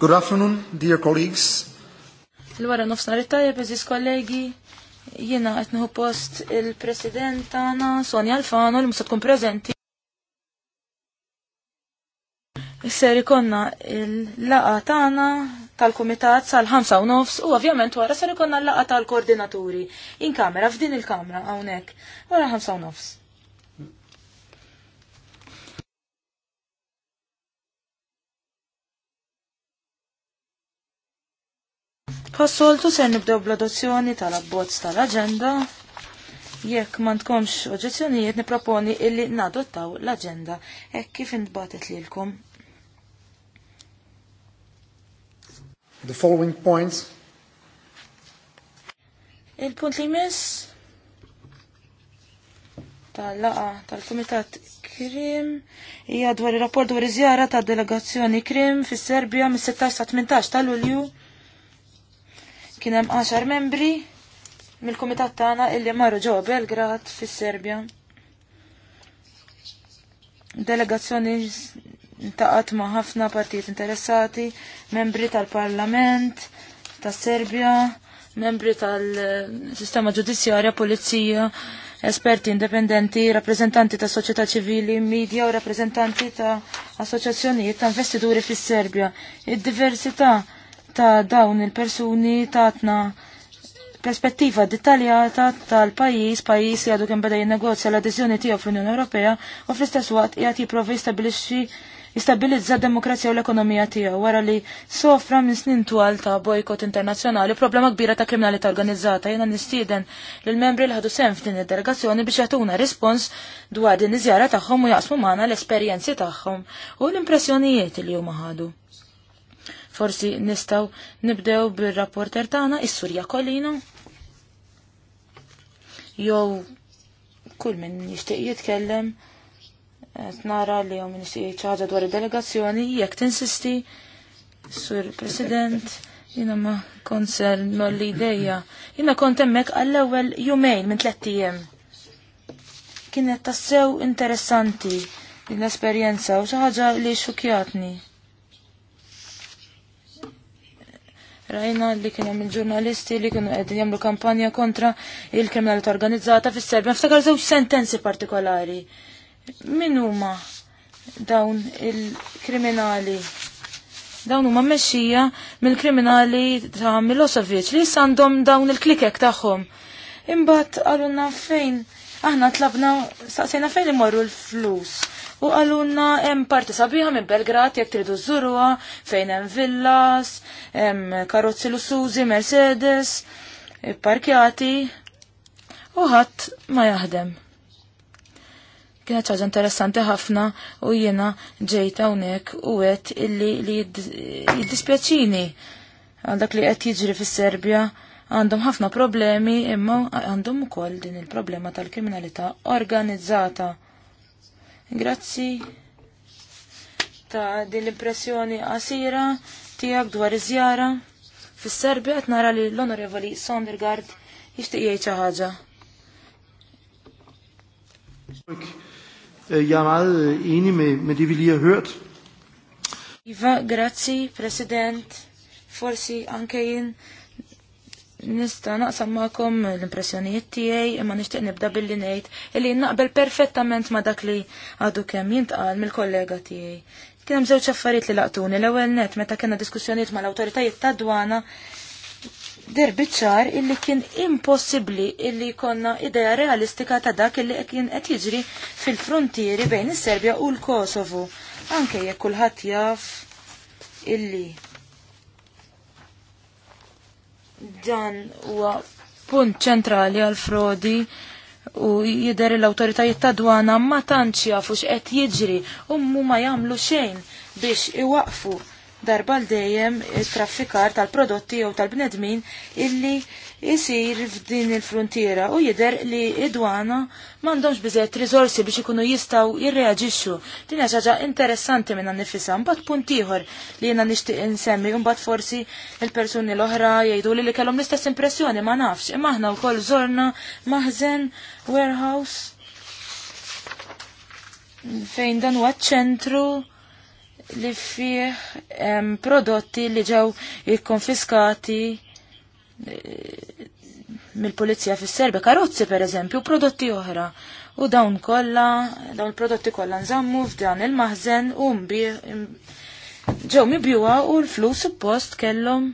Good afternoon, dear colleagues. L-wara nofsnar it-tajjeb, kollegi, jiena qed post il-President tagħna Sonja Alfano li musa tkun preżenti. Ser ikonna il-laqa tagħna tal-Kumitat sal-5 u nofs u ovvjament wara ser ikonna l-laqa tal-koordinaturi in kamera f'din il-kamra hawnhekk wara 5 u nofs. Passoltu se nibdew bl-adozzjoni tal-abbozz tal-agenda. Jekk ma tkomx oġezzjonijiet niproponi illi nadottaw l-agenda hekk kif intbatet lilkom. The following points. Il-punt li mis tal-laqa tal-Kumitat Krim hija dwar ir-rapport dwar iżjara tad delegazzjoni Krim fis-Serbja mis-16 ta' 18 ta' Lulju Kien hemm 10 membri mill-kumitat tagħna illi marru ġew Belgrad fis-Serbja. Delegazzjoni intaqat ma' ħafna partijiet interessati, membri tal-Parlament, tas-Serbja, membri tal-sistema ġudizzjarja, pulizija, esperti indipendenti, rappresentanti ta' soċjetà ċivili, media u rappresentanti ta' assoċjazzjonijiet ta' investituri fis-Serbja. Id-diversità ta' dawn il-persuni tatna perspettiva dettaljata tal-pajis, pajis jgħadu kem beda jinnegozja l-adizjoni tiegħu fl-Unjoni Ewropea u fl-istess waqt jgħat jipprovi jistabilixxi jistabilizza d-demokrazija u l-ekonomija tiegħu wara li sofra minn snin twal ta' bojkot internazzjonali, problema kbira ta' kriminalità organizzata. Jiena nistieden lil membri li ħadu sem f'din id-delegazzjoni biex jagħtuna rispons dwar din iżjara tagħhom u jaqsmu magħna l-esperjenzi tagħhom u l-impressjonijiet li huma ħadu. Forsi nistaw nibdew bir-rapporter tagħna is-Surja Kolino. Jew kull min jixtieq jitkellem nara li jow min jixtieq ħaġa dwar id-delegazzjoni jekk tinsisti sur President. Jina ma koncern nolli ideja. Jina kont emmek għall-ewel jumejn minn tlet tijem. Kienet tassew interessanti l-esperienza u xaħġa li xukjatni. Rajna li kien hemm il-ġurnalisti li kienu qegħdin jagħmlu kampanja kontra il-kriminalità organizzata fis-Serbja. Niftakar żewġ sentenzi partikolari. Min huma dawn il-kriminali? Dawn huma mexxija mill-kriminali ta' Milosevic li għandhom dawn il-klikek tagħhom. Imbagħad għalunna fejn aħna tlabna saqsejna fejn imorru l-flus u għalunna hemm parti sabiħa minn Belgrad jekk tridu żurwa fejn hemm villas, hemm karozzi lussużi, Mercedes, e, parkjati u ħadd ma jaħdem. Kienet ħaġa interessanti ħafna u jiena ġejt hawnhekk u għedt illi li jiddispjaċini għal dak li qed jiġri fis-Serbja għandhom ħafna problemi imma għandhom ukoll din il-problema tal-kriminalità organizzata. Grazzi ta' din l-impressjoni qasira tiegħek dwar iż-żjara. Fis-serbja qed nara li l-Onorevoli Sondergaard jixtieq jgħid xi ħaġa. Eh, er eh, iva, grazzi, president. Forsi anke jien nista' naqsam magħkom l-impressjonijiet tiegħi imma nixtieq nibda billi ngħid illi naqbel perfettament ma' dak li għadu kemm jintqal mill-kollega tiegħi. Kien hemm żewġ affarijiet li laqtuni. L-ewwel net meta kellna diskussjonijiet mal-awtoritajiet ta' dwana derbiċċar illi kien impossibbli illi konna idea realistika ta' dak illi kien qed jiġri fil-frontieri bejn is-Serbja u l-Kosovo. Anke jekk kulħadd jaf illi Dan huwa punt ċentrali għal frodi u jidher l-awtoritajiet ta' dwana ma tantx jafu x'qed jiġri u ma jagħmlu xejn biex iwaqfu darba l dejjem it-traffikar tal-prodotti jew tal-bnedmin illi isir f'din il-frontiera u jider li id-dwana m'għandhomx bizet rizorsi biex ikunu jistgħu jirreaġixxu. Din hija ħaġa interessanti minn nifisha mbagħad punt ieħor li jiena nixtieq insemmi u mbagħad forsi il-persuni l-oħra jgħidu li li kellhom l-istess impressjoni ma nafx imma aħna wkoll żorna maħzen warehouse fejn dan huwa ċentru li fih prodotti li ġew ikkonfiskati mill-pulizija fis-Serbja, karozzi per eżempju, prodotti oħra. U dawn kollha, dawn il-prodotti kollha nżammu f'dan il-maħżen u ġew mibjuwa u l-flus suppost kellhom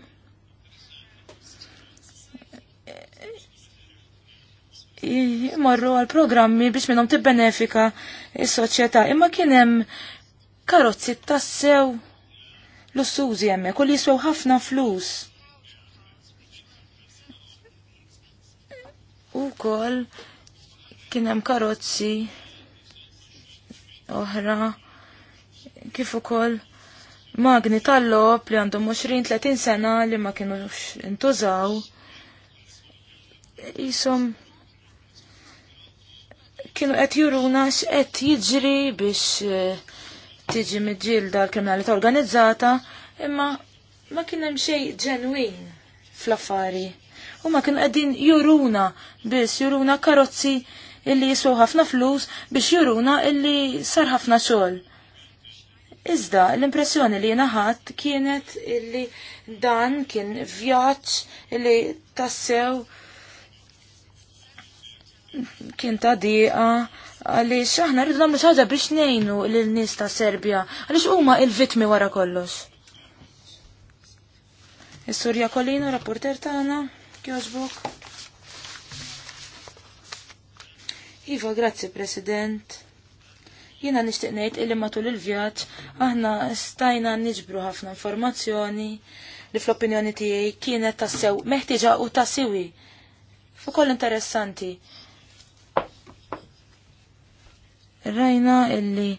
jimorru eh, għal programmi biex minnhom tibbenefika is-soċjetà. Imma kien hemm karozzi tassew l-ussużi hemmhekk u li jiswew ħafna flus u kol kienem karozzi oħra kif ukoll magni tal-lob li għandhom 20-30 sena li ma kienu intużaw jisom kienu qed juruna x'qed jiġri biex eh, tiġi miġġielda l-kriminalità organizzata imma ma kien hemm xejn ġenwin fl-affari. U ma kien qegħdin juruna biss, juruna karozzi illi jiswew ħafna flus biex juruna illi sar ħafna xogħol. Iżda l-impressjoni li ħadd kienet illi dan kien vjaġġ illi tassew kien ta' diqa għaliex aħna rridu nagħmlu xi ħaġa biex ngħinu lil-nies ta' Serbja għaliex huma il-vitmi wara kollox. Is-Surja Kolino, rapporter tagħna jekk Iva, grazzi, President. Jiena nixtieq ngħid illi matul il-vjaġġ aħna stajna niġbru ħafna informazzjoni li fl-opinjoni tiegħi kienet tassew meħtieġa u tassiwi. Fukoll interessanti. Rajna illi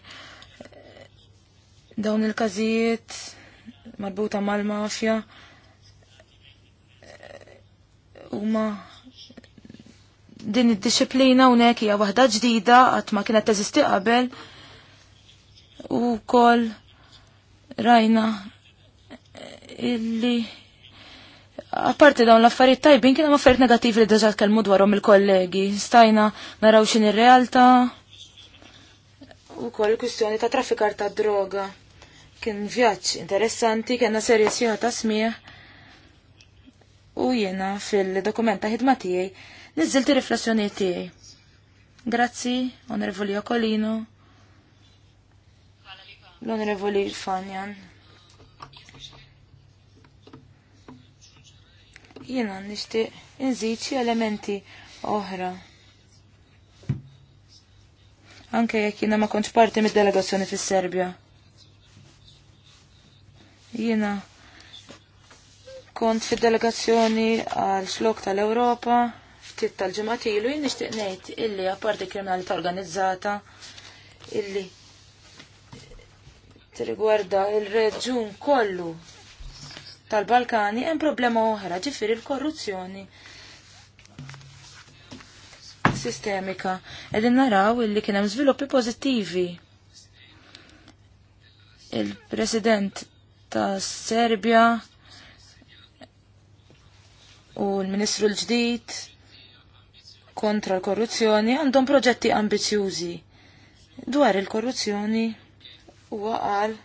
dawn il-każijiet marbuta mal-mafja huma din id-disciplina hawnhekk hija waħda ġdida qatt ma kienet teżisti qabel u wkoll rajna illi Apparti dawn l-affarijiet tajbin kien hemm affarijiet negattivi li deġa tkellmu dwarhom il-kollegi. Stajna naraw x'in ir-realtà. Ukoll kwistjoni ta' traffikar ta' droga. Kien vjaġġ interessanti, kellna serje sieħa ta' smieħ u jiena fil-dokumenta ħidma tiegħi niżilt ir-riflessjonijiet tiegħi. Grazzi, Onorevoli Okolino, l-Onorevoli Fanjan. Jiena nixtieq inżid xi elementi oħra. Anke jekk jiena ma kontx parti mid-delegazzjoni fis-Serbja. Jiena kont fid-delegazzjoni għal xlok tal-Ewropa ftit tal ġematilu jinn jien nixtieq ngħid illi apparti kriminalità organizzata illi t-rigwarda il-reġun kollu tal-Balkani hemm problema oħra ġifieri l-korruzzjoni sistemika. Qegħdin naraw illi kien hemm żviluppi pożittivi. Il-President ta' Serbia u l-Ministru l-ġdid kontra l-korruzzjoni għandhom proġetti ambizjużi dwar il-korruzzjoni u għal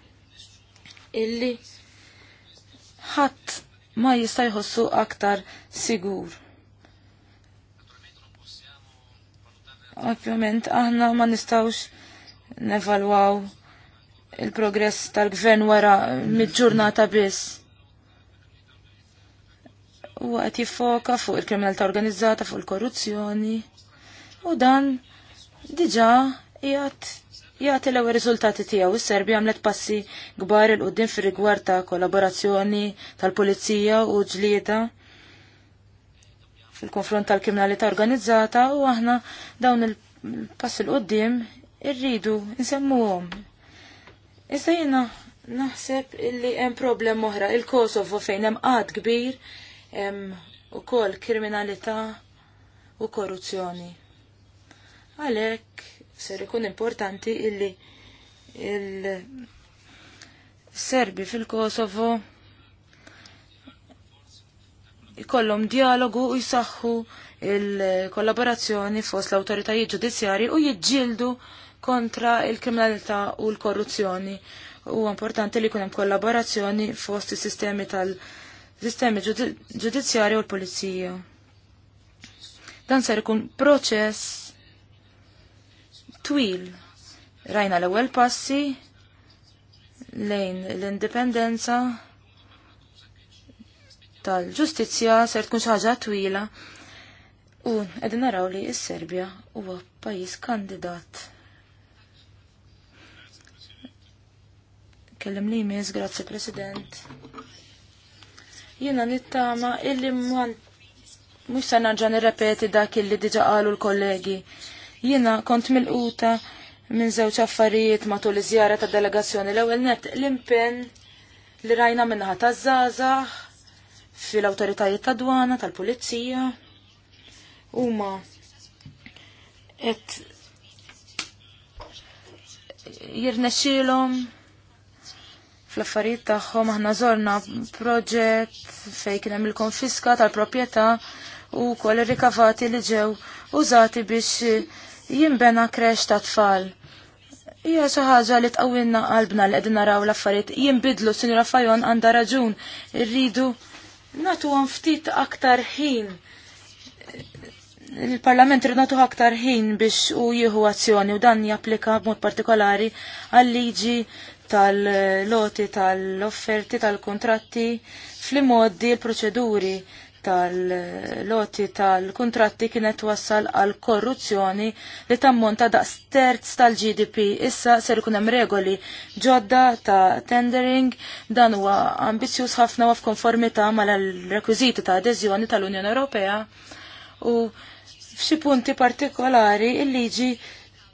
illi ħadd ma jista' jħossu aktar sigur. Ovvjament aħna ma nistawx nevalwaw il-progress tal-gvern wara mid-ġurnata biss u għat jifoka fuq il-kriminalità organizzata, fuq il-korruzzjoni. U dan diġa jgħat l-ewwel riżultati tiegħu is-Serbja għamlet passi kbar il qoddim fir-rigward ta' kollaborazzjoni tal-pulizija u ġlieda fil-konfront tal-kriminalità organizzata u aħna dawn il-passi il qoddim irridu nsemmuhom. Issa jiena naħseb illi hemm problem oħra il-Kosovo fejn hemm qatt kbir hemm ukoll kriminalità u korruzzjoni. Għalhekk ser ikun importanti illi il-Serbi fil-Kosovo ikollhom dialogu u jsaħħu il-kollaborazzjoni fost l-autoritajiet ġudizzjari u jiġġieldu kontra il-kriminalità u l-korruzzjoni. U importanti li kunem kollaborazzjoni fost is-sistemi tal- sistemi ġudizzjarju u l-pulizija. Dan ser ikun proċess twil. Rajna l-ewwel passi lejn l-indipendenza tal-ġustizzja ser tkun xi ħaġa twila u qegħdin naraw li s-Serbja huwa pajjiż kandidat. Kellem li miss, grazzi President. Jiena nittama illi mhux se nerġa' nirrepeti dak illi diġa qalu l-kollegi. Jiena kont milquta minn żewġ affarijiet matul iżjara żjara ta' delegazzjoni l-ewwel net l-impenn li rajna minnaħa ta' zaza fil-awtoritajiet ta' dwana tal-pulizija huma qed jirnexilom fl-affarijiet tagħhom aħna żorna proġett fejn kien hemm il-konfiska tal-proprjetà u kol rikavati li ġew użati biex jinbena kresh ta' tfal. Ija xi ħaġa li tqawwilna qalbna li qegħdin naraw l-affarijiet jinbidlu Sinjura Fajon għandha raġun irridu nagħtuhom ftit aktar ħin il-parlament rinatu aktar ħin biex u jieħu azzjoni u dan japplika b'mod partikolari għal-liġi tal-loti, tal-offerti, tal-kontratti, fl immoddi l-proċeduri tal-loti tal-kontratti kienet wassal għal korruzzjoni li tammonta da' sterz tal-GDP. Issa ser kunem hemm regoli ġodda ta' tendering dan huwa ambizjuż ħafna wa f'konformità mal-rekwiżiti ta' adeżjoni tal-Unjoni Ewropea u f'xi punti partikolari il-liġi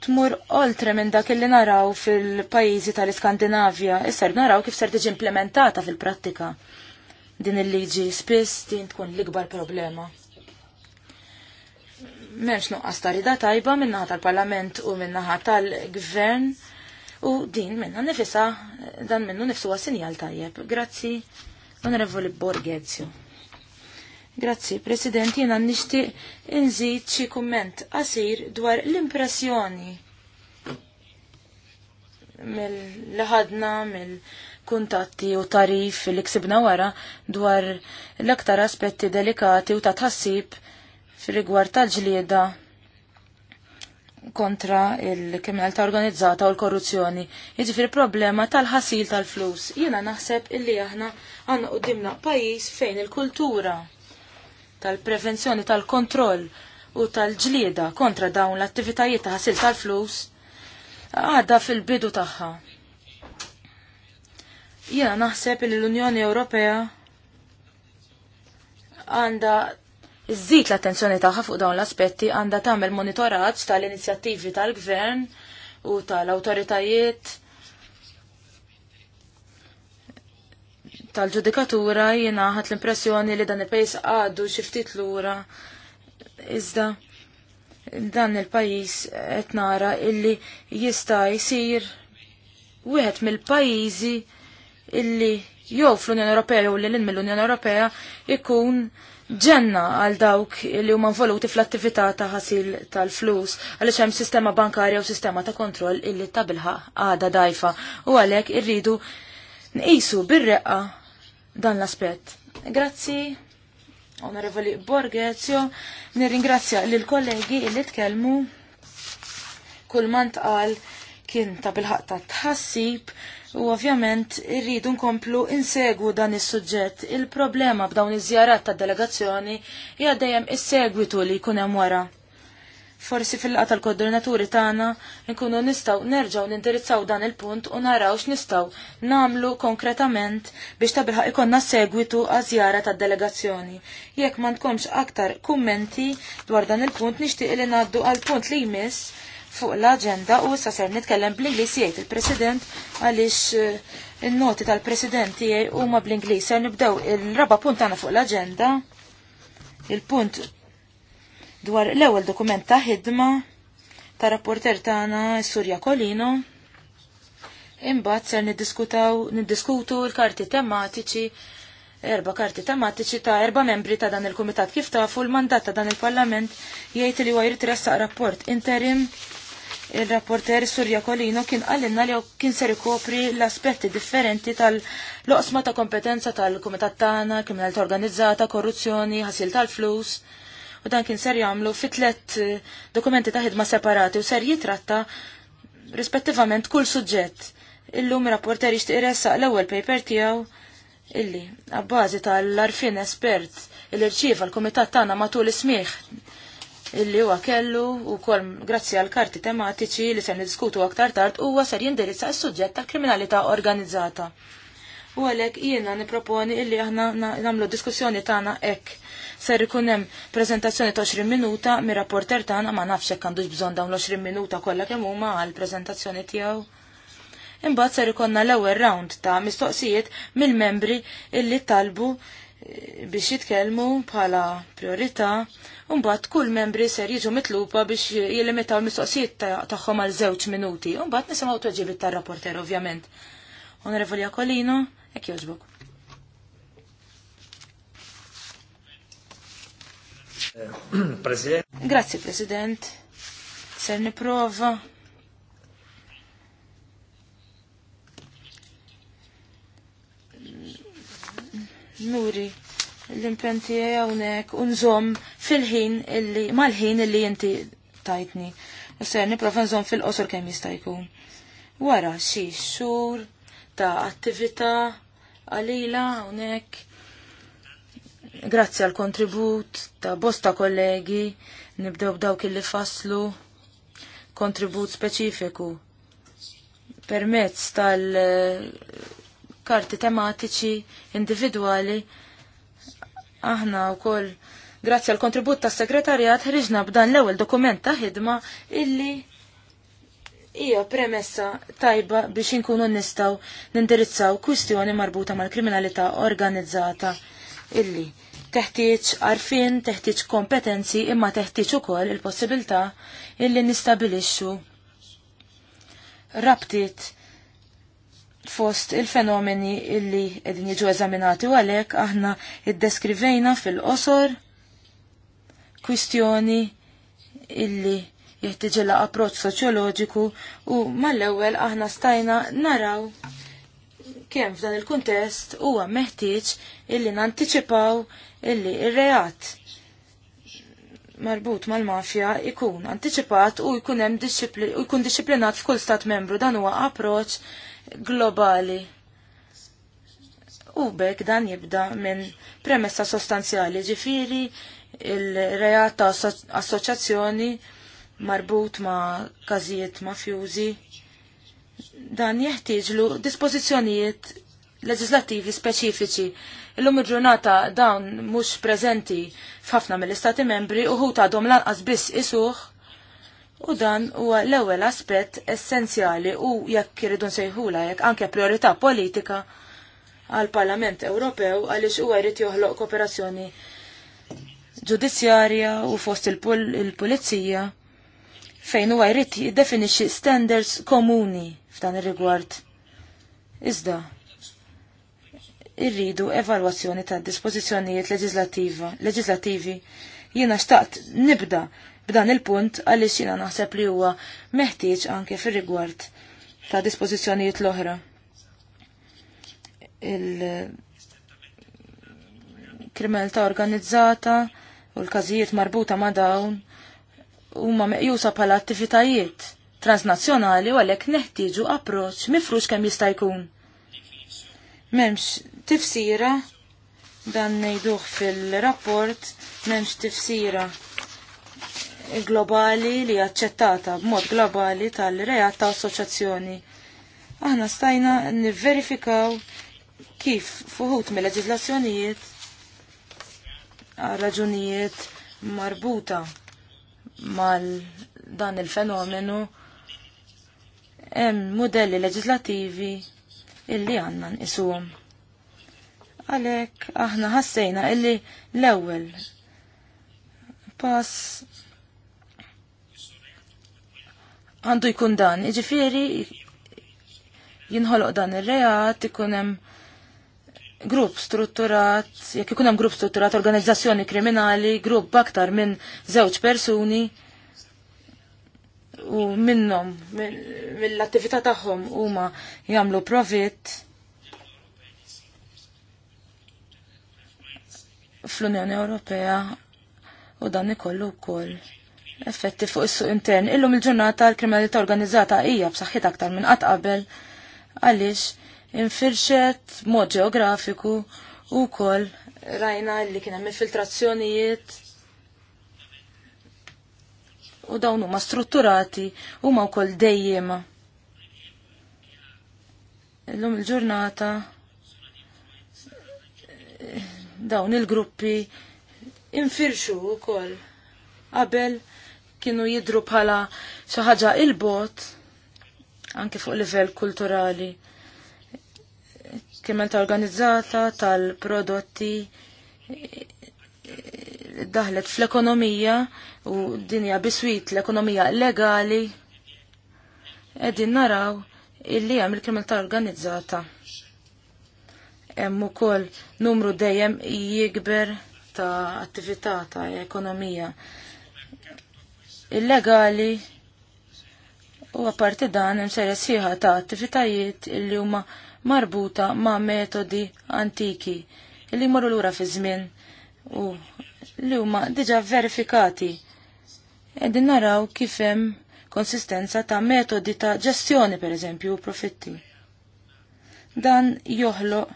tmur oltre minn dak li naraw fil-pajizi tal-Iskandinavja. Isser naraw kif ser tiġi implementata fil-prattika. Din il-liġi spiss din tkun l-ikbar problema. Memx nuqqas tarida tajba minnaħa tal-Parlament u minnaħa tal-Gvern u din minna nifisa dan minnu nifsu għasinjal tajjeb. Grazzi, Onorevoli Borghezio. Grazzi, President, jena nishtiq nżid xi kumment qasir dwar l-impressjoni mill-ħadna, mill-kuntatti u tarif li ksibna wara dwar l-aktar aspetti delikati u ta' tħassib fil-rigward tal-ġlieda kontra il-kriminalità organizzata u l-korruzzjoni. Jiġifieri problema tal-ħasil tal-flus. Jiena naħseb illi aħna għandna qudiemna pajjiż fejn il-kultura tal-prevenzjoni tal-kontroll u tal-ġlieda kontra dawn l-attivitajiet ta' ħasil tal-flus għadha fil-bidu tagħha. Jiena naħseb li l-Unjoni Ewropea għandha Iżżid l-attenzjoni tagħha fuq dawn l-aspetti għandha tagħmel monitoraġġ tal-inizjattivi tal-gvern u tal-awtoritajiet tal-ġudikatura jiena ħat l-impressjoni li dan il-pajis għadu xiftit lura. Iżda dan il-pajis qed nara illi jista' jsir wieħed mill-pajjiżi illi jew fl-Unjoni Ewropea jew lil mill-Unjoni Ewropea ikun ġenna għal dawk li huma involuti fl-attività ta' ħasil tal-flus għaliex hemm sistema bankarja u sistema ta' kontroll illi ta' bilħaq għada dajfa u għalhekk irridu nqisu bir-reqqa dan l-aspett. Grazzi, Onorevoli Borgezio, nirringrazzja l kollegi li tkellmu kull man tqal kien ta' bilħaq ta' tħassib u ovvjament irridu nkomplu insegwu dan is-suġġett. Il-problema b'dawn iż-żjarat tad delegazzjoni hija dejjem is-segwitu li jkun hemm wara. Forsi fil qa tal-koordinaturi tagħna nkunu nistgħu nerġgħu nindirizzaw dan il-punt u naraw x'nistgħu namlu konkretament biex tabilħaq ikonna segwitu għażjara tad-delegazzjoni. Jekk ma m'għandkomx aktar kummenti dwar dan il-punt nixtieq li ngħaddu għal punt li jmiss fuq l aġenda u issa ser nitkellem bl-Ingliż jgħid il-President għaliex eh, in-noti tal-President tiegħi huma bl-Ingliż. Ser nibdew il-raba punt tagħna fuq l-aġenda. Il-punt dwar l-ewwel dokument ta' ħidma ta' rapporter tagħna Surja Kolino. Imbagħad ser niddiskutaw niddiskutu l-karti tematiċi erba karti tematiċi ta' erba membri ta' dan il-Kumitat kif tafu l-mandat ta' dan il-Parlament jgħid li huwa jrid rapport interim il-rapporter Surja Kolino kien għallinna li kien ser ikopri l-aspetti differenti tal-loqsma ta' kompetenza tal-kumitat tagħna, kriminalità organizzata, korruzzjoni, ħasil tal-flus, u dan kien ser jagħmlu fi tliet eh, dokumenti ta' ħidma separati u ser jitratta rispettivament kull suġġett. Illum rapporter jixtieq iressaq l-ewwel paper tiegħu illi abbażi tal-arfin espert il-irċiva l-komitat tagħna matul ismieħ illi huwa kellu u kol grazzi għal karti tematiċi li se niddiskutu aktar tard huwa ser jindirizza s-suġġett tal-kriminalità organizzata. U għalhekk jiena nipproponi illi aħna nagħmlu diskussjoni tagħna hekk ser ikun hemm preżentazzjoni ta' 20 minuta mir rapporter tagħna ma nafx hekk għandux bżonn dawn l-20 minuta kollha kemm huma għall preżentazzjoni tiegħu. Imbagħad ser ikonna l-ewwel round ta' mistoqsijiet mill-membri illi talbu eh, biex jitkellmu bħala priorità u mbagħad kull membri ser jiġu mitluba biex jilimitaw mistoqsijiet tagħhom għal żewġ minuti. u mbagħad nisimgħu tweġibiet tar-rapporter ovvjament. Onorevoli Jakolino, hekk jogħġbok. Eh, President. Grazzi, President. Ser niprofa. Nuri, l-impenti għawnek unżom fil-ħin illi, mal-ħin illi jinti tajtni. ne niprofa unżom fil-qosor kem jistajku. Wara, xie, xur ta' attività għalila għawnek Grazzi għal kontribut ta' bosta kollegi, nibdew b'dawk illi faslu kontribut speċifiku permezz tal-karti tematiċi individuali aħna u koll grazzi għal kontribut tas segretarjat ħriġna b'dan l-ewwel dokument ta' ħidma illi hija premessa tajba biex inkunu nistgħu nindirizzaw kwistjoni marbuta mal-kriminalità organizzata illi teħtieġ għarfien, teħtieġ kompetenzi, imma teħtieġ ukoll il-possibilità illi nistabilixxu rabtiet fost il-fenomeni illi qegħdin jiġu eżaminati u għalhekk aħna iddeskrivejna fil-qosor kwistjoni illi jeħtieġilha approċċ soċjoloġiku u mal-ewwel aħna stajna naraw kemm f'dan il-kuntest huwa meħtieġ illi nanticipaw illi ir-reat marbut mal-mafja ikun anticipat u jkun hemm u jkun disciplinat f'kull stat membru dan huwa approċċ globali. U b'ek dan jibda minn premessa sostanzjali ġifiri il-reat ta' assoċjazzjoni marbut ma' każijiet mafjużi dan jeħtieġlu dispożizzjonijiet leġislattivi speċifiċi. Illum il-ġurnata dawn mhux preżenti f'ħafna mill-istati membri u ħut għadhom lanqas biss isuħ u dan huwa l-ewwel aspett essenzjali u jekk iridu nsejħula jekk anke priorità politika għall parlament Ewropew għaliex huwa jrid joħloq kooperazzjoni ġudizzjarja u fost il-pulizija. il pulizija fejn huwa jrid jiddefinixxi standards komuni f'dan ir-rigward. Iżda, irridu evalwazzjoni ta' dispożizzjonijiet leġislattivi. Jiena xtaqt nibda b'dan il-punt għaliex jiena naħseb li huwa meħtieġ anke fir-rigward ta' dispożizzjonijiet l-oħra. Il-kriminalità organizzata u l-każijiet marbuta ma' dawn huma meqjusa bħala attivitajiet transnazzjonali u għalhekk neħtieġu approċċ mifrux kemm jista' jkun. M'hemmx tifsira dan ngħiduh fil-rapport m'hemmx tifsira globali li aċċettata b'mod globali tal-reat ta' assoċjazzjoni. Aħna stajna nivverifikaw kif fuħut mill leġiżlazzjonijiet għal raġunijiet marbuta mal dan il-fenomenu hemm modelli leġislativi illi għanna nqisuhom. Għalhekk aħna ħassejna illi l-ewwel pass għandu jkun dan, iġifieri jinħoloq dan ir-reat, ikun hemm grupp strutturat, jekk ikun hemm grupp strutturat organizzazzjoni kriminali, grupp aktar minn żewġ persuni u minnhom mill-attività tagħhom huma jagħmlu profit fl-Unjoni Ewropea u dan ikollu wkoll effetti fuq is-suq intern. Illum il-ġurnata l-kriminalità organizzata hija b'saħħitha aktar minn qatt qabel għaliex infirxet mod geografiku u kol rajna li kien hemm infiltrazzjonijiet u dawn huma strutturati huma wkoll dejjema. Illum il-ġurnata dawn il-gruppi infirxu wkoll qabel kienu jidru bħala xi ħaġa il-bot anke fuq livell kulturali kriminalità organizzata tal-prodotti eh, daħlet fl-ekonomija u dinja biswit l-ekonomija legali edin naraw illi hemm il-kriminalità organizzata. Hemm ukoll numru dejjem jikber ta' attività ta' ekonomija illegali u apparti dan hemm serja sieħa ta' attivitajiet illi huma marbuta ma' metodi antiki li marru lura fi żmien u li huma diġà verifikati. Qegħdin naraw kif hemm konsistenza ta' metodi ta' ġestjoni pereżempju u profitti. Dan joħloq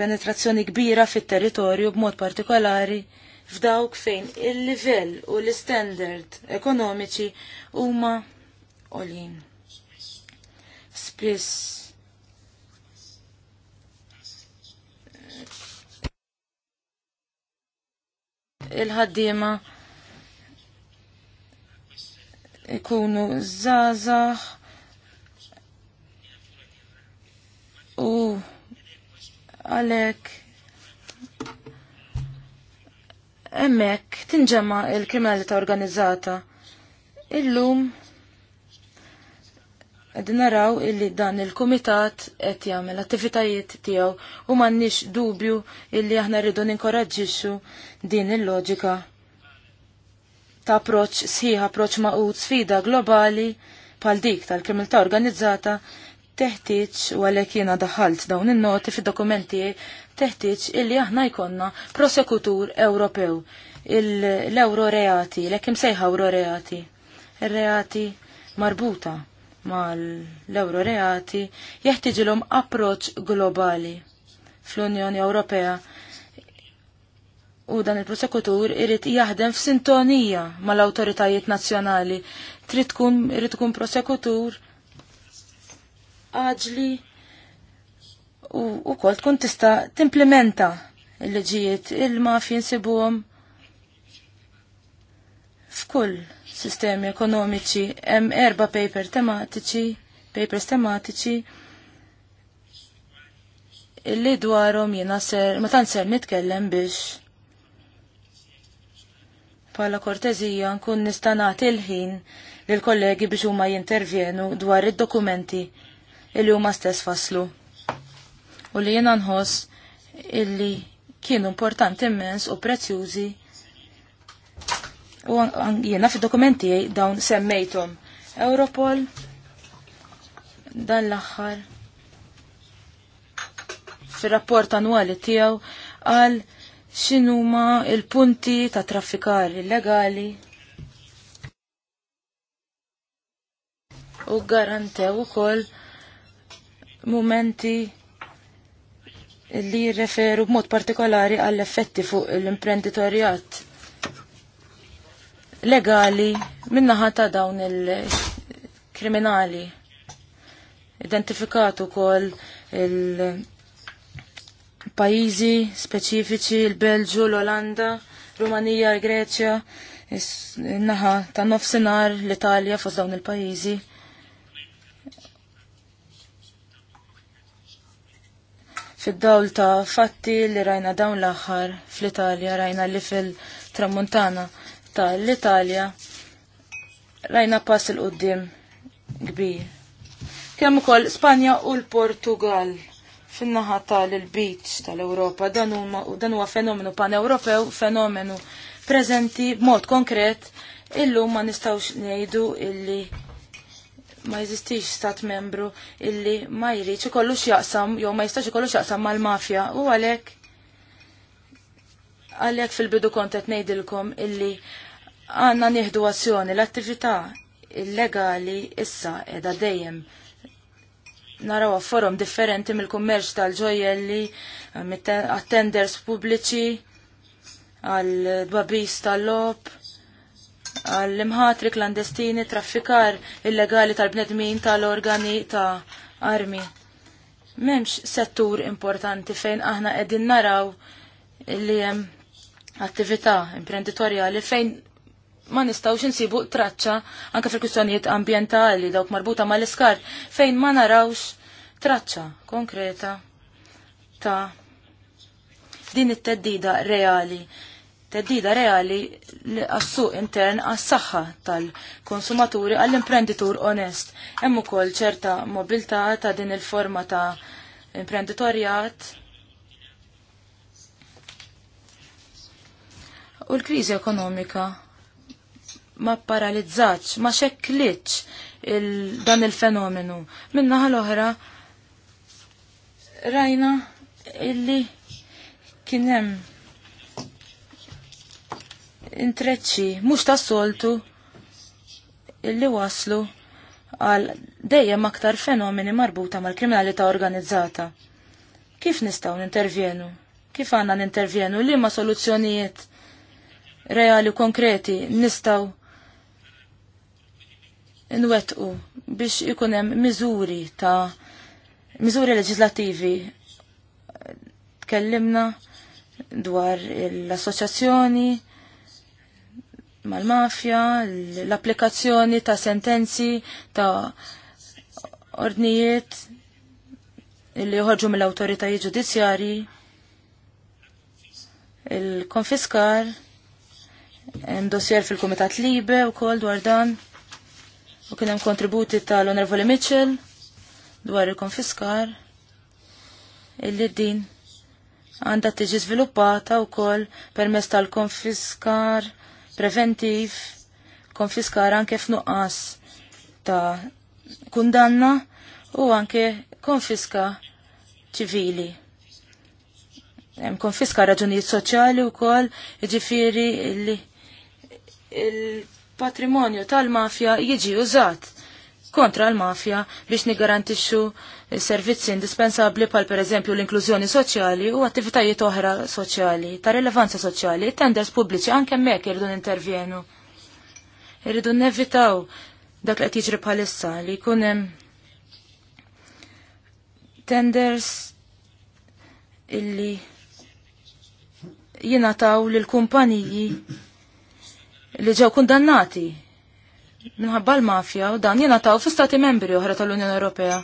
penetrazzjoni kbira fit-territorju b'mod partikolari f'dawk fejn il-livell u l-standard ekonomiċi huma olin. Spiss il-ħaddiema ikunu zazax u għalek emmek tinġema il-kriminalità organizzata illum Għedin naraw illi dan il-komitat qed jagħmel attivitajiet tiegħu u m'għandniex dubju illi aħna rridu ninkoraġġixxu din il-loġika ta' approċċ sħiħ approċċ maqut sfida globali bħal dik tal-kriminalità organizzata teħtieġ u għalhekk jiena daħalt dawn in-noti fid-dokumenti teħtieġ illi aħna jkollna prosekutur Ewropew l-euro reati, l-ekim sejħa euro reati, reati marbuta mal-euro reati jeħtiġilhom approċ globali fl-Unjoni Ewropea u dan il-prosekutur irid jaħdem f'sintonija mal-awtoritajiet nazzjonali. Trid tkun irid tkun prosekutur għaġli u wkoll tkun tista' timplementa l-liġijiet il-mafji nsibuhom f'kull sistemi ekonomiċi, hemm erba paper tematiċi, papers tematiċi illi dwarhom jiena ser ma tant ser nitkellem biex bħala kortezija nkun nista' nagħti l-ħin lill kollegi biex huma jintervjenu dwar id-dokumenti illi huma stess faslu. U li jiena nħoss illi kienu importanti immens u prezzjużi U jena fi dokumenti dawn semmejtum. Europol, dan l-axħar, fi rapport annuali tijaw, għal xinuma il-punti ta' traffikar illegali. U garantew ukoll momenti li jirreferu b'mod partikolari għall-effetti fuq l-imprenditorjat legali minnaħa ta' dawn il-kriminali. Identifikatu kol il-pajizi speċifiċi, il-Belġu, l-Olanda, Rumanija, l-Greċja, naħa ta' nofsenar l-Italja fos dawn il-pajizi. Fid-dawl ta' fatti li rajna dawn l-axar fl-Italja, rajna li fil-Tramuntana l italja rajna pass il qoddim kbir. Kemm ukoll Spanja u l-Portugal fin-naħa tal-beach tal-Ewropa dan huwa fenomenu pan fenomenu preżenti b'mod konkret illum ma nistgħux ngħidu illi ma jeżistix stat membru illi ma jridx ikollu x'jaqsam jew ma jistax ikollu x'jaqsam mal-mafja u għalhekk għalhekk fil-bidu kont qed ngħidilkom illi għanna nieħdu azzjoni l-attività illegali issa edha dejjem naraw forum differenti mill-kummerċ tal-ġojelli, attenders pubbliċi, għal dwabis tal lop għall-imħatri klandestini, traffikar illegali tal-bnedmin tal-organi ta' armi. Memx settur importanti fejn aħna edin naraw li jem attività imprenditoriali fejn ma nistawx insibu traċċa anke fil-kwistjonijiet ambientali dawk marbuta mal-iskar fejn ma narawx traċċa konkreta ta' din it-teddida reali. Teddida reali li għassuq intern għas-saħħa tal-konsumaturi għall-imprenditur onest. Hemm ukoll ċerta mobilità ta' din il-forma ta' imprenditorjat u l-kriżi ekonomika ma paralizzaċ, ma xekklitx il dan il-fenomenu. Minna ħal-oħra rajna illi kienem intreċċi mhux ta' soltu illi waslu għal dejjem aktar fenomeni marbuta mal-kriminalità organizzata. Kif nistgħu nintervjenu? Kif għandna nintervjenu? Liema soluzzjonijiet reali konkreti nistgħu nwettqu biex ikun hemm miżuri ta' mizuri leġislattivi. Tkellimna dwar l-assoċjazzjoni mal-mafja, l-applikazzjoni ta' sentenzi ta' ordnijiet li joħorġu mill-awtoritajiet ġudizzjari, il-konfiskar, dossier fil-Kumitat Libe u kol dwar dan. U kien hemm kontributi tal-Onorevoli Mitchell dwar il-konfiskar illi din għandha tiġi żviluppata wkoll permezz tal-konfiskar preventiv, konfiskar anke f'nuqqas ta' kundanna u anke konfiska ċivili konfiska raġunijiet soċjali wkoll jiġifieri. illi il patrimonju tal-mafja jiġi użat kontra l-mafja biex nigarantixxu servizzi indispensabbli pal per eżempju l-inklużjoni soċjali u attivitajiet oħra soċjali ta' rilevanza soċjali, tenders pubbliċi anke mek irridu intervjenu. Irridu nevitaw dak li qed jiġri bħalissa li jkun hemm tenders illi jingħataw lil kumpaniji li ġew kundannati minħabba l-mafja u dan jena taw fi stati membri oħra tal-Unjoni Ewropea.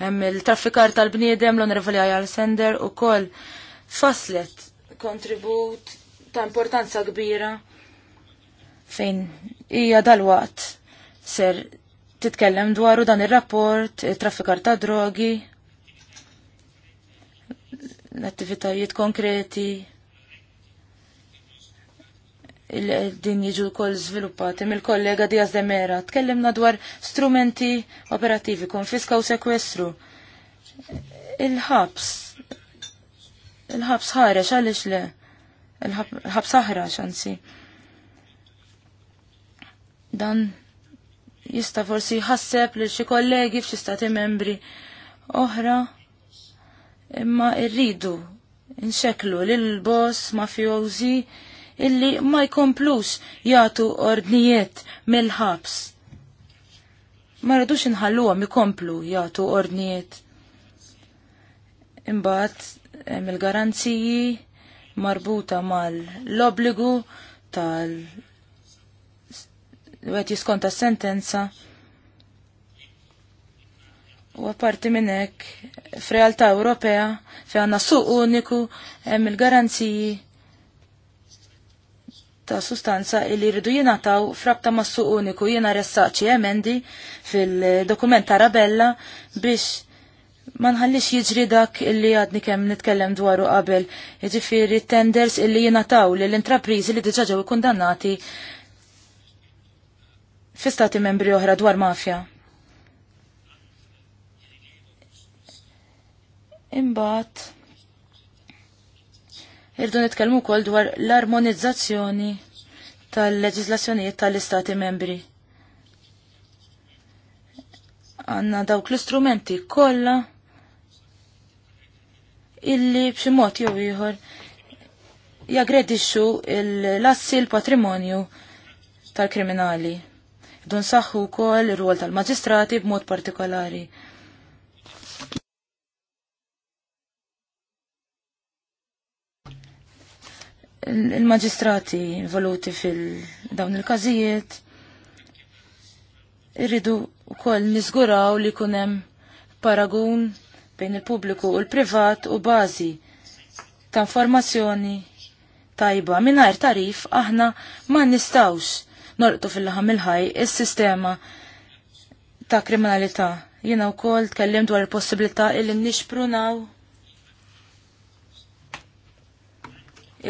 Hemm il-traffikar tal-bniedem l-Onorevoli Ajal Sender u koll faslet kontribut ta' importanza kbira fejn hija dal-waqt ser titkellem dwaru dan ir-rapport, traffikar ta' drogi, l-attivitajiet konkreti, din jiġu kol sviluppati mill-kollega Diaz de Mera. Tkellimna dwar strumenti operativi, konfiska u sekwestru. Il-ħabs. Il-ħabs ħarex, xalix le. Il-ħabs ħahra xansi. Dan jista forsi ħasseb li xi kollegi f'xi stati membri oħra imma irridu nxeklu lil boss mafjużi illi ma jkomplux jagħtu ordnijiet mill-ħabs. Ma rridux inħalluhom ikomplu jagħtu ordnijiet. Imbagħad hemm eh, il-garanziji marbuta mal-obligu tal għet jiskonta sentenza. U għaparti minnek, f'realtà Ewropea, fe għanna suq uniku, hemm il-garanziji ta' sustanza illi rridu jenataw frabta ma' su uniku jena ressaċi emendi fil-dokument ta' Rabella biex ma nħallix jiġri dak illi għadni kemm nitkellem dwaru qabel, jiġifieri tenders illi jenataw li l-intrapriżi li diġaġaw ġew ikkundannati fi stati membri oħra dwar mafja. Imbagħad Irdu nitkellmu wkoll dwar l-armonizzazzjoni tal-leġislazzjonijiet tal-istati membri. Għanna dawk l-istrumenti kollha illi b'xi mod jew ieħor jagredixxu l-assi l-patrimonju tal-kriminali. Dun saħħu wkoll ir-rwol tal-maġistrati b'mod partikolari. il-maġistrati involuti fil-dawn il-każijiet irridu wkoll niżguraw li kunem paragun bejn il-pubbliku u l-privat u bażi ta' informazzjoni tajba mingħajr tarif aħna ma nistawx norqtu fil-laħam il-ħaj is-sistema ta' kriminalità. Jiena wkoll tkellim dwar il-possibilità illi nixprunaw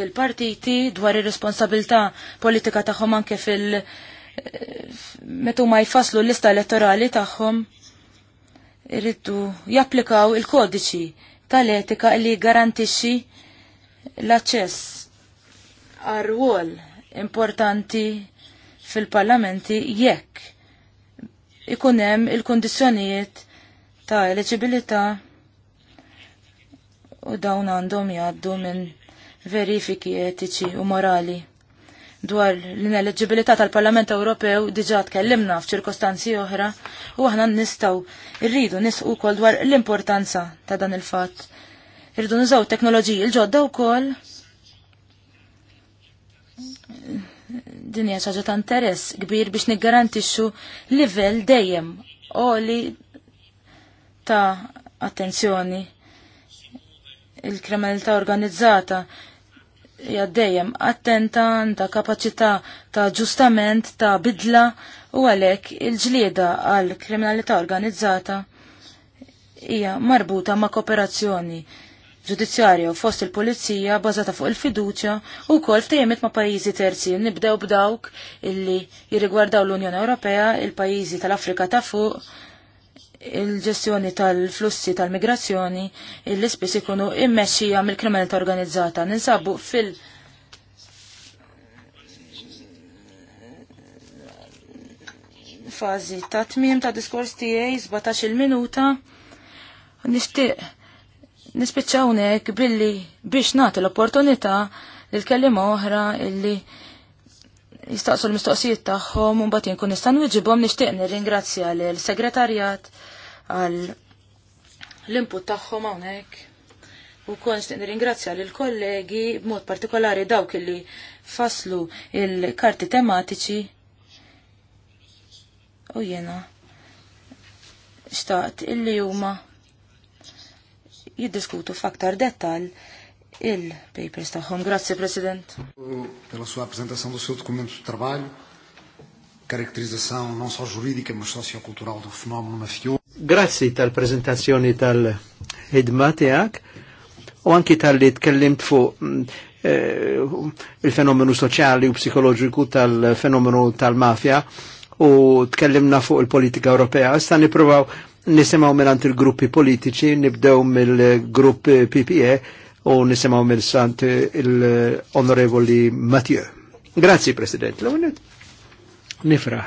il-partiti dwar ir-responsabilità politika tagħhom anke fil- metu ma jfaslu l-lista elettorali tagħhom irridu japplikaw il-kodiċi tal-etika li garantixxi l-aċċess għar wol importanti fil-parlamenti jekk ikun hemm il-kundizzjonijiet ta' eleġibilità u dawn għandhom jgħaddu minn verifiki etiċi u morali. Dwar l ineleġibilità tal-Parlament Ewropew diġa tkellimna f'ċirkostanzi oħra u aħna nistaw irridu nisqu kol dwar l-importanza ta' dan il-fatt. Irridu nużaw teknoloġiji l-ġodda u kol dinja ċaġa ta' interess kbir biex niggarantixxu livell dejjem oli ta' attenzjoni il-kriminalità organizzata dejjem attenta ta' kapaċità ta' ġustament ta' bidla u għalhekk il-ġlieda għal kriminalità organizzata hija marbuta ma' kooperazzjoni ġudizzjarja u fost il-pulizija bażata fuq il-fiduċja u kol ftejjemiet ma' pajjiżi terzi nibdew b'dawk illi jirrigwardaw l-Unjoni Ewropea, il-pajjiżi tal-Afrika ta' fuq, il-ġestjoni tal-flussi tal-migrazzjoni il-lispis ikunu immexxija mill-kriminalità organizzata. Ninsabu fil- fazi ta' tmiem ta' diskors tiegħi 17 minuta nixtieq nispiċawnek billi biex nagħti l-opportunità l-kellima oħra illi jistaqsu l-mistoqsijiet tagħhom u mbagħad jkun nista' nwieġibhom nixtieq nirringrazzja lill segretarjat għal l-input tagħhom hawnhekk. U kon nixtieq nirringrazzja lill kollegi b'mod partikolari dawk li faslu il-karti tematiċi u jena xtaqt illi huma jiddiskutu f'aktar dettal il-papers tagħhom. Grazzi, President. Pela sua apresentação do seu documento de trabalho, caracterização não só jurídica, mas sociocultural do fenómeno mafioso. Grazie tal-prezentazzjoni tal-ħidma tiegħek u anki tal-li tkellimt fu eh, il-fenomenu soċjali u psikoloġiku tal-fenomenu tal-mafja u tkellimna fuq il-politika Ewropea. Sta nippruvaw nisimgħu minn il-gruppi politiċi, nibdew mill-grupp PPE u nisimaw mill-sant il-onorevoli Mathieu. Grazie, President. L-għunet, nifraħ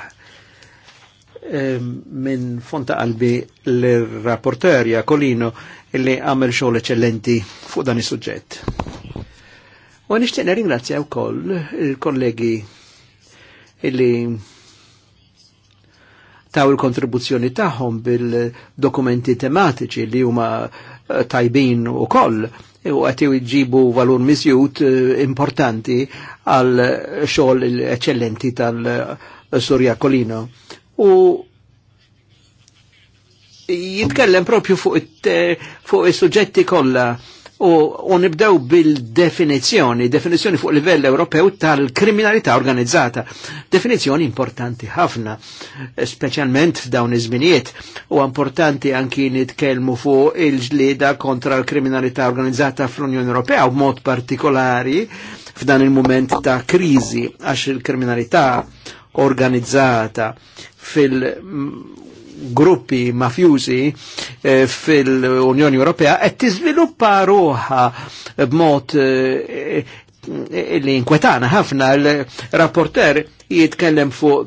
e, minn fonta qalbi l-rapporterja Kolino illi għamil xogħol eċellenti fuq dan is-suġġett. U nixtieq ringrazzja wkoll il-kollegi illi taw il-kontribuzzjoni tagħhom bil-dokumenti tematiċi li huma eh, tajbin u koll u għatiju ġibu valur misjut eh, importanti għal xoll eccellenti tal-Surja Kolino. U jitkellem propju fuq il eh, suġġetti kolla u nibdew bil-definizjoni, definizjoni fuq livell Ewropew tal-kriminalità organizzata. Definizjoni importanti ħafna, specialment f'dawn iż-żminijiet, u importanti anki nitkellmu fuq il-ġlieda kontra l-kriminalità organizzata fl-Unjoni Ewropea u mod partikolari f'dan il-moment ta' kriżi għax il-kriminalità organizzata fil gruppi mafjużi eh, fil-Unjoni Ewropea qed tiżviluppa ruħa b'mod eh, li inkwetana ħafna l-rapporter jitkellem fuq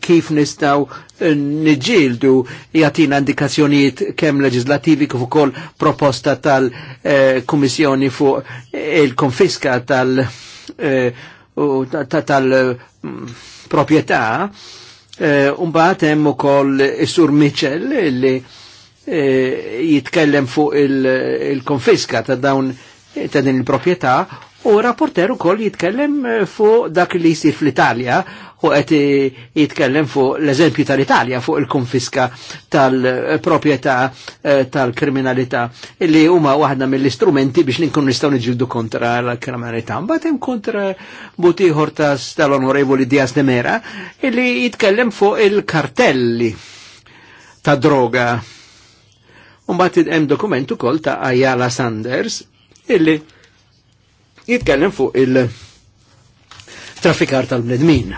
kif nistaw nġildu jatina indikazzjonijiet kemm leġislativi kif ukoll proposta tal-Kummissjoni fuq il-konfiska tal- eh, tal-propieta mm, Eh, Umbaħt hemm ukoll is-Sur Mitchell li eh, jitkellem fuq il-konfiska ta' dawn ta' din il-proprjetà U rapporter u koll jitkellem eh, fuq dak li jisir fl-Italja u qed jitkellem fuq l-eżempju tal-Italja fuq il-konfiska tal-propieta eh, tal-kriminalità li huma waħda mill-istrumenti biex ninkun nistgħu niġildu kontra l-kriminalità. Mbagħad hemm kontra butiħor tal-Onorevoli Diaz de Mera li jitkellem fuq il-kartelli ta' droga. Mbagħad hemm dokument ukoll ta' Ayala Sanders illi jitkellem fuq il-traffikar tal-bnedmin.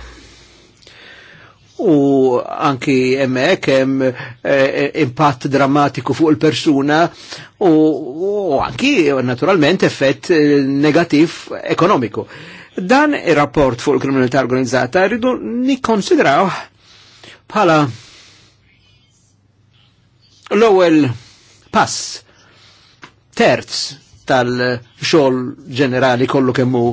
U anki emmek hemm eh, impatt drammatiku fuq il-persuna u, u anki naturalment effett eh, negativ ekonomiku. Dan ir-rapport fuq il-kriminalità organizzata rridu nikkonsidraw bħala l-ewwel pass terz tal-xol ġenerali kollu kemmu,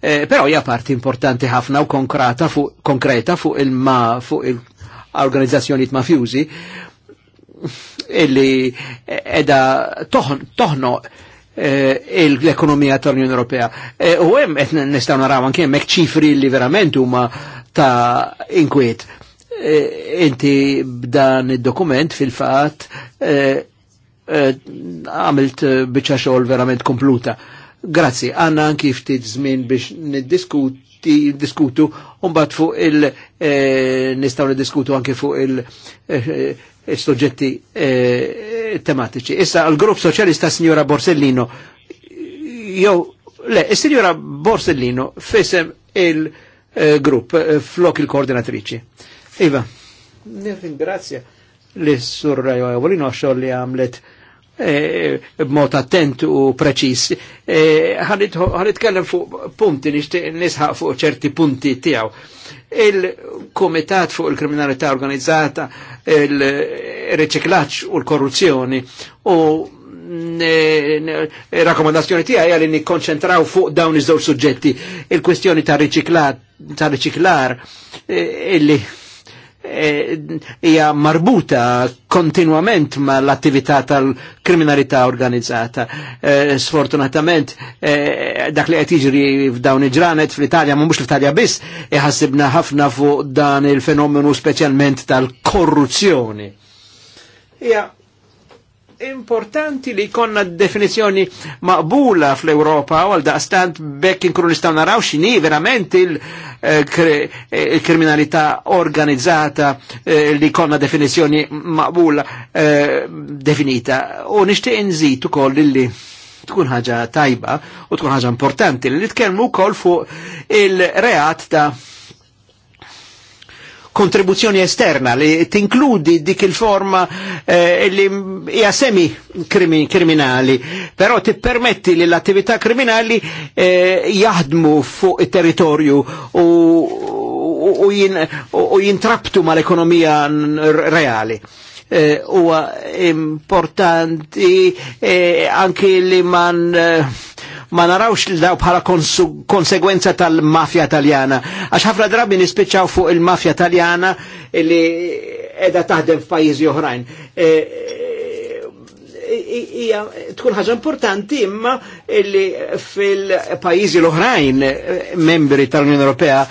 eh, però hija parti importanti ħafna u konkreta fuq konkreta fuq il-ma fuq il-organizzazzjonijiet mafjużi illi edha toħno toħno eh, l-ekonomija tal-Unjoni Ewropea. Eh, u hemm qed nistgħu naraw anke hemmhekk ċifri li verament huma ta' inkwiet. Eh, inti b'dan id-dokument fil-fatt Eh, għamilt eh, bieċa xogħol verament kompluta. Grazzi, għanna anki ftit żmien biex niddiskuti diskutu mbagħad fuq il eh, nistgħu niddiskutu anki fuq il eh, soġġetti eh, tematiċi. Issa għal-grupp soċjalista Signora Borsellino jew le, Signora Borsellino fisem il-grupp flok il-koordinatriċi. Iva, nirringrazzja l-surra jew li għamlet Eh, b'mod attent u preċis. Eh, ħanitkellem fuq punti nixtieq nisħaq fuq ċerti punti tijaw. Il-Komitat fuq il-Kriminalità Organizzata, il reċiklaċ u l-Korruzzjoni u rakkomandazzjoni tiegħi li nikkonċentraw fuq dawn iż-żewġ suġġetti, il-kwestjoni ta' riċiklar ta' riċiklar eh, illi Eh, hija e, marbuta kontinwament ma l-attività tal-kriminalità organizzata. E, sfortunatament, e, dak li qed jiġri f'dawn iġranet fl-Italja, ma mhux fl-Italja biss, iħassibna ħafna fuq dan il-fenomenu speċjalment tal-korruzzjoni. Hija importanti li konna definizjoni maqbula fl-Europa u għal daqstant bekk inkunu nistaw naraw xini verament eh, eh, il-kriminalità organizzata eh, li konna definizjoni maqbula definita. U nishtiq inżid ukoll li tkun ħaġa tajba u tkun ħaġa importanti li nitkellmu wkoll fuq il-reat ta' kontribuzzjoni esterna li tinkludi dik il-forma eh, li hija semi krimi, kriminali, però ti permetti li l-attività kriminali eh, jaħdmu fuq il territorju u, u, u jintrabtu mal-ekonomija reali Eh, u importanti eh, anche li man eh, ma narawx l daw bħala konsegwenza tal-mafja taljana. Għax ħafna drabi nispiċċaw fuq il-mafja taljana li edha taħdem f'pajjiżi oħrajn. E, e, e, Ija tkun ħaġa importanti imma li fil-pajjiżi l-oħrajn membri tal-Unjoni Ewropea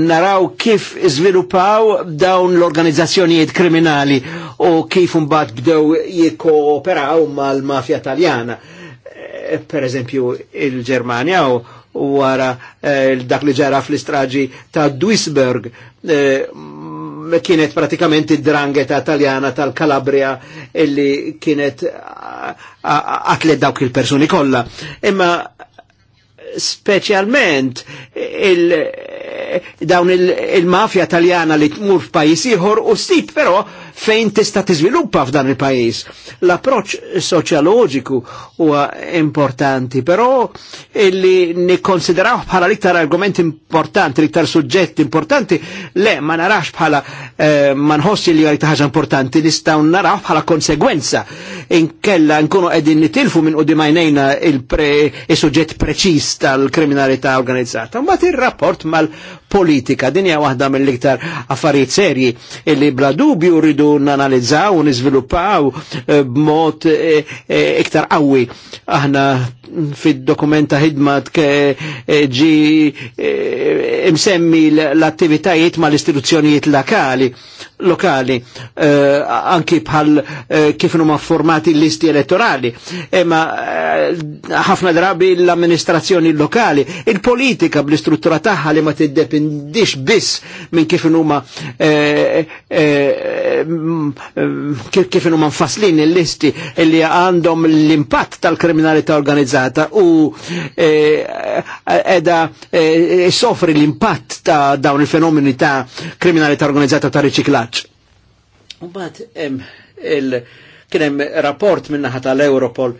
naraw kif iżviluppaw dawn l-organizzazzjonijiet kriminali u kif mbagħad bdew jikkooperaw mal-mafja taljana per eżempju il-Germania u wara eh, dak li ġara fl-istraġi ta' Duisburg eh, kienet pratikament id-drangeta taljana tal-Kalabria illi kienet għatlet dawk il-personi kolla. Imma specialment il, eh, dawn il-mafja taljana li tmur f'pajis ieħor u sib però fejn tista' tiżviluppa f'dan il-pajjiż. L-approċċ soċjoloġiku huwa importanti, però illi nikkonsideraw bħala l-iktar argument importanti, l-iktar suġġett importanti, le ma narax bħala eh, ma nħossi li għalita ħaġa importanti, nistgħu naraw bħala konsegwenza inkella nkunu qegħdin nitilfu minn qudiem għajnejna il-suġġett -pre, preċiż tal-kriminalità organizzata. Ma ir-rapport mal politika. Din hija waħda mill-iktar affarijiet serji illi bla dubju rridu nanalizzaw u niżviluppaw eh, b'mod eh, eh, iktar qawwi. Aħna fid-dokumenta ħidma ġi imsemmi l-attivitajiet mal istituzzjonijiet lokali lokali eh, anki bħal eh, kif huma formati listi elettorali imma eh, ħafna drabi l-amministrazzjoni lokali il-politika bl-istruttura tagħha li ma tiddependix biss minn kif huma eh, eh, mm, kif huma mfaslin il-listi li għandhom l-impatt tal-kriminalità organizzata u eh, edha eh, sofri l-impatt ta' dawn il-fenomeni ta' kriminalità organizzata ta' riċiklaġġ U bat, kienem rapport minnaħat tal-Europol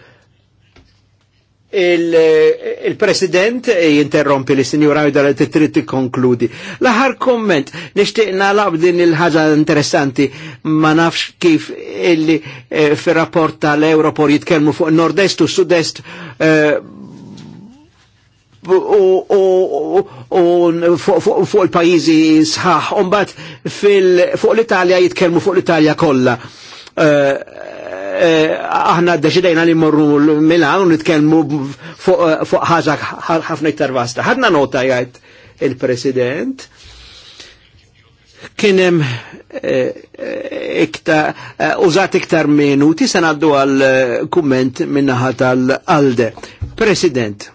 il-president jinterrompi li sinjura li t trid konkludi. L'aħar komment, nishtiq nalab din il ħagġa interessanti, ma nafx kif illi eh, fi rapport tal-Europol jitkelmu fuq nord-est u sud-est eh, fuq il-pajizi sħaħ, umbat fuq l-Italja jitkelmu fuq l-Italja kolla. Eh, eh, aħna deċidejna li morru Milan u nitkelmu fuq ħaġa ħafna iktar vasta. Ħadna nota jgħid il-President kienem eh, iktar, użat iktar minuti, sanaddu għal kumment minnaħat tal-Alde. President,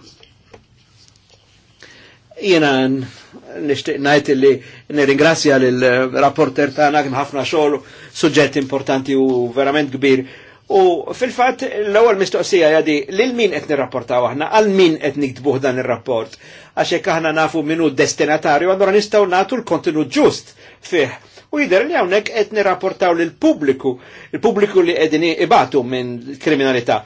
Jena nishtiq najt li nirringrazzja l-rapporter tagħna kien ħafna xogħol suġġett importanti u verament kbir. U fil-fatt l-ewwel mistoqsija jadi lil min qed nirrapportaw aħna, għal min qed nikdbuh dan ir-rapport. Għax hekk aħna nafu minu destinatarju, allura nistgħu nagħtu l-kontenut ġust fih. U jidher li hawnhekk qed nirrapportaw lil pubbliku, il-pubbliku li qegħdin ibatu minn kriminalità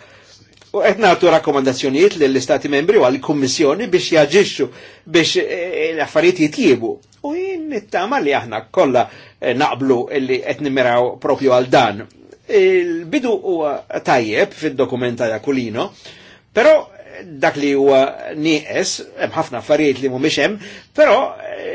u qed nagħtu rakkomandazzjonijiet lill-Istati membri u għall-Kummissjoni biex jaġixxu biex eh, eh, l-affarijiet jitjiebu. U jien nittama li aħna kollha eh, naqblu li qed nimmiraw propju għal dan. Il-bidu huwa tajjeb fid-dokumenta ta' Kulino, però dak li huwa nieqes, hemm ħafna affarijiet li mhumiex hemm, però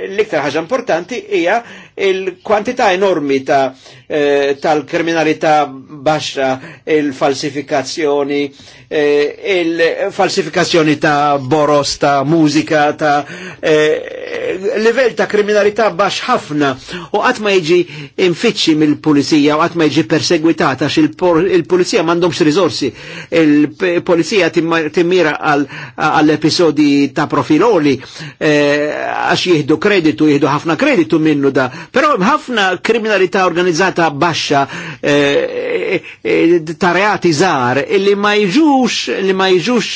l-iktar ħaġa importanti hija il-kwantità enormi ta' eh, tal-kriminalità baxa, il-falsifikazzjoni, eh, il-falsifikazzjoni ta' boros, ta' mużika, ta' eh, livell ta' kriminalità baxx ħafna u qatt ma jiġi infittxi mill-pulizija u qatt ma jiġi x' il-pulizija m'għandhomx risorsi. Il-pulizija timmira għall-episodi ta' profiloli għax jihdu kreditu, jihdu ħafna kreditu minnu da Però ħafna kriminalità organizzata baxxa eh, eh, eh, ta' reati żgħar li ma jiġux li ma jiġux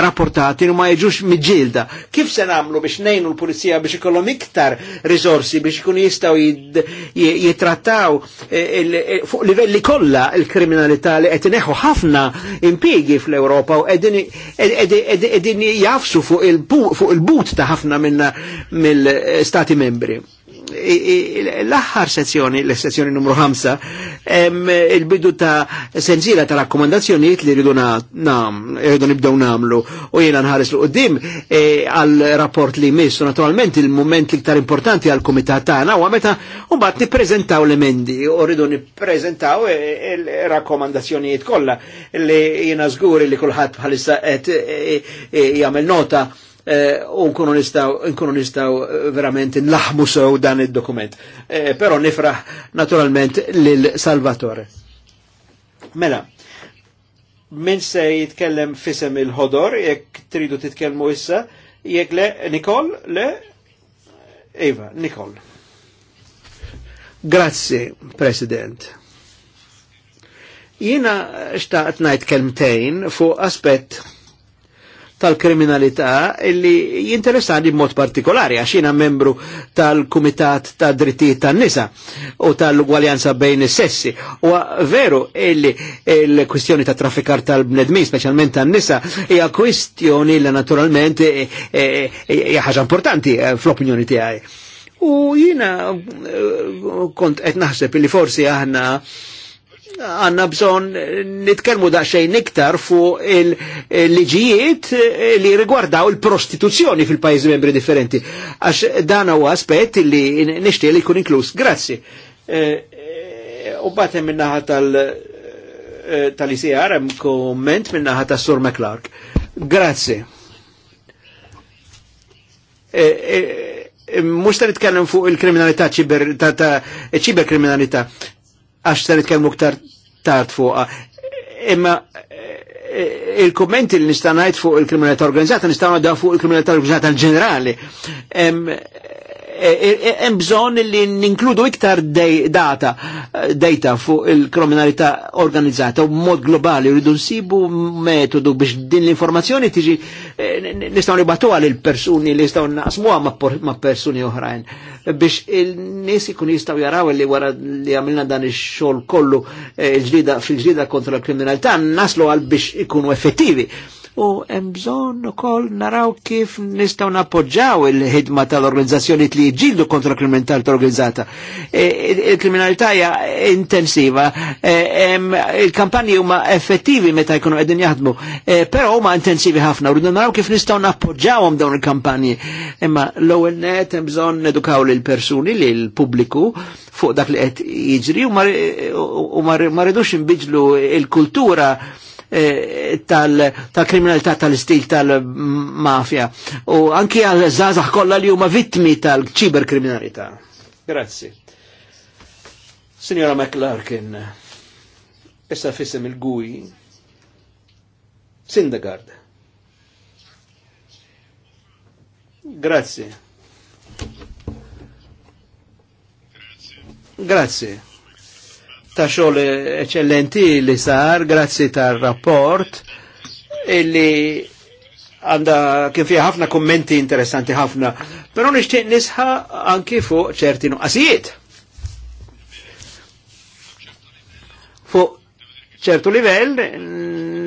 rapportati, li ma jiġux miġilda. Kif se nagħmlu biex nejnu l-pulizija biex ikollhom iktar risorsi biex ikunu jistgħu jitrattaw fuq livelli kollha il-kriminalità li qed ineħħu ħafna impiegi fl-Ewropa u qegħdin jafsu fuq il-but ta' ħafna minna mill-Stati membri l-aħħar sezzjoni, l-sezzjoni numru 5, il-bidu ta' senzila ta' rakkomandazzjonijiet li rridu nam, rridu nibdew namlu u jena nħares l-qoddim e, għal-rapport li missu. Naturalment il-moment iktar importanti għal-komitat tagħna u meta u bat nippreżentaw l-emendi u rridu nippreżentaw e, il-rakkomandazzjonijiet kollha li jena żgur li kulħadd bħalissa qed e, jagħmel nota Eh, u nkunu nistaw eh, verament nlaħmu sew dan il-dokument. Eh, però nifraħ naturalment lil Salvatore. Mela, min se jitkellem fisem il-ħodor, jekk tridu titkellmu issa, jekk le, Nikol, le, Eva, Nikol. Grazzi, President. Jina xtaqt najt kelmtejn fuq aspett tal-kriminalità illi jinteressani b'mod partikolari għax jiena membru tal-Kumitat ta' Drittijiet tan-Nisa u tal-Ugwaljanza bejn is-sessi. U veru illi il-kwistjoni ta' traffikar tal-bnedmin, speċjalment tan-nisa, hija kwistjoni li naturalment e, e, e, hija ħaġa importanti eh, fl-opinjoni tiegħi. U jiena eh, kont qed naħseb illi forsi aħna għanna bżon nitkelmu daqxejn iktar fuq il-liġijiet li rigwardaw il-prostituzzjoni fil pajzi membri differenti. Għax dan u aspet li nixtieq li kun inklus. Grazzi. E, e, u batem minna tal- e, tal-ICR hemm komment minna ħata Sur McClark. Grazzi. Mux ta' nitkellem fuq il-kriminalità ċiber, ċiber kriminalità għax se nitkellmu ktar tard fuqha. Imma eh, eh, il-kommenti li nistanajt fuq il-kriminalità organizzata nistanajt fuq il-kriminalità organizzata ġenerali. Eh, eh, eh, hemm bżonn li ninkludu iktar data data fuq il-kriminalità organizzata u mod globali rridu nsibu metodu biex din l-informazzjoni tiġi nistgħu nibatu għal il persuni li jistgħu naqsmuha ma' persuni oħrajn biex il-nies ikun jistgħu jaraw li wara li għamilna dan ix-xogħol kollu fil-ġlida kontra l-kriminalità naslu għal biex ikunu effettivi u hemm bżonn ukoll naraw kif nistgħu nappoġġaw il-ħidma tal-organizzazzjoni li ġildu kontra kriminalità organizzata. Il-kriminalità e, e, e, hija intensiva, il-kampanji huma effettivi meta jkunu qegħdin jaħdmu, però huma intensivi ħafna, rridu naraw kif nistgħu nappoġġawhom dawn il-kampanji. Imma l-ewwel net hemm bżonn edukaw lil persuni lil pubbliku fuq dak li qed jiġri u ma rridux inbiġlu il-kultura l il kultura Eh, tal-kriminalità tal-istil tal-mafja u anki għal zazax kolla li huma vittmi tal-ċiberkriminalità. Grazzi. Signora McLarkin, issa fissem il-gui, Sindagard. Grazie. Grazie ta' xogħol eccellenti li sar, grazzi tar-rapport illi għanda kien fiha ħafna kummenti interessanti ħafna, però nixtieq nisħa anki fuq ċerti nuqqasijiet. Fuq ċertu livell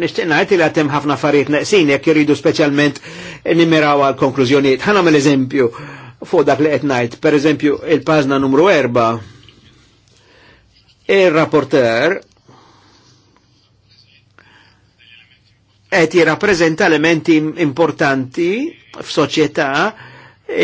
nixtieq ngħid li għatem ħafna affarijiet neqsin jekk jridu speċjalment nimmeraw għal konklużjonijiet. Ħana mill eżempju fuq dak li qed ngħid, pereżempju il-pażna numru erba' Il-rapporter qed jirrapprezenta elementi importanti f'soċjetà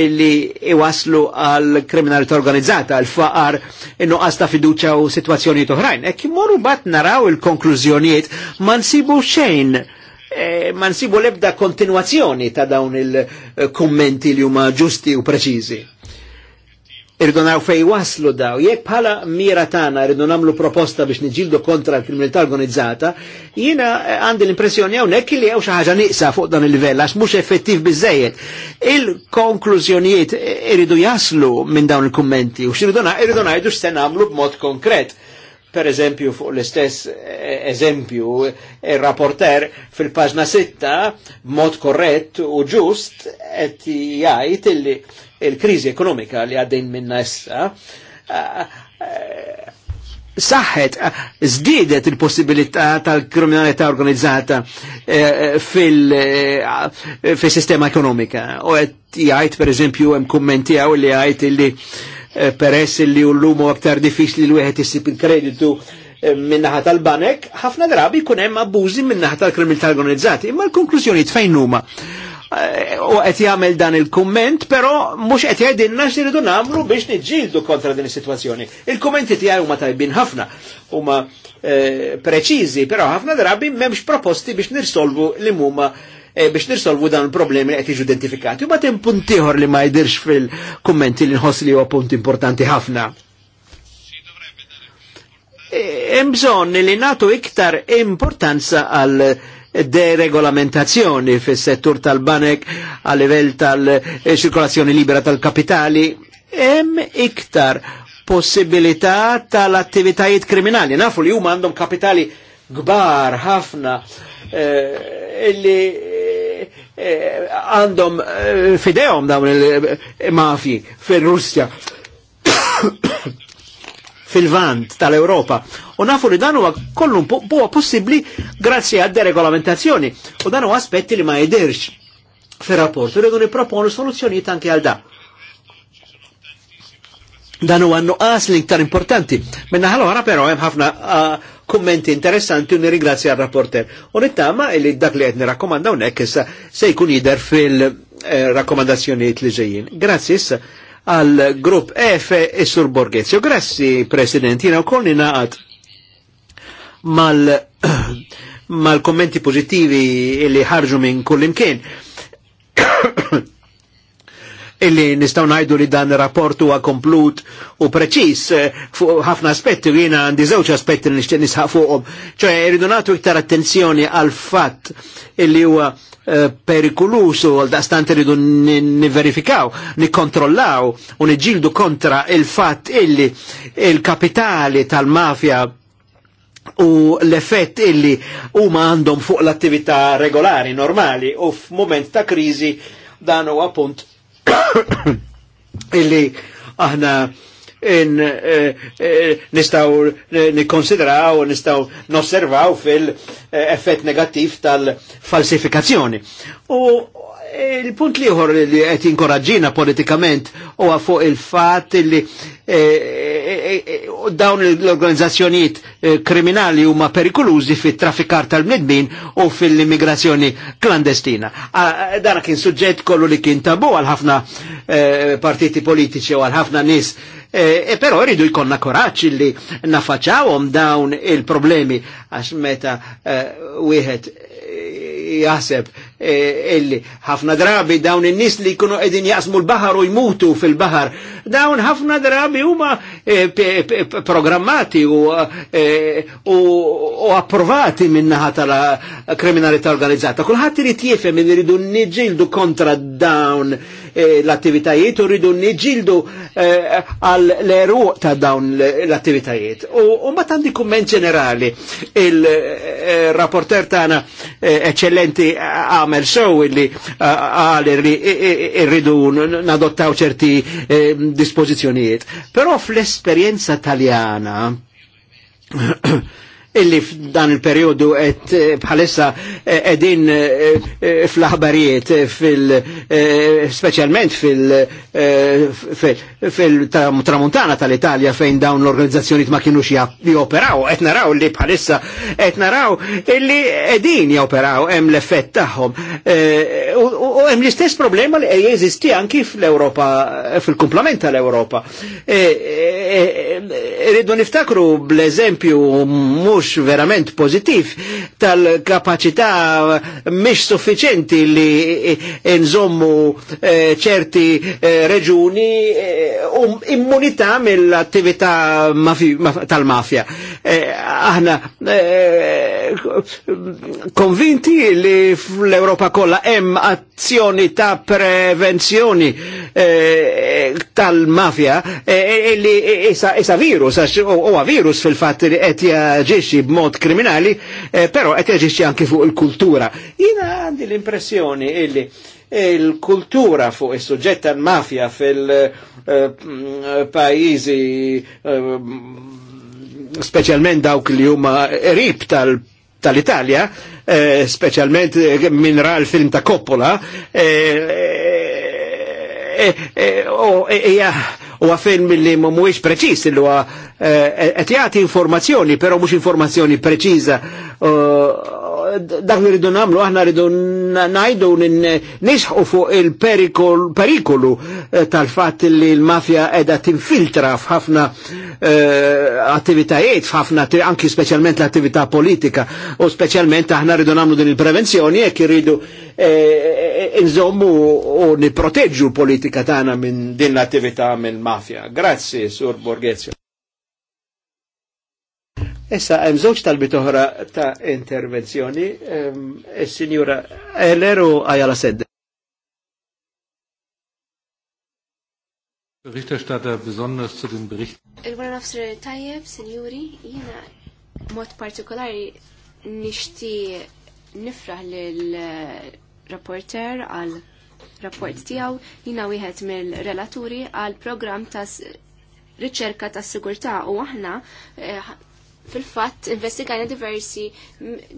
li iwaslu għal kriminalità organizzata, għal faqar innuqqas ta' fiduċa u situazzjonijiet oħrajn. Ekk moru bat naraw il-konklużjonijiet ma nsibu xejn eh, ma nsibu lebda kontinuazzjoni ta' dawn il-kommenti eh, li huma ġusti u preċizi irridu naw fej waslu daw. Jek bħala mira tana irridu namlu proposta biex niġildu kontra l-kriminalità organizzata, jina għandi l-impressjoni hawnhekk li għaw xi ħaġa fuq dan il-livell għax mhux effettiv biżejjed. Il-konklużjonijiet irridu jaslu minn dawn il-kummenti u x'irridu irridu ngħidu x'se nagħmlu b'mod konkret per eżempju fuq l-istess e, eżempju, il-rapporter e, fil-paġna 6 mod korrett u ġust et jgħid illi il krizi ekonomika li għaddejn minna essa saħħet, zdidet il-possibilità tal-kriminalità organizzata e, fil-sistema ekonomika. U għed jgħajt, per eżempju, jem kommenti għaw li jgħajt illi Eh, peress li l-lumu aktar diffiċli li wieħed isib il-kreditu eh, minnaħat tal-banek, ħafna drabi kun hemm abbużi minnaħat tal-kriminalità organizzati. Imma l-konklużjoni tfejn huma eh, u qed jagħmel dan il-kumment, però mhux qed jgħidilna x'iridu nagħmlu biex niġġieldu kontra din is-sitwazzjoni. Il-kummenti tiegħi huma tajbin ħafna, huma preċiżi, però ħafna drabi m'hemmx proposti biex nirsolvu li huma Eh, biex nirsolvu dan il-problemi li qed jiġu identifikati. U batem hemm li ma jidirx fil-kummenti li nħoss li huwa punt importanti ħafna. Eh, hemm bżonn li natu iktar importanza għal deregolamentazzjoni fis-settur tal-banek a livell tal-ċirkolazzjoni libera tal-kapitali, hemm iktar possibilità tal-attivitajiet kriminali. Nafu li huma għandhom kapitali gbar ħafna eh, illi Eh, għandhom eh, fidejhom dawn il-mafji eh, fil-Russja fil-vant tal-Europa. U nafu li danu huwa kollu huwa possibbli grazzi għad deregolamentazzjoni u danu aspetti li ma jidirx fil rapport Irridu nipproponu soluzzjonijiet anke għal da. Danu għannu għas l-iktar importanti. Menna ħalora però hemm ħafna uh, kommenti interessanti u nirigrazzja rapporter U nittama li dak li għedni rakkomanda unnek issa se jkun jider fil-rakkomandazzjoniet eh, li ġejjin. Grazzi issa għal grupp F e Sur Borghezio. Grazzi, President, jina u kolni naqat mal mal-kommenti pozittivi li ħarġu minn kullimkien. illi nistaw najdu li dan rapport huwa komplut u preċis eh, fuq ħafna aspetti u jiena għandi żewġ aspetti li nixtieq nisħaq fuqhom. ċoħe jridu nagħtu iktar attenzjoni għal fatt illi huwa eh, perikulusu għal daqstant rridu niverifikaw, nikontrollaw u niġildu kontra il-fatt illi il-kapitali tal-mafja u l-effett illi huma għandhom fuq l-attività regolari, normali, u f-moment ta' krizi dan huwa appunt. illi aħna in eh, eh, nistaw nikonsidraw, nistaw nosservaw fil-effett eh, negativ tal-falsifikazzjoni. U Il-punt liħor li qed inkoraġġina politikament u fuq il fat li eh, eh, eh, dawn l-organizzazzjonijiet kriminali huma perikolużi fit-traffikar tal-bnedmin u fil-immigrazzjoni klandestina. Dan kien suġġett kollu li kien tabu għal ħafna partiti politiċi u għal ħafna nis, E, e però rridu jkonna koraċ li nafaċawom dawn il-problemi għax meta uh, wieħed jaħseb Eh, illi ħafna drabi dawn in-nies li jkunu qegħdin jaqsmu l-baħar u jmutu fil-baħar. Dawn ħafna drabi huma eh, programmati eh, u approvati minnaħa tal-kriminalità organizzata. Kulħadd irid jifhem iridu niġġieldu kontra dawn eh, l-attivitajiet u rridu niġildu eh, għall eru ta' dawn l-attivitajiet. U ma tandi kummen ġenerali il-rapporter eh, tagħna eccellenti għamel sew illi għal irridu nadottaw ċerti dispozizjonijiet. Però fl esperienza taljana illi f'dan il-periodu et eh, bħalissa eh, edin eh, fl-aħbarijiet specialment fil-tramuntana tal-Italja fejn dawn l organizzazzjoni ma kienux jioperaw, et naraw li bħalissa et naraw illi edin jioperaw hemm l-effett tagħhom. U hemm l-istess problema li jeżisti anki fl-Ewropa fil komplement tal-Ewropa. Ridu niftakru bl-eżempju mhux mux verament pozitif tal kapacità mish suffiċenti li nżommu ċerti reġuni um immunità mill-attività tal-mafja. Aħna konvinti li fl-Europa kollha hemm azzjoni ta' prevenzjoni tal-mafja li isa virus, a virus fil-fatt li qed jaġixxi jaġixxi b'mod kriminali, eh, però qed jaġixxi anke fuq il-kultura. Jiena għandi l-impressjoni illi il-kultura fuq is-suġġett il kultura fuq is suġġett fil-pajjiżi eh, mm, eh, speċjalment dawk li huma rib tal tal-Italja, eh, specialment minn ra l-film ta' Coppola, eh, u għafin mill-li mumiex preċis, il huwa qed eh, e- informazzjoni, pero mhux informazzjoni preċiża eh, dak li rridu namlu, aħna rridu najdu nisħu fuq il-perikolu eh, tal-fat li l-mafja edha tinfiltra f'ħafna eh, attivitajiet, f'ħafna anki specialment l-attività politika, u specialment aħna rridu namlu din il-prevenzjoni e irridu eh, inżommu u niproteġu l-politika tana minn din l-attività mill-mafja. Grazzi, Sur Borghezio. Issa, hemm żewġ talbit oħra ta' intervenzjoni, ehm, is-Sinjura Eller u Ajala Sedde. Berichterstatter besonders zu den Berichten. il Tajjeb, senjuri, jiena mod partikolari nixti nifraħ lill-rapporter għal rapport tiegħu jiena wieħed mill-relaturi għal programm ta' riċerka ta' sigurtà u aħna eh, fil-fatt investigajna diversi,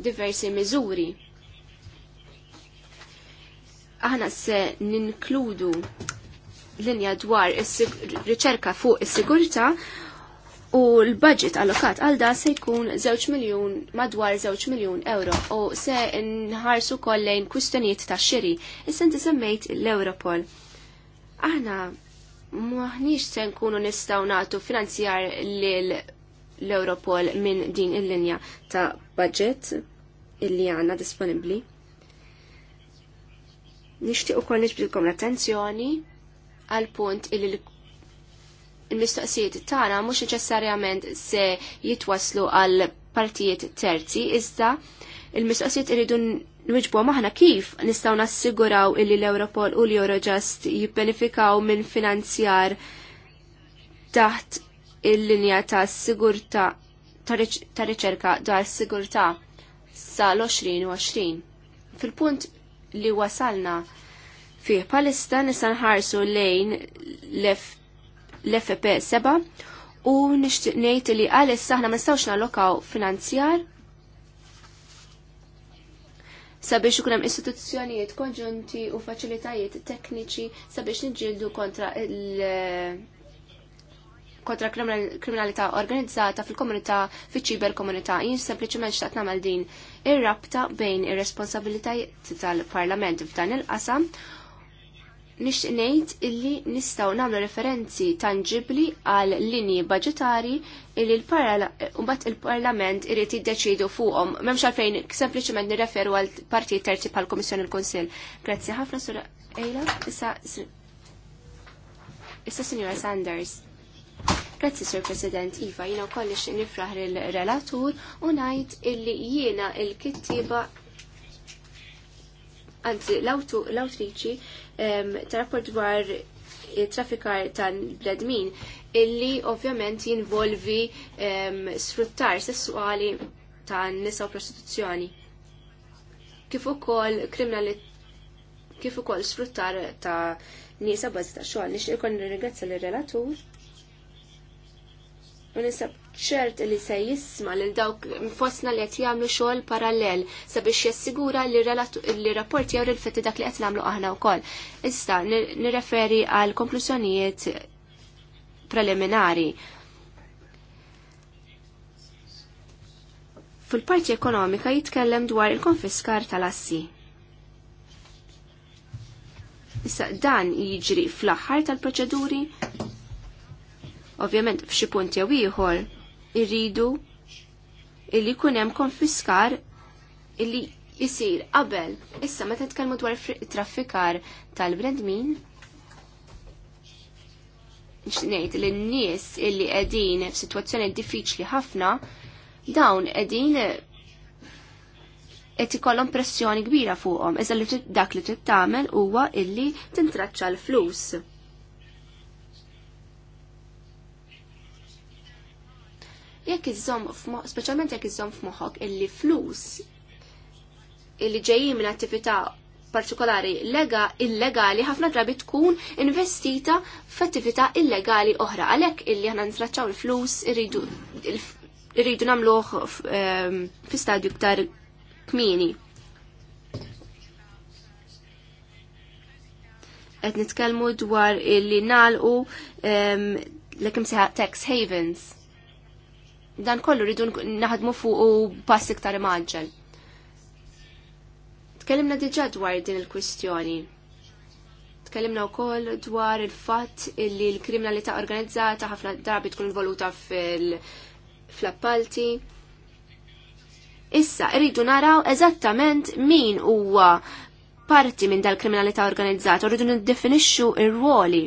diversi miżuri. Aħna se ninkludu linja dwar riċerka fuq is-sigurta u l-budget allokat għal da se jkun zewċ miljon madwar zewċ miljon euro u se nħarsu kollejn kwistjonijiet ta' xiri. Issa inti semmejt l-Europol. Aħna maħniex se nkunu nistaw natu finanzjar lil l-Europol minn din il-linja ta' budget illi għanna disponibli. Nishtiq u kol nġbidilkom l-attenzjoni għal punt illi l-mistoqsijiet tara mux neċessarjament se jitwaslu għal partijiet terzi, iżda il-mistoqsijiet irridu nwiġbu maħna kif nistaw nassiguraw illi l-Europol u l-Eurojust jibbenefikaw minn finanzjar taħt il-linja ta' sigurta ta' riċerka dwar sigurta sa' l-2020. Fil-punt li wasalna fih palista nista' nħarsu lejn l-FP7 u nixtieq ngħid li għalis aħna ma nistgħux nallokaw finanzjar sabiex ikun hemm istituzzjonijiet konġunti u faċilitajiet tekniċi sabiex niġġieldu kontra il- kontra kriminalità organizzata fil-komunità fiċ-ċiber komunità. Jien sempliċement xtaqt nagħmel din ir-rabta bejn ir-responsabilitajiet tal-Parlament f'dan il-qasam nix ngħid illi nistgħu nagħmlu referenzi tangibbli għal linji budgetari illi mbagħad il-Parlament irid jiddeċidu fuqhom Memx għalfejn sempliċement nirreferu għal parti terti pal komissjoni l-Kunsill. Grazzi ħafna sura Ejla, issa Issa Signora Sanders. Grazzi, Sur President Iva, jina u kollix nifraħ il-relatur u illi jiena il-kittiba għanzi l-autriċi ta' rapport dwar traffikar ta' bledmin illi ovvjament jinvolvi sfruttar sessuali ta' nisa u prostituzzjoni. Kif ukoll kriminali, kif ukoll sfruttar ta' nisa bażi ta' xogħol nixtieq ikun nirringrazzja lir-relatur u nisab ċert li se jisma li dawk fosna li qed jagħmlu xogħol parallel sabiex jessigura li rapport jew rilfetti fetti dak li qed nagħmlu aħna wkoll. Issa nirreferi għal konklużjonijiet preliminari. Fil-parti ekonomika jitkellem dwar il-konfiskar tal-assi. Issa dan jiġri fl-aħħar tal-proċeduri Ovvjament f'xi punt jew ieħor irridu illi jkun hemm konfiskar illi jisir qabel. Issa meta tkellmu dwar traffikar tal-bredmin, ngħid li n-nies illi qegħdin f'sitwazzjoni diffiċli ħafna, dawn qegħdin qed ikollhom pressjoni kbira fuqhom, iżda li dak li trid tagħmel huwa illi tintraċċa l-flus. jekk iżomm speċjalment jekk iżomm f'moħħok illi flus illi ġejjin minn attività partikolari lega illegali ħafna drabi tkun investita f'attività illegali oħra. Għalhekk illi aħna ntraċċaw il-flus irridu irridu nagħmluh ehm, fi stadju iktar kmini. Qed nitkellmu dwar illi nagħlqu ehm, l-ekim tax havens dan kollu rridu naħdmu fuq u pass iktar imaġġel. Tkellimna diġà dwar din il-kwistjoni. Tkellimna wkoll dwar il-fatt li l-kriminalità organizzata ħafna drabi tkun involuta fil-appalti. Issa, rridu naraw eżattament min huwa parti minn dal-kriminalità organizzata, rridu niddefinixxu ir-ruoli.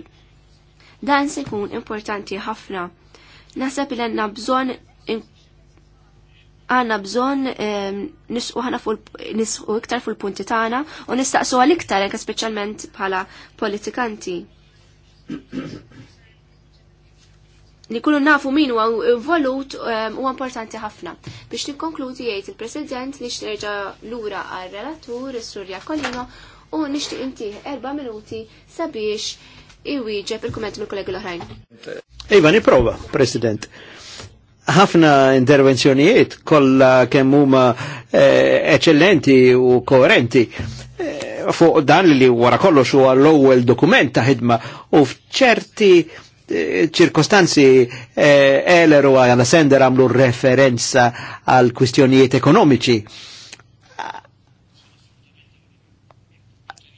Dan se jkun importanti ħafna. Naħseb il għandna bżonn għanna bżon nisqu ħana nisqu iktar fuq il-punti tagħna u nistaqsu għal iktar anke speċjalment bħala politikanti. Li kullu nafu min huwa involut huwa importanti ħafna. Biex nikkonkludi jgħid il-President li xterġa lura għal-relatur is-Surja Kolino u nixtieq intih erba' minuti sabiex iwieġeb il-kumment mill-kollegi l-oħrajn. Iva, niprova, President ħafna intervenzjonijiet kollha kemm huma eh, eċellenti u koerenti eh, fuq dan li wara kollox huwa l-ewwel dokument ta' ħidma u f'ċerti eh, ċirkostanzi Eler u għana Sender għamlu referenza għal kwistjonijiet ekonomiċi.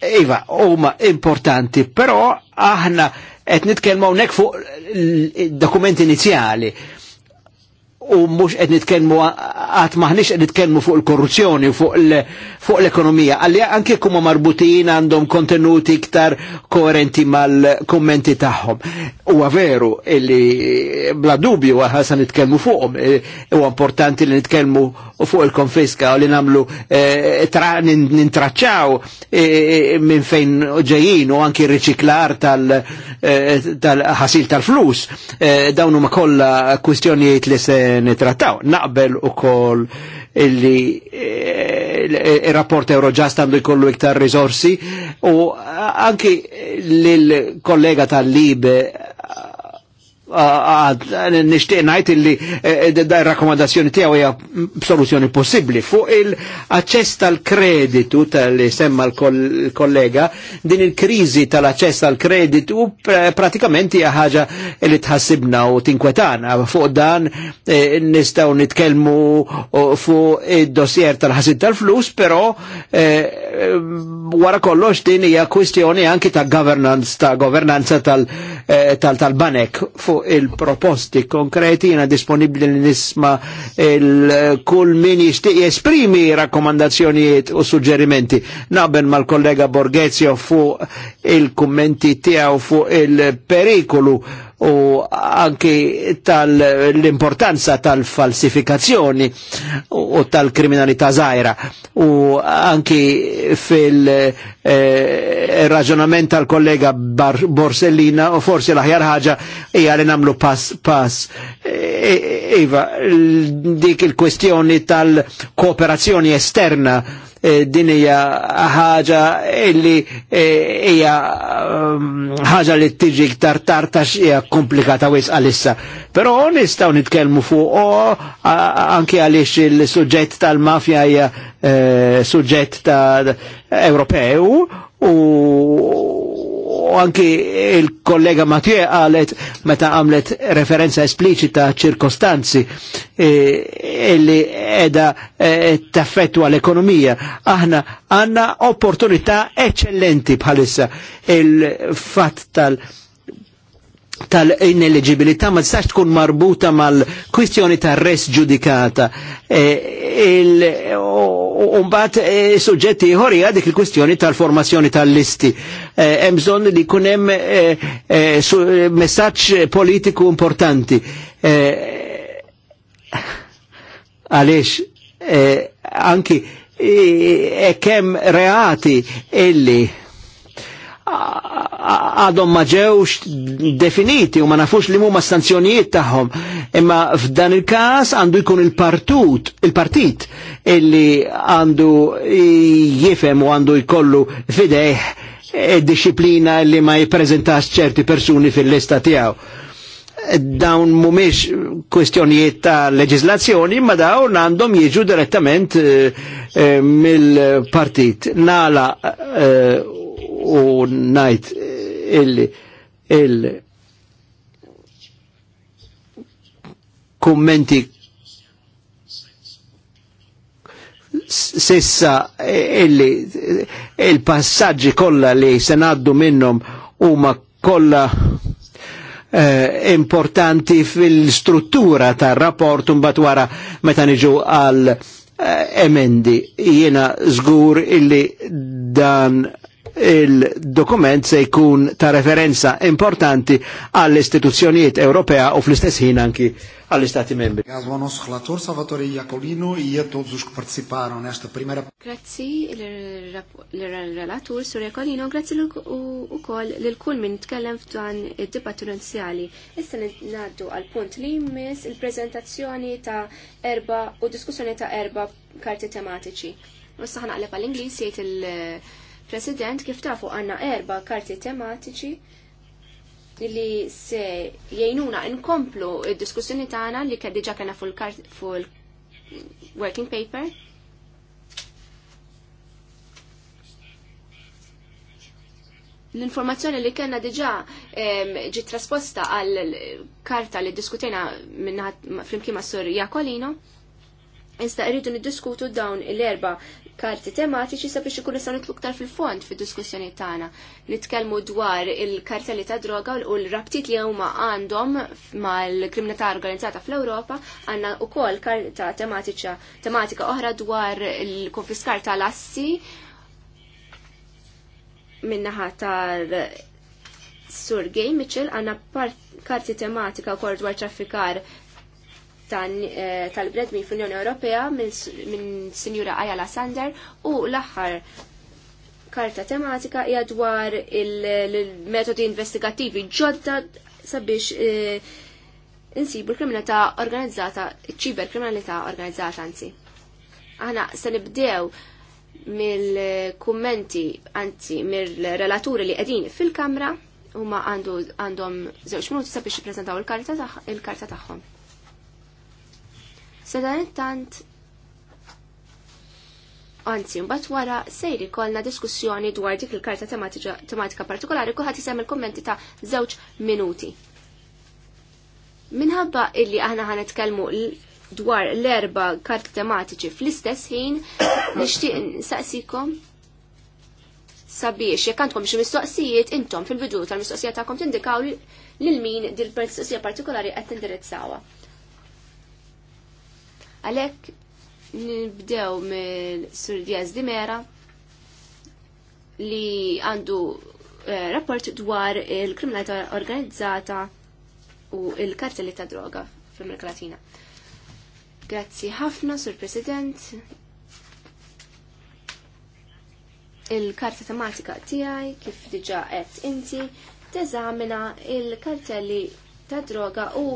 Iva, huma importanti, però aħna qed nitkellmu hawnhekk fuq dokument inizjali u mux qed nitkellmu għat maħniex qed nitkellmu fuq il-korruzzjoni fuq l-ekonomija. Għalli anke kuma marbutin għandhom kontenuti iktar koerenti mal-kommenti tagħhom. Huwa veru illi bla dubju ħasan nitkellmu fuqhom. E, huwa importanti li nitkellmu fuq il-konfiska u li namlu e, nintraċċaw e, minn fejn ġejjin u anki riċiklar tal-ħasil tal-flus. Dawn huma kollha kwistjonijiet li se nitrattaw. Naqbel u koll illi eh, il-rapport Eurojust għandu jkollu iktar risorsi u eh, anki l-kollega tal-Libe nishtiq ngħid illi eh, eh, da rakkomandazzjoni tiegħu hija soluzzjoni possibbli. Fuq il-aċċess tal-kreditu tal-li semma l-kollega, din il-kriżi tal-aċċess tal-kreditu pratikament hija ħaġa li tħassibna u tinkwetana. Fuq dan eh, nistgħu nitkellmu fuq id-dossier tal-ħasid tal-flus, però wara kollox din hija kwistjoni anki ta' governance ta' governanza tal-banek fuq il-proposti konkreti jena disponibli li nisma il-kull min jistiq jesprimi rakkomandazzjonijiet u suġġerimenti. Naben mal-kollega Borghezio fu il kommenti tiegħu fu il-perikolu u anki tal-importanza tal-falsifikazzjoni u tal-kriminalità zaħira u anki fil-raġonament eh, tal-kollega Borsellina u forsi l-ħjar ħaġa hija li namlu pass pass. Eh, eh, iva, dik il-kwestjoni tal-kooperazzjoni esterna Eh, din hija ħaġa illi eh, hija um, ħaġa li tiġi iktar tarta għax komplikata wis għalissa. Però nistgħu nitkellmu fuq anke għaliex il-suġġett tal-mafja hija eh, suġġett ta' Ewropew u anki il-kollega Mathieu għalet meta għamlet referenza esplicita ċirkostanzi e, illi edha e, taffettu għal-ekonomija. Aħna għanna opportunità eccellenti bħalissa il-fat tal- tal-ineligibilità ma tistax tkun marbuta mal-kwistjoni ta' res ġudikata. E, Umbat e, suġġetti ħori dik il-kwistjoni tal-formazzjoni tal-listi. E, hemm bżonn li kunem hemm messaġġ politiku importanti. Għaliex anki e kem reati illi għadhom ma ġewx definiti u ma nafux li mumma' sanzjonijiet tagħhom. Imma f'dan il-każ għandu jkun il-partut, il-partit illi għandu jifem u għandu jkollu fidejh eh, disciplina li ma jippreżentax ċerti persuni fil-lista tiegħu. Dawn mumiex kwestjonijiet ta' leġizlazzjoni, ma dawn għandhom jiġu direttament eh, eh, mill-partit. Nala u najt il- il- kummenti sessa illi il-passaggi kolla li senaddu minnom huma kolla eh, importanti fil-struttura tar rapport un batwara meta niġu għal eh, emendi jiena zgur illi dan il-dokument se jkun ta' referenza importanti għall-istituzzjonijiet Ewropea u fl-istess ħin anki għall-Istati membri. Għazwa nos xlatur Salvatore Iacolino ija tożux kparticiparu nesta primera. Grazzi l-relatur Sur Iacolino, grazzi u koll l-kull minn tkellem f'dan id-dibattu inizjali. Issa naddu għal-punt li jmiss il-prezentazzjoni ta' erba u diskussjoni ta' erba karti tematiċi. Nista' ħanaqleb għall inglis jiet il- President, kif tafu għanna erba karti tematiċi li se jgħinuna inkomplu il diskussjoni tagħna li kien diġà kena fuq working paper. L-informazzjoni li kena diġà ġi trasposta għal karta li diskutejna minna fl-imkien Sur Jakolino. Iżda irridu niddiskutu dawn l-erba karti tematiċi sabiex ikunu sa nitlu ktar fil-fond fid-diskussjoni tagħna. Nitkellmu dwar il-kartelli ta' droga u l-rabtiet li huma għandhom mal-kriminalità organizzata fl-Ewropa għandna wkoll karta tematiċa tematika oħra dwar il-konfiskar tal-assi minnaħa tal Sur Gay Mitchell għandna karti tematika wkoll dwar traffikar Eh, tal-bredmi fl-Unjoni Ewropea minn Sinjura Ayala Sander u l-aħħar karta tematika hija dwar il-metodi investigativi ġodda sabiex eh, insibu l-kriminalità organizzata, ċiber kriminalità organizzata anzi. Aħna se nibdew mill-kummenti anzi mill-relaturi li qegħdin fil-kamra huma għandhom żewġ minuti sabiex jippreżentaw il-karta tagħhom. Sedan dan Anzi, mbagħad wara sejr ikollna diskussjoni dwar dik il-karta tematika partikolari kulħadd isem il-kummenti ta' żewġ minuti. Minħabba illi aħna ħan nitkellmu dwar l-erba karti tematiċi fl-istess ħin nixtieq nsaqsikom sabiex jekk għandkom xi mistoqsijiet intom fil-bidu tal-mistoqsija tagħkom tindikaw lil min dil-mistoqsija partikolari qed tindirizzawha. Għalek nibdew mill-Sur Diaz di Mera li għandu eh, rapport dwar il-kriminalità organizzata u il-kartelli ta' droga fil-Amerika Latina. Grazzi ħafna, Sur President. Il-karta tematika tiegħi kif diġa qed inti teżamina il-kartelli ta' droga u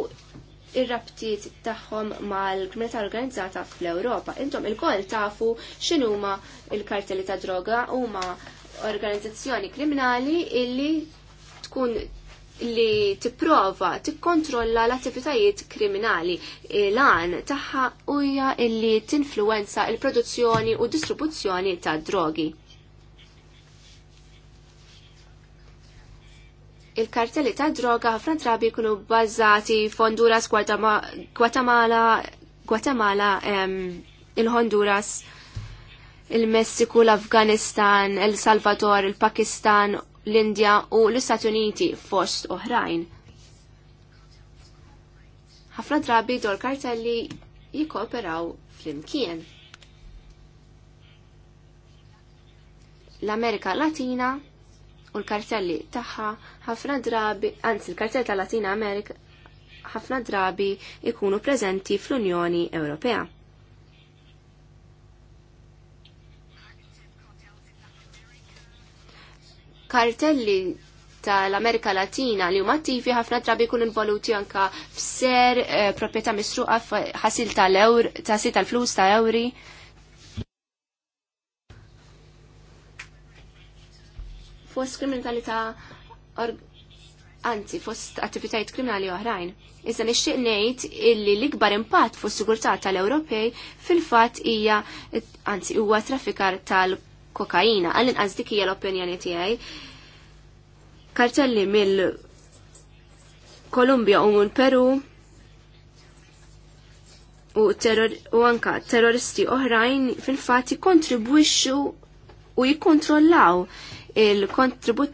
ir-rabtiet tagħhom mal-kriminalità organizzata fl-Ewropa. Intom il-koll tafu x'inhuma il-kartelli ta' droga huma organizzazzjoni kriminali illi tkun li tipprova tikkontrolla l-attivitajiet kriminali l-għan tagħha uja illi tinfluwenza il-produzzjoni u distribuzzjoni ta' drogi. il-kartelli ta' droga ħafna drabi kunu bbażati f'Honduras, Guatemala, Guatemala, il-Honduras, il-Messiku, l-Afganistan, il Salvador, il-Pakistan, l-Indja u l-Istati Uniti fost oħrajn. Ħafna drabi dol kartelli jikkooperaw fl-imkien. L-Amerika Latina u l-kartelli taħħa ħafna drabi, anzi l-kartelli ta' Latina Amerika ħafna drabi ikunu preżenti fl-Unjoni Ewropea. Kartelli tal-Amerika Latina li huma attivi ħafna drabi jkunu involuti anka f'ser eh, proprjetà misruqa ħasil tal-ewr, ta' tal-flus ta' ewri. Ta fost kriminalità anzi fost attivitajiet kriminali oħrajn. Iżda nixtieq ngħid illi l-ikbar impatt fuq sigurtà tal-Ewropej fil-fatt hija anzi huwa traffikar tal-kokaina. Għall-inqas dik hija l-opinjoni tiegħi. Kartelli mill Kolumbja u mill Peru u, terror, u anka terroristi oħrajn fil fatt jikontribwixxu u jikkontrollaw il-kontribut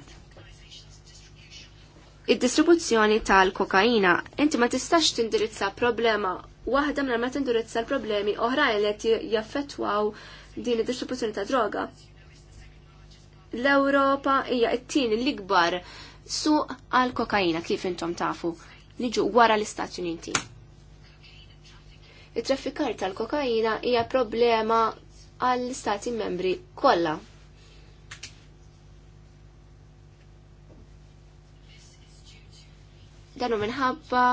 id-distribuzzjoni il kontribut il distribuzzjoni tal kokaina Inti ma tistax tindirizza problema waħda minn ma tindirizza l-problemi oħra li jaffettwaw din id-distribuzzjoni ta' droga. L-Ewropa hija t-tieni l-ikbar suq għal kokaina kif intom tafu. Niġu wara l-Istati Uniti. it traffikar tal-kokaina hija problema għall-Istati membri kollha danu minħabba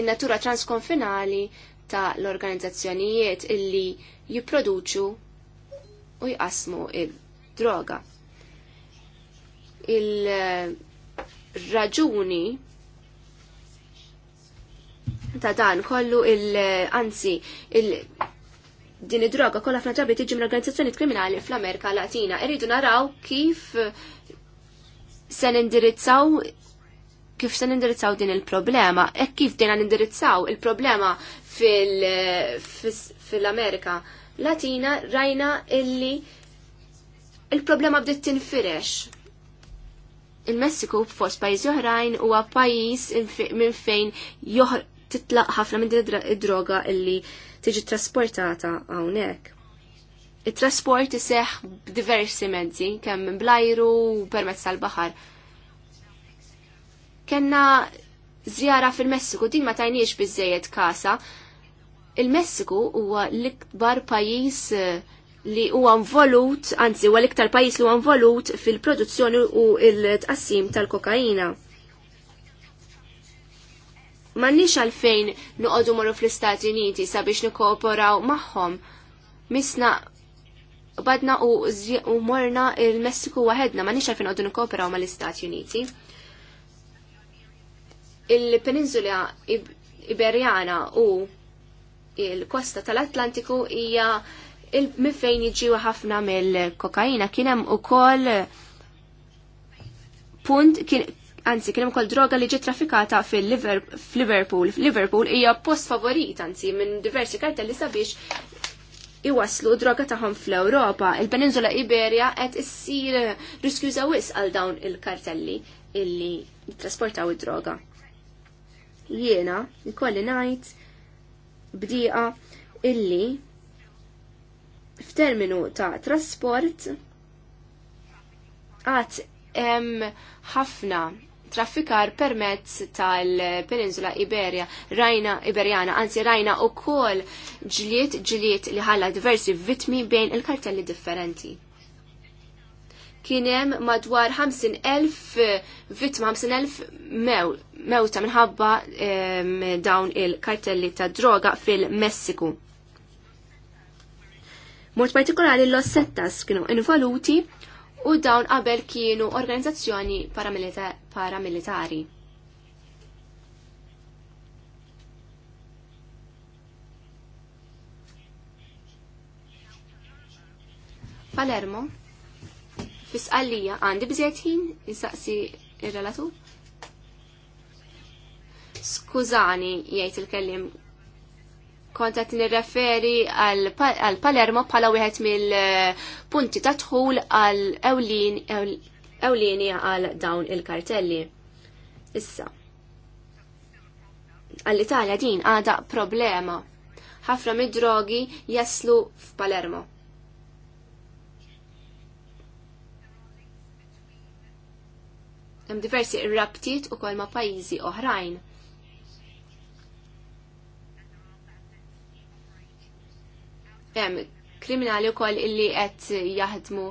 in-natura transkonfinali ta' l-organizzazzjonijiet illi jipproduċu u jqasmu il-droga. Il-raġuni ta' dan kollu il-anzi il din id-droga kollha ħafna drabi tiġi minn organizzazzjoni kriminali fl-Amerika Latina. Irridu naraw kif se nindirizzaw kif se nindirizzaw din il-problema, e kif dina nindirizzaw il-problema fil-Amerika fil Latina rajna illi il-problema bdiet tinfirex il-Messiku fos pajjiż oħrajn huwa pajjiż minn fejn joħr titlaq ħafna minn din id-droga illi tiġi trasportata hawnhekk. it trasport iseħħ b'diversi mezzi, kemm minn blajru u permezz tal-baħar kena zjara fil-Messiku, din ma tajniex bizzejet kasa. Il-Messiku huwa l-ikbar pajis eh, li huwa involut, anzi huwa l-iktar pajis li huwa involut fil-produzzjoni u l-tqassim tal-kokaina. Mannix għalfejn nuqodu morru fl-Istati Uniti sabiex nikkooperaw magħhom. Misna badna u, u morna il-Messiku waħedna, mannix għalfejn għoddu nikkooperaw mal-Istati Uniti il-Peninsula Iberjana u il-kosta tal-Atlantiku hija il-mifejn jiġiwa ħafna mill-kokaina kienem u kol punt kien anzi kienem ukoll droga li ġiet trafikata fil-Liverpool. Liverpool hija post favorit anzi minn diversi kartelli sabiex iwaslu droga tagħhom fl-Ewropa. Il-Peninsula Iberja qed issir riskjuża wis għal dawn il-kartelli illi trasportaw id-droga jiena jkolli ngħid bdiqa illi f'terminu ta' trasport għat hemm ħafna traffikar permezz tal-Peninsula Iberia, rajna Iberjana, anzi rajna u kol ġliet ġliet li ħalla diversi vitmi bejn il-kartelli differenti kienem madwar 50.000 vittma, 50.000 mewta minħabba dawn il-kartelli ta' droga fil-Messiku. Mort partikolari l-Ossettas kienu involuti u dawn qabel kienu organizzazzjoni paramilitari. Palermo Fisqallija għandi bżietin? ħin insaqsi ir Skużani jgħid il-kellim kontat nirreferi għal Palermo bħala wieħed mill-punti ta' dħul għal ewlini għal dawn il-kartelli. Issa. Għall-Italja din għada problema. Ħafna mid-drogi jaslu f'Palermo. Hemm diversi rabtiet ukoll ma' pajjiżi oħrajn. Hemm kriminali wkoll illi qed jaħdmu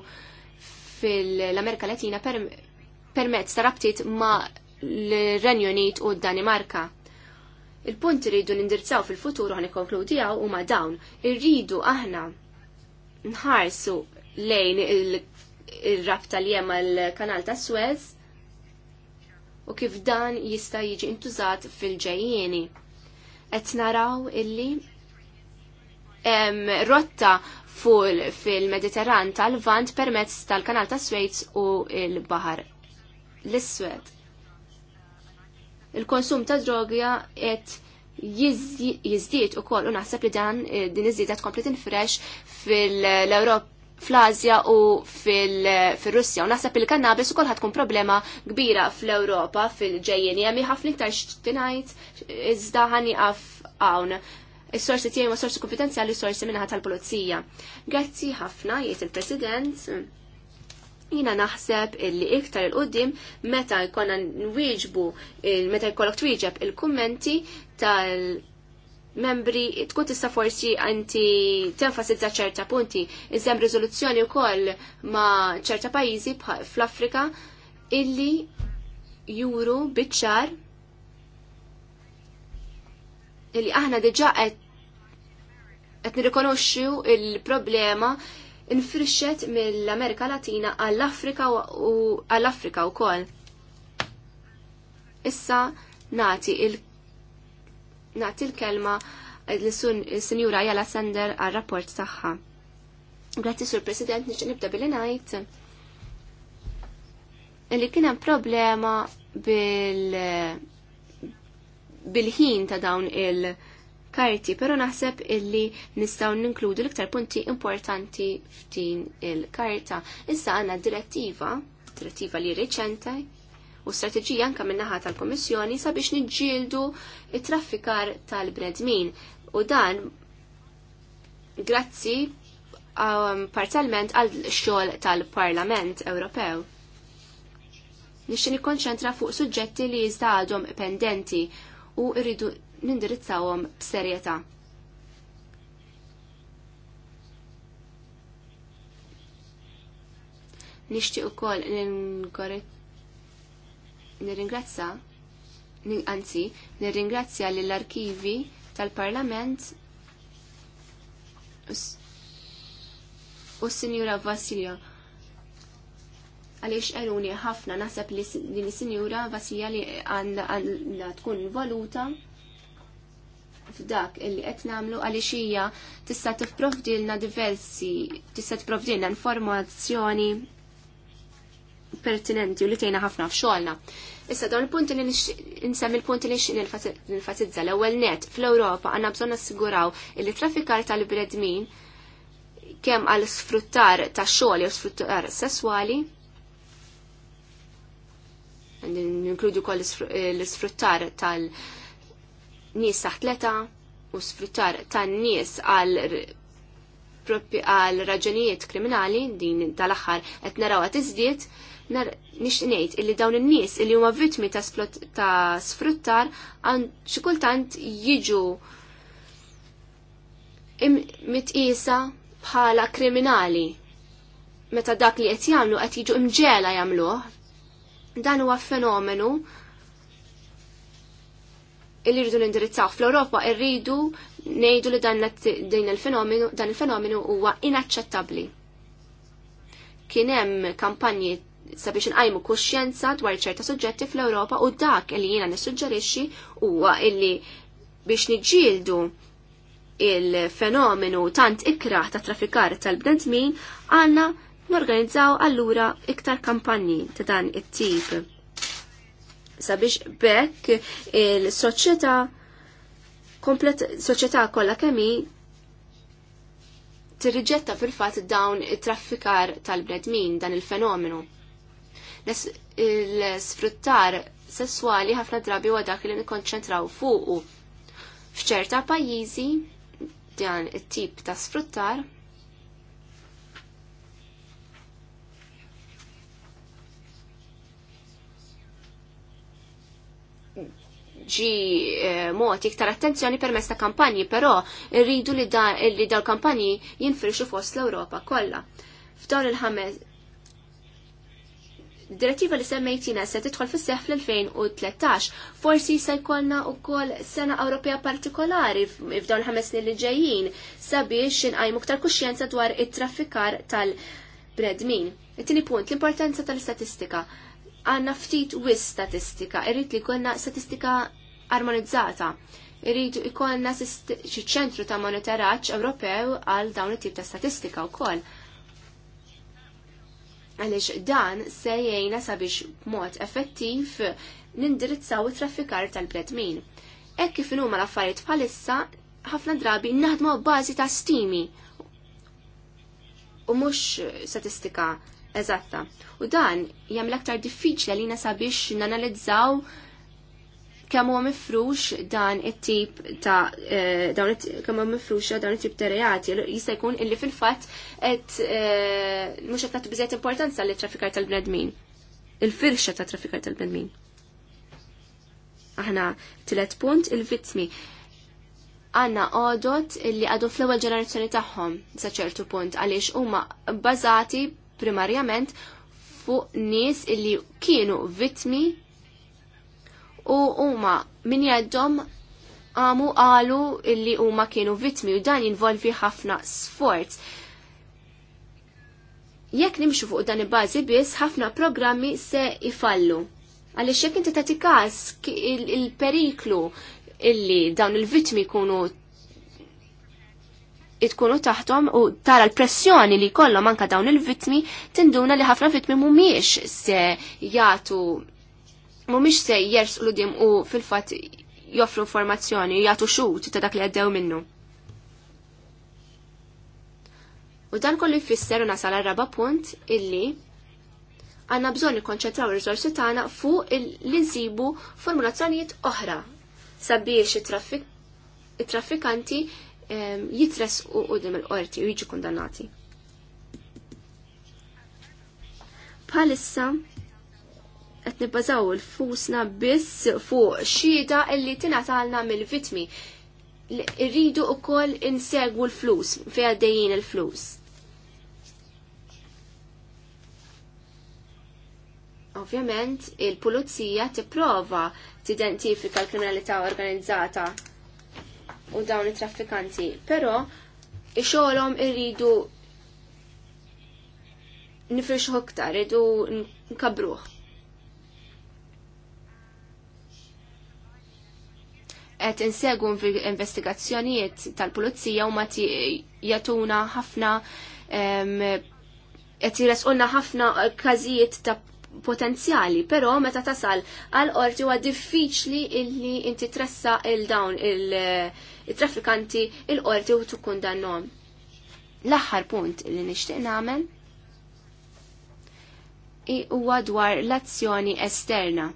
fil-Amerika Latina permezz ta' rabtiet ma' l-Renju Unit u d-Danimarka. Il-punt rridu nindirizzaw fil-futur għan ikonkludijaw u ma' dawn. Irridu aħna nħarsu lejn il-rabta li jemma l-kanal ta' Suez u kif dan jista' jiġi intużat fil-ġejjieni. Qed naraw illi rotta full fil-Mediterran tal-Vant permezz tal-Kanal ta' Swejz u l-Bahar l-Iswed. Il-konsum ta' drogja qed jizdiet u koll u naħseb li dan eh, din iżdiet tkompli tinfresh fil-Ewropa fl-Azja u fil-Russja. U naħseb il-kannabis u kolħat tkun problema kbira fl-Europa fil-ġejjeni. Għami ħafna iktar xtinajt, iżda ħani għaf għawn. Is-sorsi tiegħi u sorsi konfidenzjali sorsi minnaħa tal-pulizija. Grazzi ħafna jgħid il-President. Jina naħseb illi iktar il-qoddim meta jkollna nwieġbu meta jkollok twieġeb il-kummenti tal- membri tkun tista' forsi anti tenfasizza ċerta punti. Iżem riżoluzzjoni wkoll ma' ċerta pajjiżi fl-Afrika illi juru biċċar illi aħna diġà qed qed nirrikonoxxu il-problema infrixxet mill-Amerika Latina għall-Afrika u għall-Afrika wkoll. Issa nati il- naħti l-kelma eh, l-Sinjura Jala Sender għal rapport tagħha. Grazzi sur President nix nibda billi ngħid Illi kien hemm problema bil bil-ħin ta' dawn il-karti, pero naħseb illi nistaw ninkludu l-iktar punti importanti f'din il-karta. Issa għanna direttiva, direttiva li reċenta, u strateġija anka minnaħa tal-Komissjoni sabiex niġġieldu it-traffikar tal-bnedmin. U dan grazzi um, parzialment għal xogħol tal-Parlament Ewropew. Nixxin nikkonċentra fuq suġġetti li jista' għadhom pendenti u rridu nindirizzawhom b'serjetà. Nixtieq ukoll ningorit nirringrazza anzi, nirringrazzja lill arkivi tal-Parlament u s-Sinjura Vasilja għaliex eruni ħafna naħseb li din sinjura Vasilja li għanda tkun valuta f'dak illi qed nagħmlu għaliex hija tista' tipprovdilna diversi, tista' tipprovdilna informazzjoni pertinenti u li tejna ħafna f'xogħolna. Issa dawn il-punti li nsemmi il-punti li nfatizza l-ewwel net fl-Ewropa għandna bżonn assiguraw li traffikar tal-bredmin kemm għal sfruttar ta' xogħol jew sfruttar sesswali ninkludu kol l-sfruttar tal nies taħt l u sfruttar tan-nies għal għal raġunijiet kriminali din tal-aħħar qed naraw qed nixnejt illi dawn in-nies illi huma vittmi ta', ta sfruttar għan xi kultant jiġu mitqisa bħala kriminali meta dak li qed jagħmlu qed jiġu imġela jagħmluh. Dan huwa fenomenu illi rridu nindirizzaw fl-Ewropa rridu ngħidu li dan il-fenomenu dan il-fenomenu huwa inaċċettabbli. Kien hemm kampanji sabiex nqajmu kuxjenza dwar ċerta suġġetti fl-Ewropa u dak li jiena nissuġġerixxi huwa illi biex niġġieldu il-fenomenu tant ikra ta' traffikar tal-bnedmin għanna norganizzaw allura iktar kampanji ta' dan it-tip. Sabiex bekk il-soċjetà komplet soċjetà kollha kemmi tirriġetta fil-fatt dawn it-traffikar tal-bnedmin dan il-fenomenu l-sfruttar sessuali ħafna drabi huwa dak li nikkonċentraw fuqu. F'ċerta pajjiżi dan it-tip ta' sfruttar ġi eh, mod iktar attenzjoni permezz ta' kampanji, però rridu li dawn kampanji jinfirxu fost l-Ewropa kollha. F'dawn il-ħames direttiva li semmejtina se tidħol fis seħħ fl-2013, forsi se jkollna wkoll sena Ewropea partikolari f'dawn ħames snin li ġejjin sabiex inqajmu ktar kuxjenza dwar it-traffikar tal-bredmin. It-tieni punt, l-importanza tal-istatistika. Għanna ftit wis statistika, irrid li jkollna statistika armonizzata. Irridu jkollna ċentru ta' monitoraġġ Ewropew għal dawn it-tip ta' statistika wkoll għaliex dan se jgħinna sabiex b'mod effettiv nindirizzaw it-traffikar tal-bledmin. Ekk kif huma l-affarijiet bħalissa ħafna drabi naħdmu bażi ta' stimi u mhux statistika eżatta. U dan jagħmel aktar diffiċli għalina sabiex nanalizzaw kemm huwa mifrux dan it-tip ta' eh, dawn kemm huwa mifrux dawn it-tip ta' reati jista' jkun illi fil-fatt qed eh, mhux qed tagħtu biżejjed importanza li traffikar tal-bnedmin. Il-firxa ta' traffikar tal-bnedmin. Aħna tielet punt il-vittmi. Għanna għodot li għadu fl-ewwel ġenerazzjoni tagħhom sa ċertu punt għaliex huma bbażati primarjament fuq nies illi kienu vittmi u huma min jeddhom għamu għalu illi huma kienu vitmi u dan jinvolvi ħafna sforz. Jekk nimxu fuq dan il-bazi biss, ħafna programmi se ifallu. Għalix jekk inti tagħti każ il-periklu illi dawn il-vitmi kunu itkunu taħtom u tara l-pressjoni li kollu manka dawn il-vitmi tinduna li ħafna vitmi mhumiex se jagħtu mhumiex se jersqu l-udjem u fil-fatt joffru informazzjoni jagħtu xut ta' dak li għaddew minnu. U dan kollu jfisser u nasal raba punt illi għanna bżon nikkonċentraw ir-riżorsi tagħna fuq li nsibu formulazzjonijiet oħra sabiex it-traffikanti ehm, jitres u qudiem il-qorti u jiġu kundannati. Palissa qed nibbażaw il-fusna biss fuq xhieda illi tingħatalna mill-vitmi. Irridu wkoll insegwu l-flus fejn għaddejjin il-flus. Ovvjament, il-pulizija tipprova tidentifika l-kriminalità organizzata u dawn it-traffikanti, però ixolhom xogħolhom irridu nifrixħu iktar, irridu nkabruh. qed insegwu investigazzjonijiet tal-pulizija u ma jatuna ħafna qed jiresqulna ħafna każijiet ta' potenzjali, però meta tasal għal qorti huwa diffiċli illi inti tressa il dawn il-traffikanti il-qorti u tkun dannom. L-aħħar punt li nixtieq nagħmel huwa dwar l-azzjoni esterna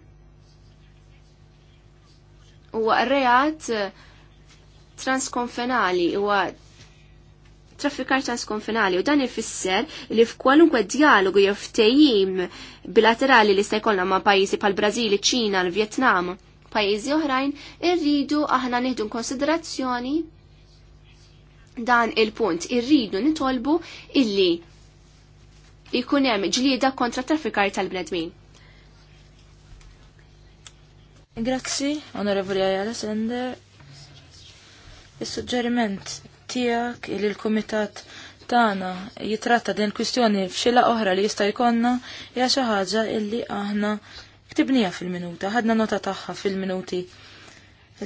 huwa reat eh, transkonfenali huwa traffikar transkonfenali, u dan ifisser li f'kwalunkwe dialogu jew ftejim bilaterali li se jkollna ma' pajjiżi pal Brażili, Ċina, l-Vjetnam, pajjiżi oħrajn, irridu aħna nieħdu konsiderazzjoni dan il-punt. Irridu nitolbu illi jkun hemm ġlieda kontra traffikar tal-bnedmin. Grazzi, onorevoli Ayala Sender. Is-suġġeriment tiegħek li l-Kumitat tagħna jitratta din kwistjoni fxilla oħra li jista' jkollna hija xi ħaġa illi aħna ktibnija fil-minuta, ħadna nota tagħha fil-minuti.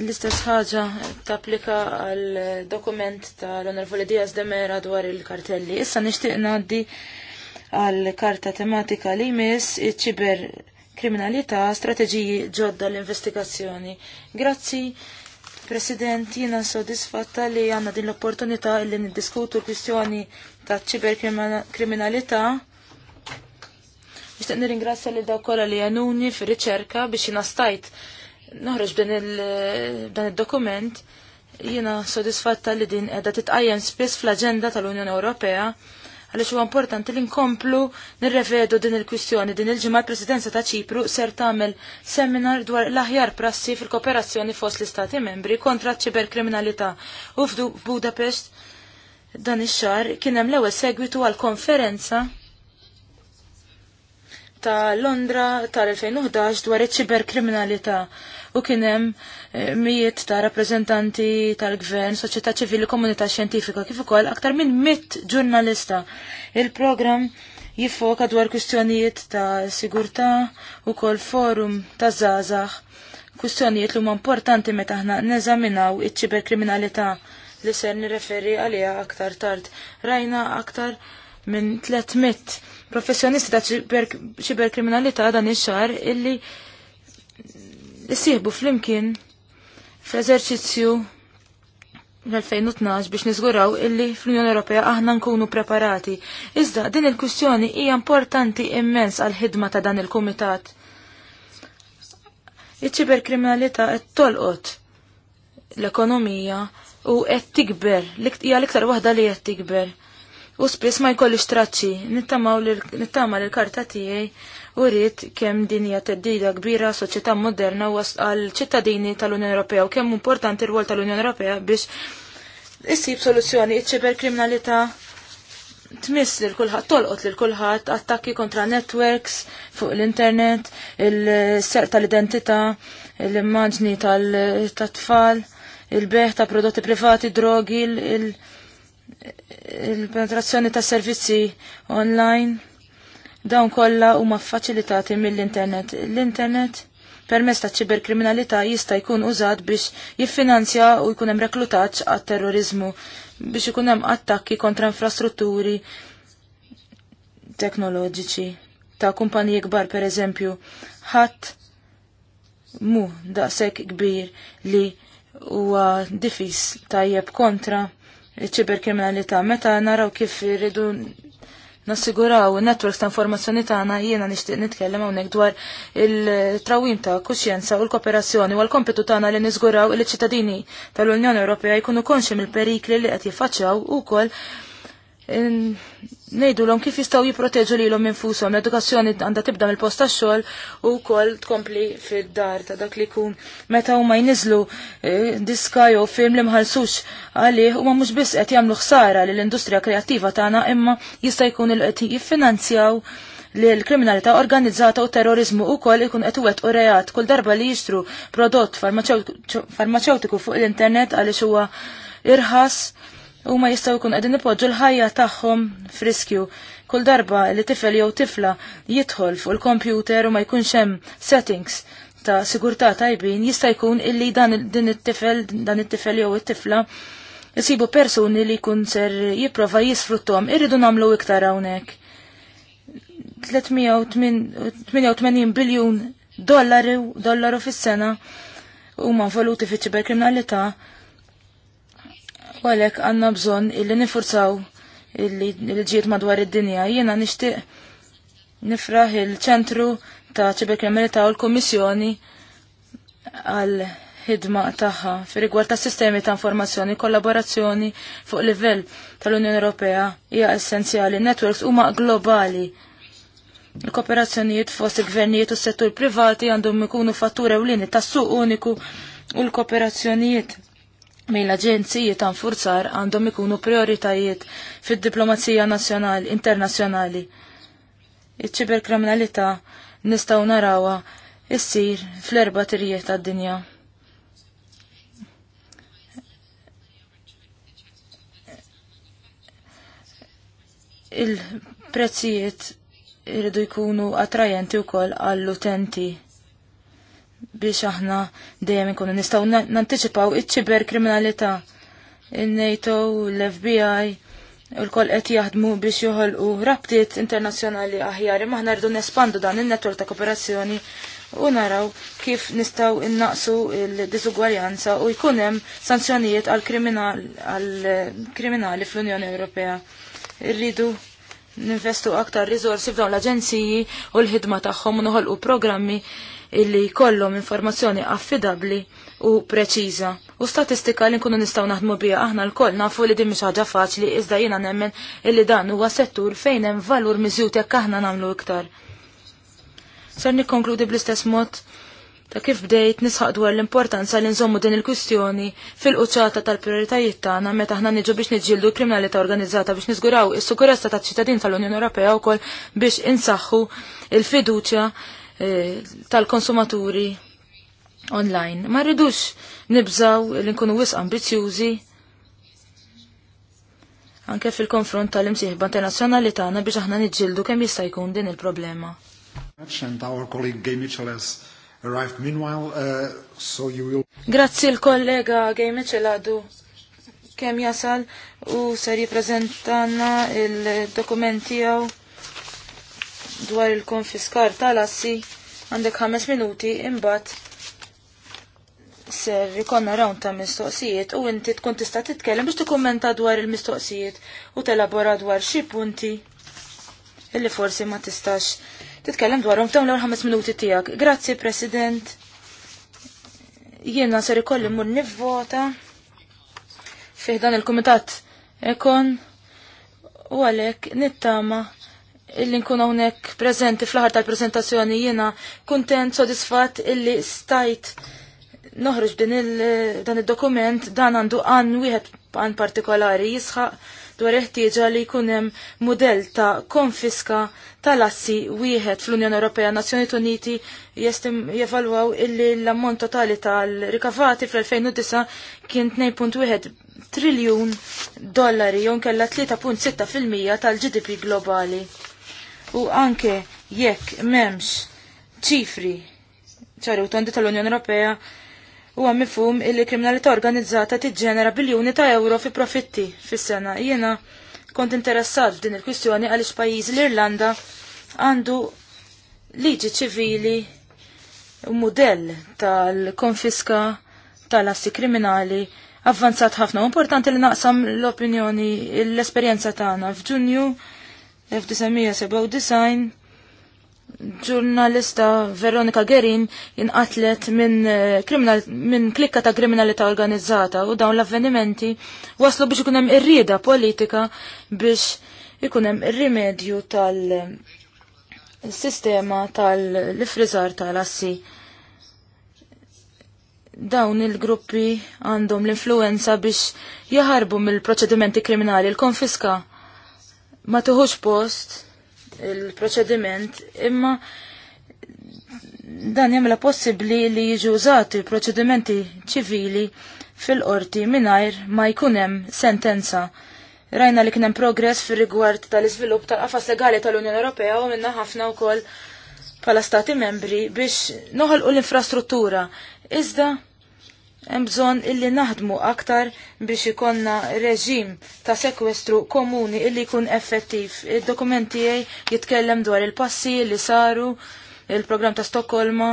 L-istess ħaġa tapplika għal dokument tal-Onorevoli Diaz de Mera dwar il-kartelli. Issa nixtieq ngħaddi għal karta tematika li jmiss iċ-ċiber kriminalità, strateġiji ġodda l-investigazzjoni. Grazzi, President, jina soddisfatta li għanna din l-opportunità li niddiskutu l-kwistjoni ta' ċiberkriminalità. Nishtiq nirringrazzja li daw kolla li għanuni fi riċerka biex jina stajt noħroġ dan il-dokument. jina sodisfatta li din edha titqajjem spiss fl-agenda tal-Unjoni Ewropea għaliex huwa importanti li nkomplu nirrevedu din il-kwistjoni din il-ġimgħa presidenza ta' Ċipru ser tagħmel seminar dwar l-aħjar prassi fil-kooperazzjoni fost l-Istati membri kontra ċiberkriminalità u fdu f'Budapest dan ix-xahar kien hemm l-ewwel segwitu għal konferenza ta' Londra tal-2011 dwar iċ-ċiberkriminalità u kienem eh, mijiet ta' rappresentanti tal-gvern, soċjetà ċivili, komunità xjentifika, kif ukoll aktar minn mit ġurnalista. Il-programm jifoka dwar kwistjonijiet ta' sigurtà u kol forum ta' zazax, kwistjonijiet li huma importanti meta aħna neżaminaw iċ-ċiberkriminalità li ser nirreferi għaliha aktar tard. Rajna aktar minn 300 professjonisti ta' ċiberkriminalità dan ix-xar illi li flimkien fl-eżerċizzju l-2012 biex nizguraw illi fl-Unjoni Ewropea aħna nkunu preparati. Iżda din il-kwistjoni hija importanti immens għal ħidma ta' dan il-kumitat. Iċ-ċiberkriminalità qed tolqot l-ekonomija u qed tikber, hija l-iktar waħda li qed tikber. U spiss ma jkollix traċċi, nittama l-karta tiegħi u rrit kemm din hija teddida kbira soċjetà moderna għal ċittadini tal-Unjoni Ewropea u kemm importanti r-rwol tal-Unjoni Ewropea biex issib soluzzjoni iċ kriminalità tmiss lil kulħadd tolqot lil kulħadd attakki kontra networks fuq l-internet, il-serq tal-identità, l-immaġni tal-tfal, il-beħ ta' prodotti privati, drogi, il-penetrazzjoni ta' servizzi online Dawn kollha huma faċilitati mill-internet. L-internet permess ta' ċiberkriminalità jista' jkun użat biex jiffinanzja u jkun hemm reklutaġġ għat-terrorizmu biex ikun hemm attakki kontra infrastrutturi teknoloġiċi ta' kumpaniji kbar per eżempju. Ħadd mu daqshekk kbir li huwa difis tajjeb kontra ċiberkriminalità meta naraw kif irridu nassiguraw in-networks ta' informazzjoni tagħna jiena nixtieq nitkellem hawnhekk dwar il-trawim ta' kuxjenza u l-kooperazzjoni u l-kompetu tagħna li niżguraw il-ċittadini tal-Unjoni Ewropea jkunu konxem il perikli li qed u ukoll l-om kif jistgħu jipproteġu lilhom infushom l-edukazzjoni għandha tibda mill posta tax-xogħol u wkoll tkompli fid-dar ta' dak li jkun meta huma jniżlu eh, diska jew film li mħallsux għalih huma mhux biss qed jagħmlu ħsara l industrija kreattiva tagħna imma jista' jkun il għet jiffinanzjaw li l-kriminalità organizzata u terrorizmu u kol ikun għet u reat kull darba li jistru prodott farmaceutiku fuq l-internet għalli huwa irħas u ma jistaw jkun għedin nipoġġu l-ħajja tagħhom friskju. Kull darba li tifel jew tifla jidħol fuq il-kompjuter u ma jkunx hemm settings ta' sigurtà tajbin jista' jkun illi dan din it-tifel dan it-tifel jew it-tifla jisibu persuni li kun ser jiprofa jisfruttom, irridu namlu iktar hawnhekk. 388 biljun dollaru, dollaru fis-sena huma involuti fiċ kriminalità għalek għanna għandna bżonn illi nifurzaw il-ġiet madwar id-dinja. Jiena nixtieq nifraħ il-ċentru ta' ċiberkriminalità u l-Kummissjoni għal ħidma tagħha fi rigward ta' sistemi ta' informazzjoni kollaborazzjoni fuq livell tal-Unjoni Ewropea hija essenzjali. Networks huma globali. Il-kooperazzjonijiet fost il-gvernijiet u s-settur privati għandhom ikunu fattura u lini tas suq uniku u l-kooperazzjonijiet mejn l-aġenziji ta' nfurzar għandhom ikunu prioritajiet fid-diplomazija nazzjonali, internazzjonali. Iċ-ċiberkriminalità nistgħu narawha issir fl-erba' tirjiet ta' dinja Il-prezzijiet irridu jkunu attrajenti wkoll għall-utenti biex aħna dejjem ikunu nistgħu nantiċipaw iċ-ċiber kriminalità. In-NATO, l-FBI, u l-koll qed jaħdmu biex joħolqu rabtiet internazzjonali aħjar imma aħna rridu nespandu dan in-netwerk ta' kooperazzjoni u naraw kif nistgħu innaqsu l-disugwarjanza u jkun hemm sanzjonijiet għall kriminali fl-Unjoni Ewropea. Irridu ninvestu aktar rizorsi f'dawn l-aġenziji u l-ħidma tagħhom u noħolqu programmi illi jkollhom informazzjoni affidabbli u preċiża. U statistika li nkunu nistgħu naħdmu biha aħna lkoll nafu li din mhix ħaġa faċli iżda jiena nemmen illi dan huwa settur fejn hemm valur miżjut jekk aħna nagħmlu iktar. Ser nikkonkludi bl-istess mod ta' kif bdejt nisħaq dwar l-importanza li nżommu din il kustjoni fil-quċċata tal-prioritajiet tagħna meta aħna niġu biex niġġieldu kriminalità organizzata biex niżguraw is-sikurezza taċ-ċittadin tal-Unjoni Ewropea wkoll biex insaħħu il-fiduċja eh, tal-konsumaturi online. Ma rridux nibżaw li nkunu wis ambizjużi anke fil-konfront tal-imsieħba internazzjonali tagħna biex aħna niġġieldu kemm jista' jkun din il-problema arrived meanwhile, uh, so you will... Grazzi l-kollega Gejme Celadu, kem jasal u se jiprezentanna il-dokumenti għaw dwar il-konfiskar tal-assi għandek ħames minuti imbat ser ikonna rawn ta' mistoqsijiet u inti tkun tista' titkellem biex tikkummenta dwar il-mistoqsijiet u telabora dwar xi punti illi forsi ma tistax titkellem dwarhom f'dawn l-ewwel ħames minuti tiegħek. Grazzi President. Jiena ser ikolli mmur nivvota fih dan il-kumitat ekon u għalhekk nittama illi nkun hawnhekk preżenti fl-aħħar tal-preżentazzjoni jiena kuntent sodisfatt illi stajt noħroġ din il-dan id-dokument dan għandu għan wieħed għan partikolari jisħaq dwar eħtieġa li jkun hemm mudell ta' konfiska tal-assi wieħed fl-Unjoni Ewropea Nazzjonijiet Uniti jevalwaw illi l-ammont totali tal-rikavati fl-2009 kien 2.1 triljun dollari jew kella 3.6% tal-GDP globali. U anke jekk memx ċifri ċarutondi tondi tal-Unjoni Ewropea huwa mifhum illi kriminalità organizzata tiġġenera biljuni ta' euro fi profitti fis-sena. Jiena kont interessat f'din il-kwistjoni għaliex pajjiż l-Irlanda għandu liġi ċivili u mudell tal-konfiska tal-assi kriminali avvanzat ħafna. Importanti li naqsam l-opinjoni, l-esperjenza tagħna f'Ġunju 1997 ġurnalista Veronika Gerin inqatlet minn eh, min klikka ta' kriminalità organizzata u dawn l-avvenimenti waslu biex ikun hemm irrieda politika biex ikun hemm rimedju tal-sistema eh, tal-ifriżar tal-assi. Dawn il-gruppi għandhom l-influenza biex jaħarbu mill-proċedimenti kriminali l-konfiska ma tuħux post il-proċediment imma dan jemla possibli li jiġu użati il-proċedimenti ċivili fil-qorti minajr ma jkunem sentenza. Rajna li kienem progress fil rigward tal izvilup tal-qafas legali tal-Unjoni Ewropea u minna ħafna u koll pala stati membri biex noħolqu l-infrastruttura. Iżda Hemm bżonn illi naħdmu aktar biex ikonna reġim ta' sekwestru komuni illi jkun effettiv. Id-dokument tiegħi jitkellem dwar il-passi li saru, il-programm ta' Stokkolma,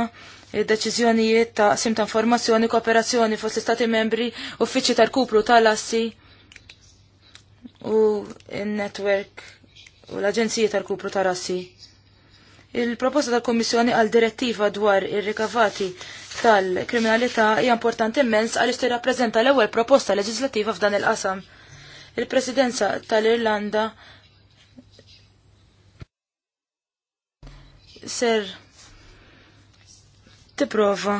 deċiżjonijiet ta' sim ta' informazzjoni, kooperazzjoni fost l-Istati membri, uffiċċji ta' kupru tal-assi u n-netwerk u l-Aġenzija tal-Kupru tal-assi. Il-proposta tal-Kommissjoni għal direttiva dwar ir-rikavati tal-kriminalità hija importanti immens għaliex tirrappreżenta l-ewwel proposta leġislattiva f'dan il-qasam. Il-Presidenza tal-Irlanda ser tipprova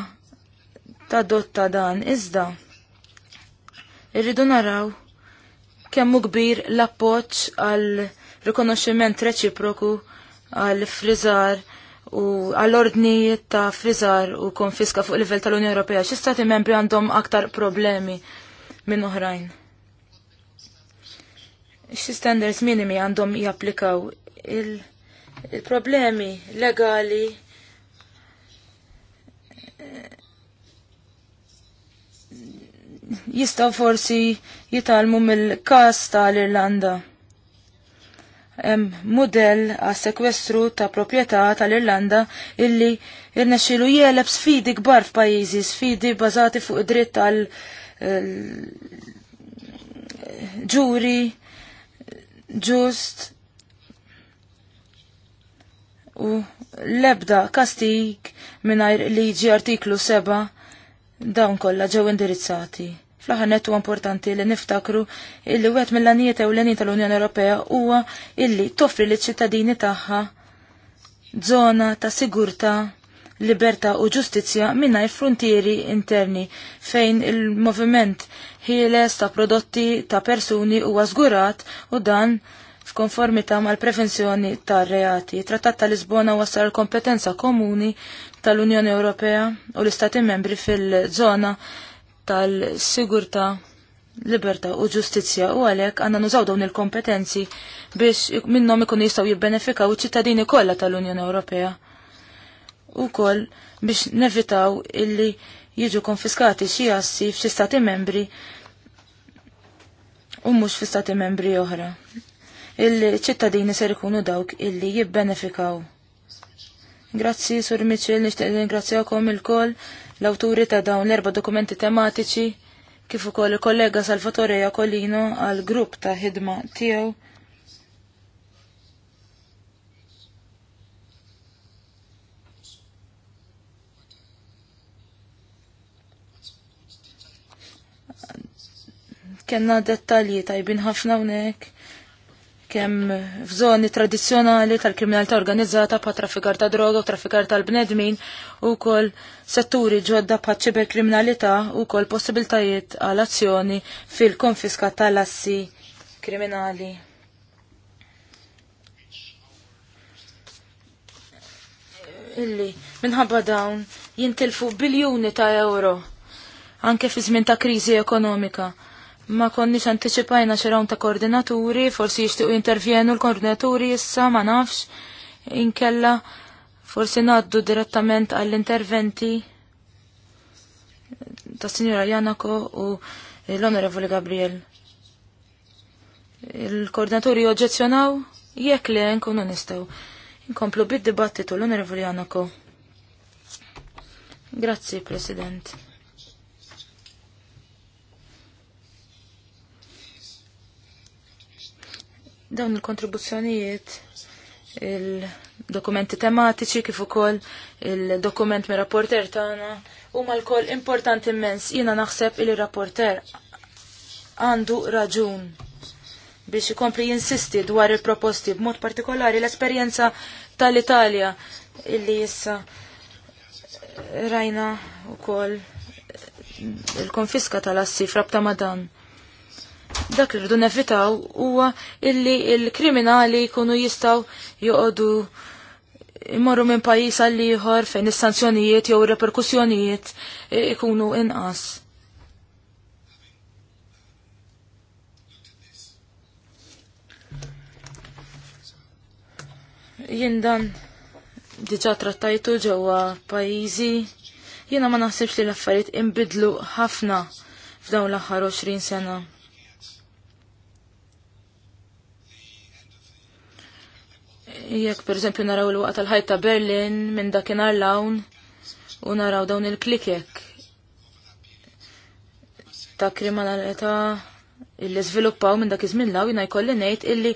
tadotta dan iżda irridu naraw kemmu kbir l-appoġġ għal rikonoxximent reċiproku għal frizar u għall-ordnijiet ta' frizar u konfiska fuq livell tal-Unjoni Ewropea. Xi stati membri għandhom aktar problemi minn oħrajn? Xi standards minimi għandhom japplikaw il-problemi il legali eh, jistaw forsi jitalmu mill-kas tal-Irlanda model għas sekwestru ta' proprjetà tal-Irlanda illi irnexxilu jeleb sfidi kbar f'pajjiżi, sfidi bażati fuq id-dritt tal eh, ġuri ġust u lebda kastig mingħajr liġi artiklu 7 dawn kollha ġew indirizzati. Fl-aħħar huwa importanti li niftakru illi wieħed mill-għanijiet ewlenin tal-Unjoni Ewropea huwa illi toffri li ċittadini tagħha żona ta' sigurtà, libertà u ġustizzja mingħajr frontieri interni fejn il-moviment ħieles ta' prodotti ta' persuni huwa żgurat u dan f'konformità mal-prevenzjoni tar-reati. Trattat ta' Lisbona l kompetenza komuni tal-Unjoni Ewropea u l-Istati membri fil-żona tal-sigurta, liberta u ġustizja u għalek għanna nużaw dawn il-kompetenzi biex minnom ikun jistaw jibbenefikaw iċ-ċittadini kollha tal-Unjoni Ewropea. U kol biex nevitaw illi jiġu konfiskati xi assi f'xi stati membri u mhux fxie stati membri oħra. Il-ċittadini ser ikunu dawk illi jibbenefikaw. Grazzi, Sur Mitchell, nishtiq ringrazzjawkom il-koll l-awturi ta' dawn l-erba' dokumenti tematiċi kif ukoll il-kollega Salvatore Jacolino għal grupp ta' ħidma tiegħu. Kenna dettalji tajbin ħafna hawnhekk kemm f'żoni tradizzjonali tal-kriminalità organizzata pa' traffikar ta' droga u traffikar tal-bnedmin u kol setturi ġodda pa' ċiberkriminalità u kol possibiltajiet għal azzjoni fil-konfiska tal-assi kriminali. Illi, minħabba dawn jintilfu biljuni ta' euro anke fi żmien ta' kriżi ekonomika Ma konniex anticipajna xerawn ta' koordinaturi, forsi jixtiqu intervjenu l-koordinaturi issa ma nafx, inkella forsi naddu direttament għall-interventi ta' Sinjora Janako u l-Onorevoli Gabriel. Il-koordinaturi oġġezzjonaw, jekk le nkunu nistgħu. Inkomplu bid-dibattitu l-Onorevoli Janako. Grazzi, President. Dawn il-kontribuzzjonijiet il-dokumenti tematiċi kif ukoll il-dokument me rapporter tagħna huma l-koll importanti immens. Jiena naħseb il rapporter għandu raġun biex ikompli jinsisti dwar il-proposti b'mod partikolari l-esperjenza tal-Italja illi jissa rajna ukoll il-konfiska tal-assi frabta madan dak li rridu nevitaw huwa illi il-kriminali jkunu jistaw joqogħdu imorru minn pajjiż għal ieħor fejn is-sanzjonijiet jew reperkussjonijiet ikunu inqas. Jien dan diġà trattajtu ġewwa pajjiżi jiena ma naħsibx li l-affarijiet inbidlu ħafna f'dawn l-aħħar 20 sena. Jekk perżempju naraw il-waqt tal-ħajt ta' Berlin minn dakinhar lawn u naraw dawn il-klikek ta' kriminalità illi żviluppaw minn dak iż-żmien law jiena jkolli ngħid illi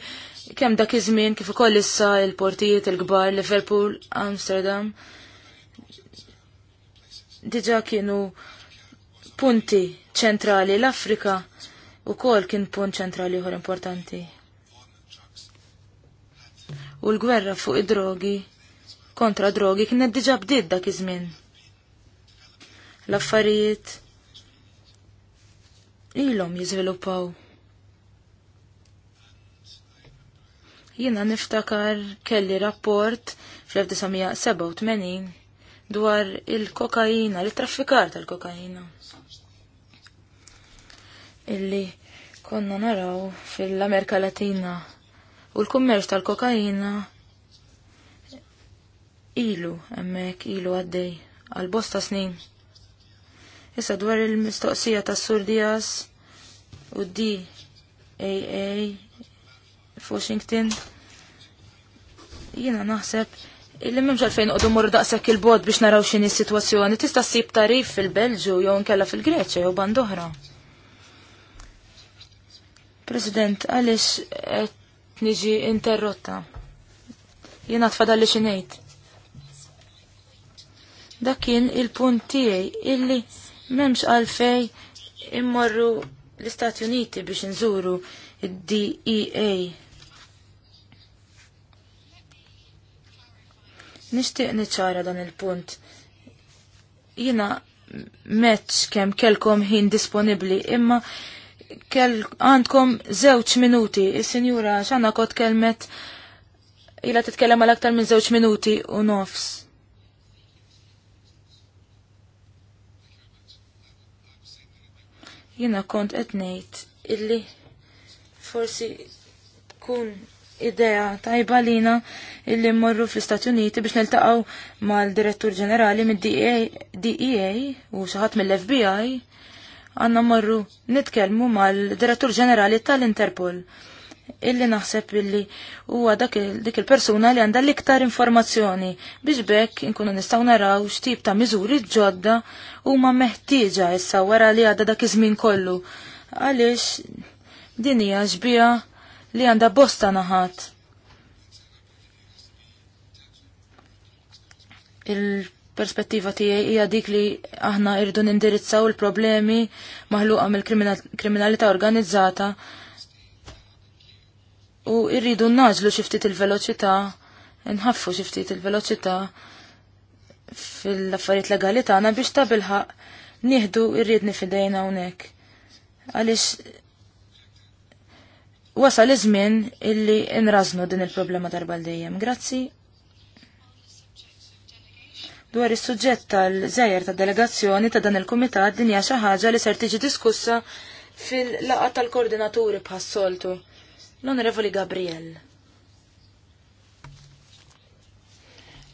kemm dak iż-żmien kif ukoll issa il-portijiet il-kbar Liverpool, Amsterdam diġà kienu punti ċentrali l-Afrika u kol kien punt ċentrali uħor importanti u l-gwerra fuq id-drogi kontra drogi kienet diġa bdiet dak iż-żmien. L-affarijiet ilhom jiżviluppaw. Jiena niftakar kelli rapport fl-1987 dwar il-kokaina, li traffikar tal-kokaina. Illi konna naraw fil-Amerika Latina U l-kummerċ tal-kokaina ilu emmek ilu għaddej għal-bosta snin. Issa dwar il-mistoqsija tas Sur Dias u d AA Washington jiena naħseb illi memx għalfejn qodu dumur daqshekk il-bod biex naraw xini situazzjoni sitwazzjoni tista' ssib tarif fil-Belġu jew nkella fil-Greċja jew bandoħra. President, għaliex niġi interrotta. Jiena tfadalli xi ngħid. Dak kien il-punt tiegħi illi m'hemmx għalfej immorru l-Istati Uniti biex nżuru il dea Nixtieq niċċara dan il-punt. Jiena meċ kemm kelkom ħin disponibbli imma kell għandkom zewċ minuti. Il-senjura xanna kot kelmet ila titkellem għal aktar minn zewċ minuti u nofs. Jina kont etnejt illi forsi kun idea tajba lina illi morru fl-Istati Uniti biex niltaqaw mal-direttur ġenerali mid-DEA e u xaħat mill-FBI għanna morru nitkelmu mal-direttur ġenerali tal-Interpol illi naħseb illi huwa dik il-persuna li għandha l-iktar informazzjoni biex bekk inkunu nistgħu naraw x'tip ta' miżuri ġodda huma meħtieġa issa wara li għadha dak iż-żmien kollu. Għaliex din hija xbija li għandha bosta naħat perspettiva tiegħi hija dik li aħna irdu nindirizzaw il-problemi maħluqa mill-kriminalità organizzata u irridu nnażlu xi ftit il-veloċità, nħaffu xi ftit il-veloċità fil-affarijiet legali tagħna biex ta' bilħaq nieħdu rriedni fidejna hawnhekk. Għaliex wasal iż-żmien illi nrażnu din il-problema darba dejjem. Grazzi dwar is-suġġett tal-żejjer ta' delegazzjoni ta' dan il-kumitat din hija xi ħaġa li ser tiġi diskussa fil-laqgħa tal-koordinaturi bħas-soltu. L-Onorevoli Gabriel.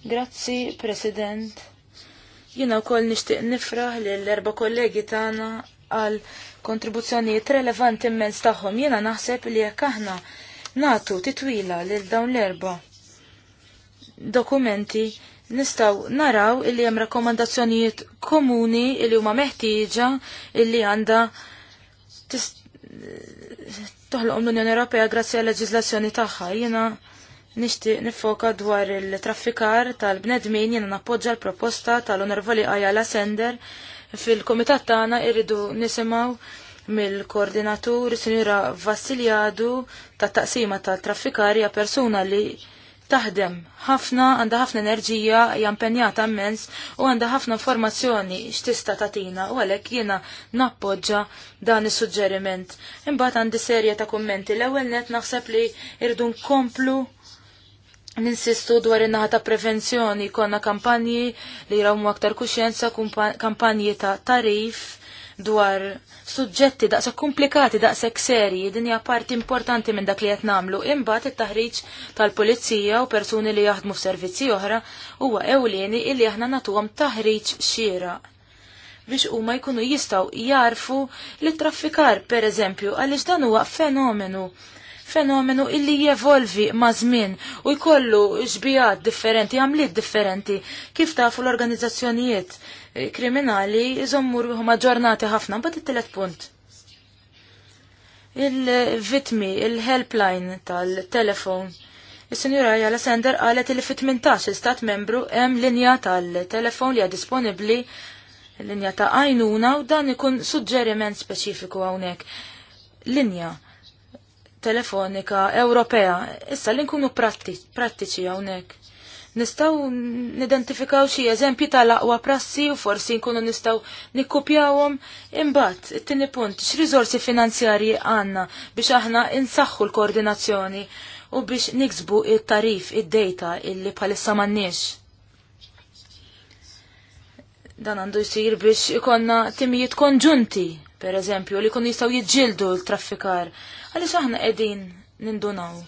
Grazzi, President. Jiena wkoll nixtieq nifraħ lill erba kollegi tagħna għal kontribuzzjonijiet relevanti immens tagħhom. Jiena naħseb li jekk aħna natu titwila lil dawn l-erba dokumenti nistaw naraw illi hemm rakkomandazzjonijiet komuni illi huma meħtieġa illi għandha toħloqhom l-Unjoni Ewropea grazzi għal leġiżlazzjoni tagħha. Jiena nixtieq nifoka dwar il-traffikar tal-bnedmin jiena nappoġġa l-proposta tal-Onorvoli Ajala Sender fil-komitat tagħna irridu nisimgħu mill-koordinatur Sinjura Vassiljadu ta' taqsima ta' traffikarja persuna li taħdem ħafna, għandha ħafna enerġija, hija impenjata immens u għandha ħafna informazzjoni x'tista' tagħtina u għalhekk jiena nappoġġa dan is-suġġeriment. Imbagħad għandi serje ta' kummenti. L-ewwel net naħseb li irdu nkomplu Ninsistu dwar in-naħa ta' prevenzjoni, konna kampanji li jrawmu aktar kuxjenza, kampanji ta' tarif, dwar suġġetti daqsa komplikati daqshekk serji din hija parti importanti minn dak li qed nagħmlu imbagħad it-taħriġ tal-pulizija u persuni li jaħdmu f'servizzi oħra huwa ewlieni illi aħna nagħtuhom taħriġ xieraq biex huma jkunu jistgħu jarfu li traffikar pereżempju għaliex dan huwa fenomenu fenomenu illi jevolvi ma' żmien u jkollu xbijat differenti, għamliet differenti, kif tafu l-organizzazzjonijiet kriminali jizommur huma ġornati ħafna, mbagħad it-tielet punt. Il-vitmi, il-helpline tal-telefon. Is-Sinjura Jala Sender qalet li fit 18 stat membru hemm linja tal-telefon li hija disponibbli linja ta' għajnuna u dan ikun suġġeriment speċifiku hawnhekk. Linja telefonika Ewropea. Issa li nkunu prattiċi hawnhekk. Nistaw nidentifikaw xi eżempji tal laqwa prassi u forsi nkunu nistaw nikkupjawhom imbagħad it-tieni punt x-rizorsi finanzjarji għandna biex aħna insaħħu l-koordinazzjoni u biex niksbu il tarif id-data illi palissa mannix. Dan għandu jisir biex ikonna timijiet konġunti, per eżempju, li kunu jistaw jitġildu l-traffikar, għalix aħna edin nindunaw.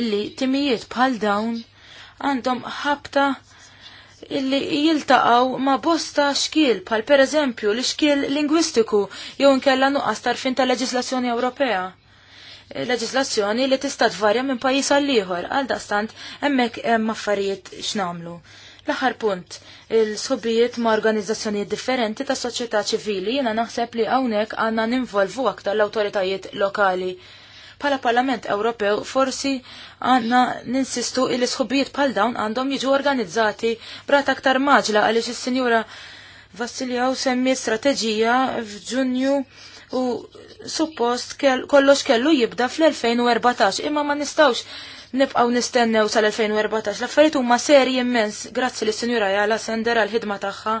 Illi timijiet bħal dawn għandhom ħabta illi jiltaqaw ma bosta xkil, pal per eżempju li xkil lingwistiku jew nkella nuqqas tarfin ta' leġislazzjoni Ewropea. Eh, leġislazzjoni li tista' tvarja minn pajjiż għal ieħor għal daqstant hemmhekk hemm affarijiet x'namlu. L-aħħar punt, il-subijiet ma' organizzazzjonijiet differenti ta' soċjetà ċivili jiena naħseb li hawnhekk għandna ninvolvu aktar l-awtoritajiet lokali Pala Parlament Ewropew forsi għanna ninsistu il sħubijiet pal dawn għandhom jiġu organizzati brat aktar maġla għaliex is-Sinjura Vassiljaw semmi strateġija f'Ġunju u suppost kollox kellu jibda fl-2014 imma ma nistawx nibqaw nistennew sal-2014 l-affarijiet huma serji immens grazzi lis sinjura Jala Sender għal-ħidma tagħha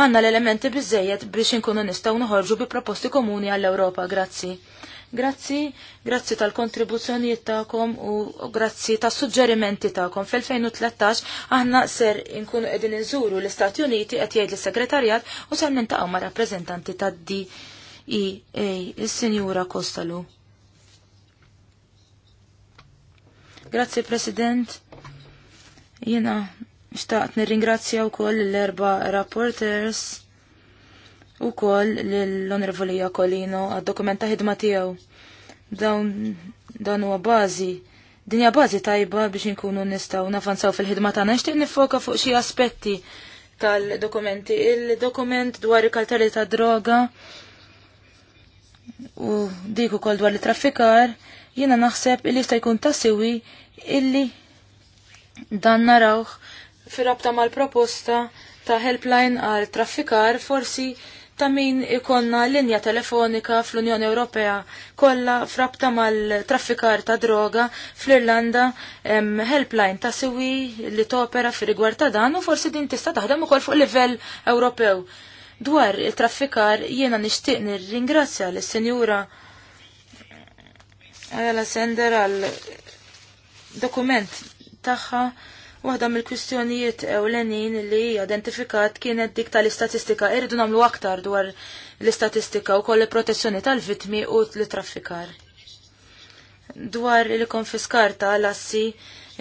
għanna l-elementi bizzejiet biex inkunu nistaw noħorġu bi proposti komuni għall-Europa, grazzi. Grazzi, grazzi tal-kontribuzzjonijiet tagħkom u grazzi tas-suġġerimenti tagħkom. Fil-2013 aħna ser inkunu qegħdin inżuru l-Istati Uniti qed jgħid l-Segretarjat u ser nintaqgħu ma' rappreżentanti tad-DEA, il sinjura Kostalu. Grazzi President. Jiena xtaqt nirringrazzja wkoll l-erba' rapporters u kol l-Onorevoli Jakolino għad-dokumenta ħidma tijaw. Dawn dan huwa bażi dinja bażi tajba biex inkunu nistgħu nafanzaw fil-ħidma tagħna nixtieq nifoka fuq xi aspetti tal-dokumenti. Il-dokument dwar il-kalteri ta' droga u dik ukoll dwar it-traffikar jiena naħseb illi jista' jkun ta' siwi illi dan narawh fil rabta mal-proposta ta' helpline għal traffikar forsi ta' min ikonna linja telefonika fl-Unjoni Ewropea kollha frabta mal-traffikar ta' droga fl-Irlanda helpline ta' siwi li topera fi rigward ta' dan u forsi din tista' taħdem ukoll fuq livell Ewropew. Dwar il-traffikar jiena nixtieq nirringrazzja lis senjura Ajala Sender għal dokument tagħha Waħda mill-kwistjonijiet ewlenin li identifikat kienet dik tal-istatistika irridu nagħmlu aktar dwar l-istatistika u koll protezzjoni tal-vitmi u l-traffikar. Dwar il-konfiskar tal-assi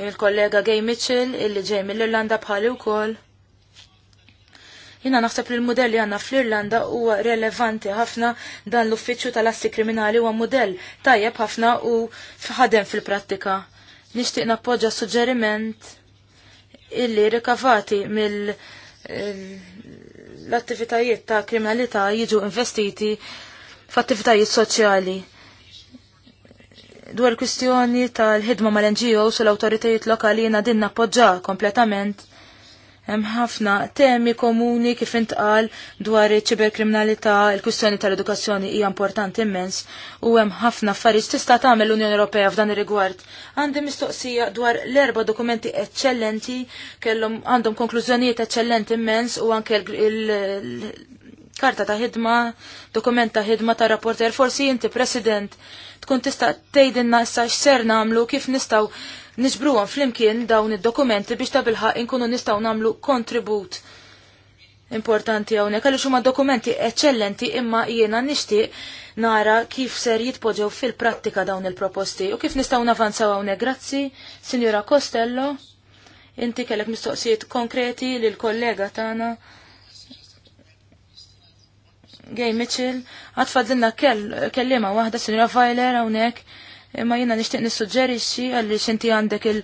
il-kollega Gay Mitchell illi ġej mill-Irlanda bħali wkoll. Jina naħseb li l li għanna fl-Irlanda huwa relevanti ħafna dan l-uffiċċju tal-assi kriminali huwa modell tajjeb ħafna u ħadem fil-prattika. Nixtieq nappoġġa suġġeriment illi rikavati mill eh, l-attivitajiet ta' kriminalità jiġu investiti f'attivitajiet soċjali. Dwar kwistjoni tal-ħidma mal-NGO u l-autoritajiet lokali jena din nappoġġa kompletament Hemm ħafna temi komuni kif intqal dwar iċ-ċiberkriminalità, il-kwistjoni tal-edukazzjoni hija importanti immens u hemm ħafna affarijiet tista' tagħmel l-Unjoni Ewropea f'dan ir-rigward. Għandi mistoqsija dwar l-erba' dokumenti eċċellenti kellhom għandhom konklużjonijiet eċċellenti immens u anke il-karta ta' ħidma, dokument ta' ħidma ta' rapporter, forsi inti President tkun tista' tgħidilna issa x'ser nagħmlu kif nistgħu niġbruhom flimkien dawn id-dokumenti biex ta' bilħa inkunu nistgħu nagħmlu kontribut importanti hawnhekk għaliex huma dokumenti eċċellenti imma jiena nishti nara kif ser jitpoġġew fil-prattika dawn il-proposti u kif nistgħu navanzaw hawnhekk. Grazzi, Sinjura Costello, inti kellek mistoqsijiet konkreti lil kollega tagħna. Gay Mitchell, għatfadzinna kell, kellima wahda Sinjura Fajler hawnhekk imma jina nishtiq nissuġġerixxi għalli xinti għandek eh,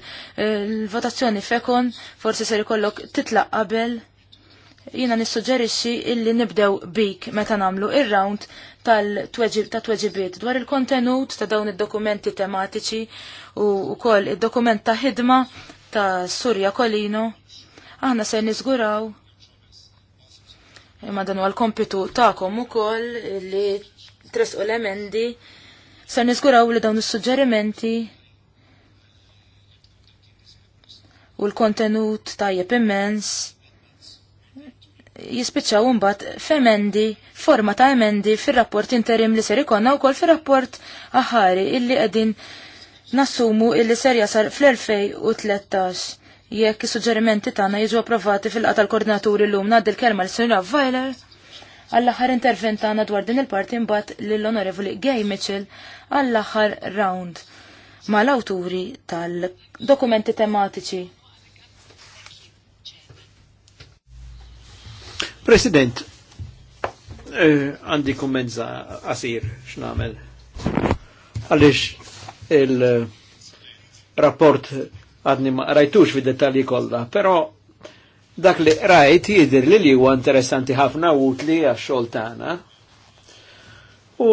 il-votazzjoni fekon, forsi ser ikollok titlaq qabel. Jina nissuġġerixxi illi nibdew bik meta nagħmlu ir-round tal-tweġibiet dwar il-kontenut ta' dawn id-dokumenti tematiċi u wkoll id-dokument ta' ħidma ta' Surja Kolino. Aħna se niżguraw imma dan huwa l-kompitu tagħkom ukoll li tresqu l-emendi Ser niżguraw li dawn is-suġġerimenti u l-kontenut tajjeb immens jispiċċaw imbagħad f'emendi, forma ta' emendi fir-rapport interim li ser ikonna wkoll fir-rapport aħari illi qegħdin nassumu illi ser jasar fl-2013 jekk is-suġġerimenti tagħna jiġu approvati fil l koordinaturi llum ngħaddi l-kelma l-Sinjora Vajler għall-aħħar intervent tagħna dwar din il-parti mbagħad lill-Onorevoli Gay Mitchell għall-aħħar round mal-awturi tal-dokumenti tematiċi. President, eh, għandi kummenza għasir x'namel. Għaliex il-rapport għadni ma rajtux fi dettalji kollha, però Dak li rajt jidir li li huwa interessanti ħafna u utli għax-xogħol tagħna. U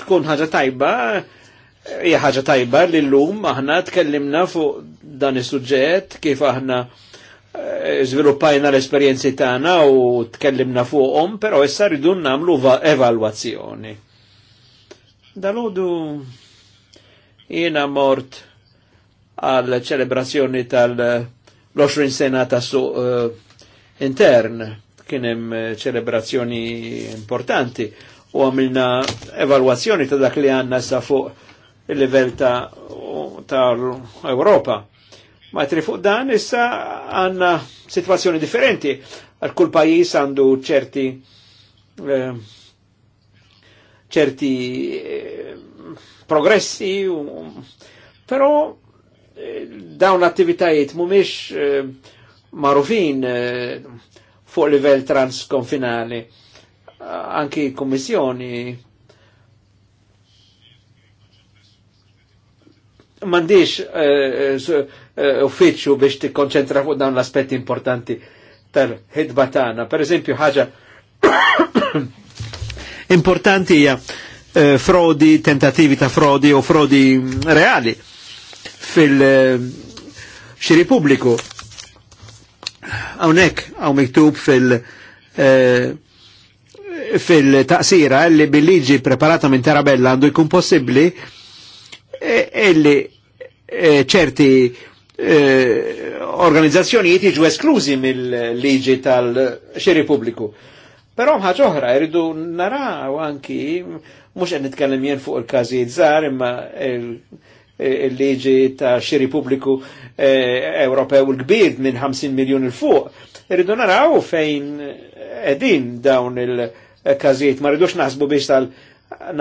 tkun ħaġa tajba, hija ħaġa tajba li llum aħna tkellimna fuq dan is-suġġett kif aħna eh, żviluppajna l-esperjenzi tagħna u tkellimna fuqhom, però issa rridu nagħmlu evalwazzjoni. Dalodu Jina mort għal ċelebrazzjoni tal-20 sena ta' su uh, eh, intern, kienem eh, ċelebrazzjoni importanti u għamilna evalwazzjoni ta' dak li għanna sa' fuq il-level ta', ta Europa. Ma tri fuq dan issa għanna situazzjoni differenti. Għal kull pajis għandu ċerti eh, ċerti eh, progressi, però eh, dawn attivitajiet mumiex eh, marufin eh, fuq livell transkonfinali. Anki kommissjoni mandiċ uffiċu eh, eh biex tikkonċentra fuq dawn l-aspetti importanti tal-ħidba tagħna. Per eżempju, ħaġa importanti hija Eh, frodi, tentativi ta' frodi u frodi reali fil-xiri eh, pubbliku. Hawnhekk hawn miktub fil- eh, fil-taqsira li bil-liġi preparata minn Tarabella għandu jkun possibbli eh, illi ċerti organizzazzjonijiet jiġu esklużi mill-liġi tal-xiri pubbliku. Però mħaġ oħra, jridu naraw anki, mux qed nitkellem jien fuq il każijiet zar, imma il-liġi ta' xiri pubbliku eh, Ewropew l-kbir minn 50 miljon il-fuq. Irridu naraw fejn edin dawn il-kazijiet, ma rridux naħsbu biex tal-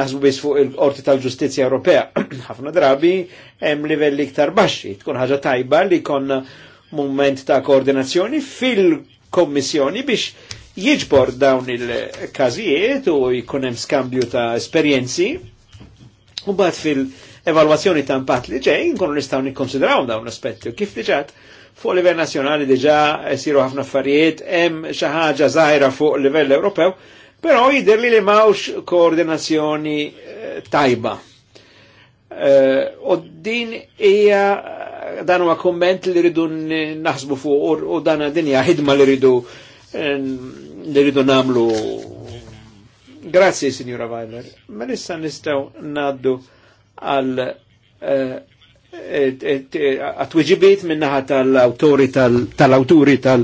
naħsbu biex fuq il-qorti tal-ġustizja Ewropea. ħafna drabi hemm livelli iktar baxxi, tkun ħaġa tajba li konna moment ta' koordinazzjoni fil-kommissjoni biex jiġbor dawn il kazijiet u jkun skambju ta' esperienzi u bat fil-evalwazzjoni ta' mpat li ġej nkunu nistaw nikkonsidraw dawn l-aspetti u kif li ġat, fuq livell nazjonali diġa siru ħafna affarijiet hemm xi ħaġa żgħira fuq livell Ewropew, però jidher li li mawx koordinazzjoni eh, tajba. Eh, u din hija dan huwa komment li rridu naħsbu fuq u dan dinja ħidma li rridu li namlu. Grazzi, signora Weiler. Ma nissa nistaw naddu għal eh, eh, għatwiġibiet minnaħa tal-autori tal-autori tal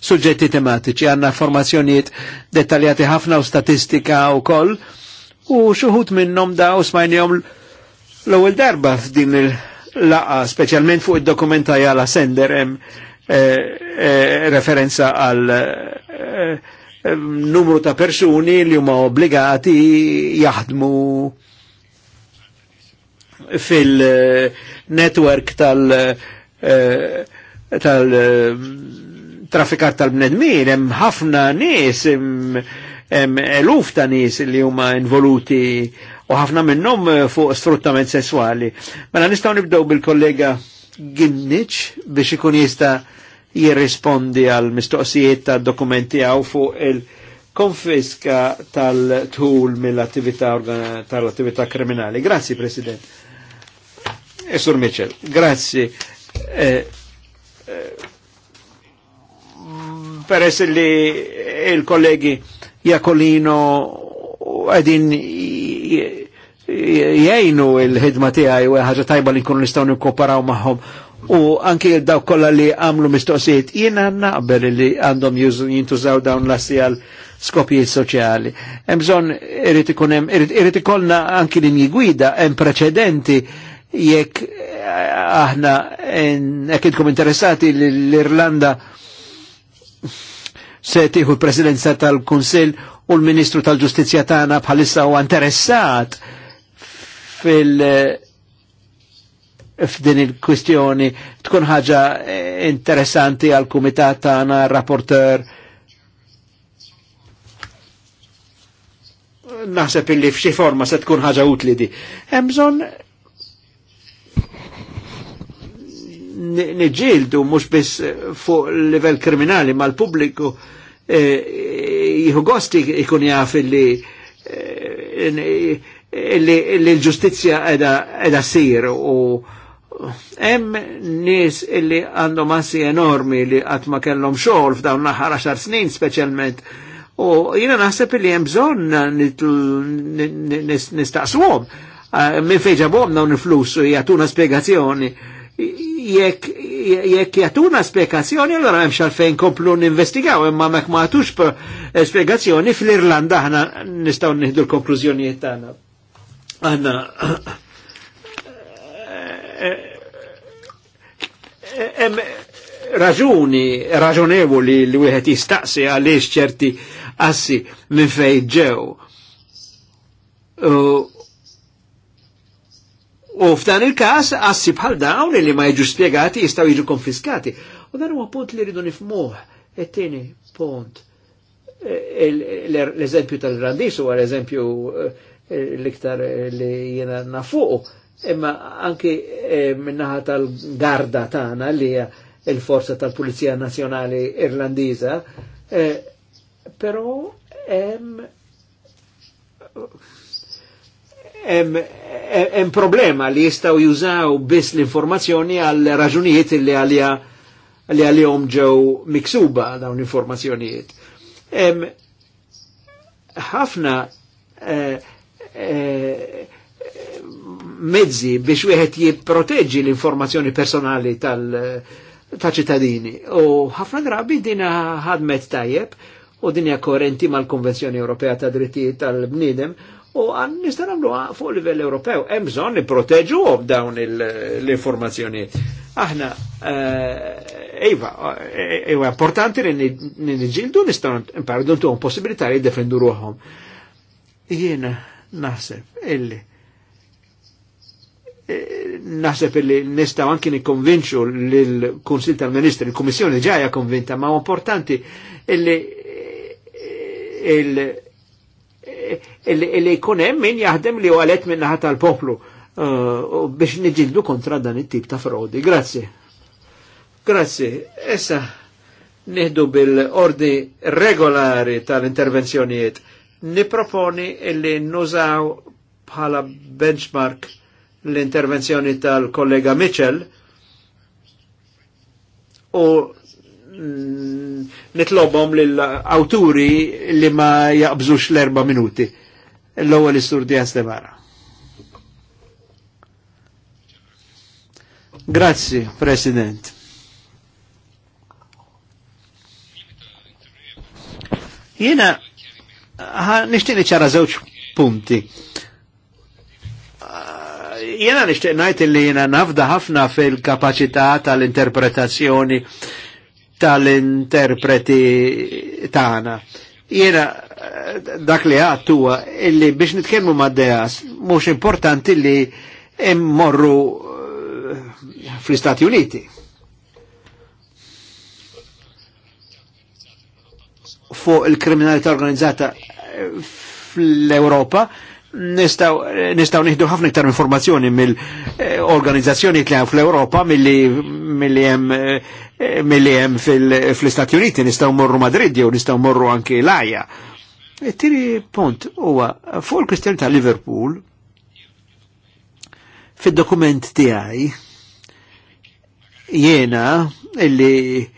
suġġetti tematiċi għanna formazzjoniet dettaljati ħafna u statistika u koll u xuħut minnom da u smajnijom l-ewel darba f'din il-laqa, specialment fuq id-dokumenta jala sender Eh, eh, referenza għal eh, numru ta' persuni li huma obbligati jaħdmu fil-network tal- tal tal-bnedmin, hemm ħafna nies, hemm eluf ta' nies li huma involuti u ħafna minnhom fuq sfruttament sessuali. Mela nistgħu nibdew bil-kollega Ginnic biex ikun jista' jirrispondi għal mistoqsijiet ta' dokumenti għaw fuq il-konfiska tal-tul mill-attività tal-attività kriminali. Grazzi, President. Esur Mitchell, grazzi. Eh, eh, Peress li il-kollegi Jakolino għedin jajnu il-ħidma tiegħi u ħaġa tajba li l-istawni nistgħu nikkoparaw u anki daw kolla li għamlu mistoqsijiet jiena naqbel li għandhom jintużaw dawn l-assi għal skopijiet soċjali. Hemm bżonn irid ikun hemm irid ikollna anki linji gwida hemm preċedenti jekk eh, aħna jekk intkom interessati l-Irlanda se tieħu l-Presidenza tal-Kunsill u l-Ministru tal-Ġustizzja tagħna bħalissa u interessat fil- f'din il-kwistjoni tkun ħaġa eh, interessanti għal kumitat tagħna rapporter naħseb illi f'xi forma se tkun ħaġa utli di. Hemm bżonn niġġieldu mhux biss fuq livell kriminali mal-pubbliku eh, jieħu gosti jkun jaf illi eh, illi l-ġustizja edha sir u Hemm nies illi għandhom assi enormi li qatt ma kellhom xogħol f'dawn l-aħħar għaxar snin speċjalment. U jiena naħseb illi hemm bżonn nistaqsuhom eh, minn fejn ġabhom dawn il-flus u jagħtuna spjegazzjoni. Jekk jagħtuna spjegazzjoni, allora hemm xalfejn komplu ninvestigaw, imma mek ma għatux spjegazzjoni fl-Irlanda aħna nistgħu nieħdu l-konklużjonijiet tagħna. Eh, eh, hemm raġuni raġonevoli li wieħed jistaqsi għaliex ċerti assi minn fejn ġew. U f'dan il-każ assi bħal dawn li ma jiġu spjegati jistgħu jiġu konfiskati. U dan huwa punt li rridu nifmuh. Et-tieni punt. E, l-eżempju tal randis huwa l-eżempju e, l-iktar li jiena nafuq imma anki eh, minnaħa tal-garda tagħna li hija il-forza tal-Pulizija Nazzjonali Irlandiża, eh, però hemm problema li jistgħu jużaw biss l-informazzjoni għal raġunijiet li għalija li għalihom ġew miksuba dawn l-informazzjonijiet. Ħafna eh, mezzi biex wieħed jipproteġġi l-informazzjoni personali tal- ta' ċittadini. U ħafna drabi dina ħadmet tajjeb u dinja korrenti mal-Konvenzjoni Ewropea ta' dritti tal-Bniedem u għan nistanamlu fuq livell Ewropew. Hemm bżonn nipproteġu dawn l-informazzjonijiet. Aħna, ejva, eh, ejva, eh, importanti li nġildu nistgħu nparadu ntuhom possibilità li jiddefendu Jiena naħseb illi naħseb li nistaw anki nikkonvinċu l konsil tal-Ministri, l komissjoni ġaja konvinta, ma importanti eh, eh, illi illi jkun hemm min jahdem li għalet minn naħa tal-poplu eh, biex nġildu kontra dan it-tip ta' frodi. Grazie. Grazie. Essa neħdu bil-ordi regolari tal-intervenzjonijiet. Niproponi illi nużaw bħala benchmark l-intervenzjoni tal-kollega Mitchell u nitlobhom lill-awturi li ma jaqbżux l-erba minuti. L-ewwel istur Dias de Grazzi, President. Jena, nishtini ċara żewġ punti Jena nishtiq najt li jena nafda ħafna fil-kapacità tal-interpretazzjoni tal-interpreti tagħna. Jena dak li għattuwa illi biex nitkellmu maddejas, mux mhux importanti li immorru eh, fl-Istati Uniti. Fuq il-kriminalità organizzata eh, fl-Europa, nistaw nistaw nieħdu ħafna iktar informazzjoni mill-organizzazzjoni li fl europa milli li hemm milli hemm eh, fl-Istati Uniti nistgħu morru Madrid jew nistgħu morru anki l-Aja. E tiri punt huwa fuq il-Kristjan ta' Liverpool fid-dokument tiegħi jena illi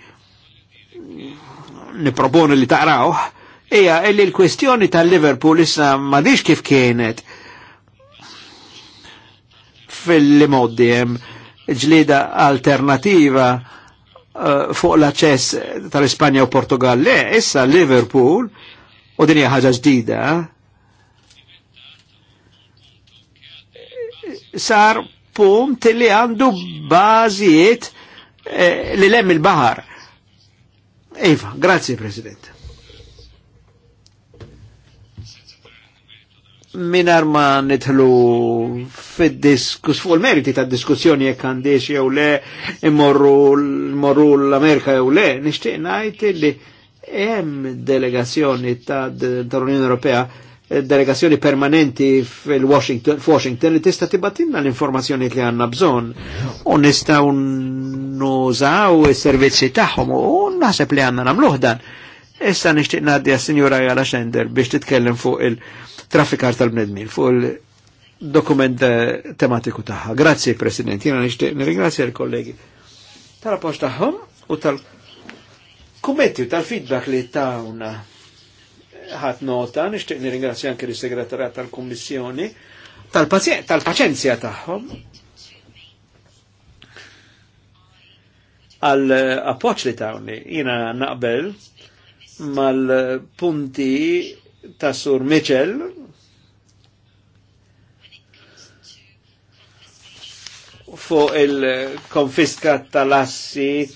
niproponi li taqrawh Eja, li l-kwestjoni tal-Liverpool issa ma dix kif kienet fil moddi jem ġlida alternativa uh, fuq l-aċċess tal-Ispanja u Portugal. Le, issa Liverpool, u dinja hija ħaġa ġdida, sar punt li għandu bażijiet eh, li lem il-bahar. Iva, grazie Presidente. minar ma nitħlu fil-diskus, fuq il-meriti ta' diskussjoni jek għandix jew le, immorru l-Amerika jew le, nishtiq najt li hemm delegazzjoni ta' l-Unjoni Ewropea, eh, delegazzjoni permanenti fil-Washington, Washington li tista' tibatinna l-informazzjoni li għandna bżonn u nistgħu nużaw is-servizzi tagħhom u naħseb li għandna nagħmluh dan. Issa nixtieq ngħaddi għas-Sinjura Jala Xender biex titkellem fuq il- traffikar tal-bnedmin fuq il-dokument eh, tematiku tagħha. Grazzi President, jena nixtieq nirringrazzja l-kollegi tal-appoġġ tagħhom u tal-kummenti u tal-feedback li taħuna ħat nota, nixtieq nirringrazzja anke l-Segretarjat tal-Kummissjoni tal-paċenzja tagħhom għal eh, appoċ li taħuni jena naqbel mal-punti ta' Sur Mitchell fuq il-konfiska tal-assi,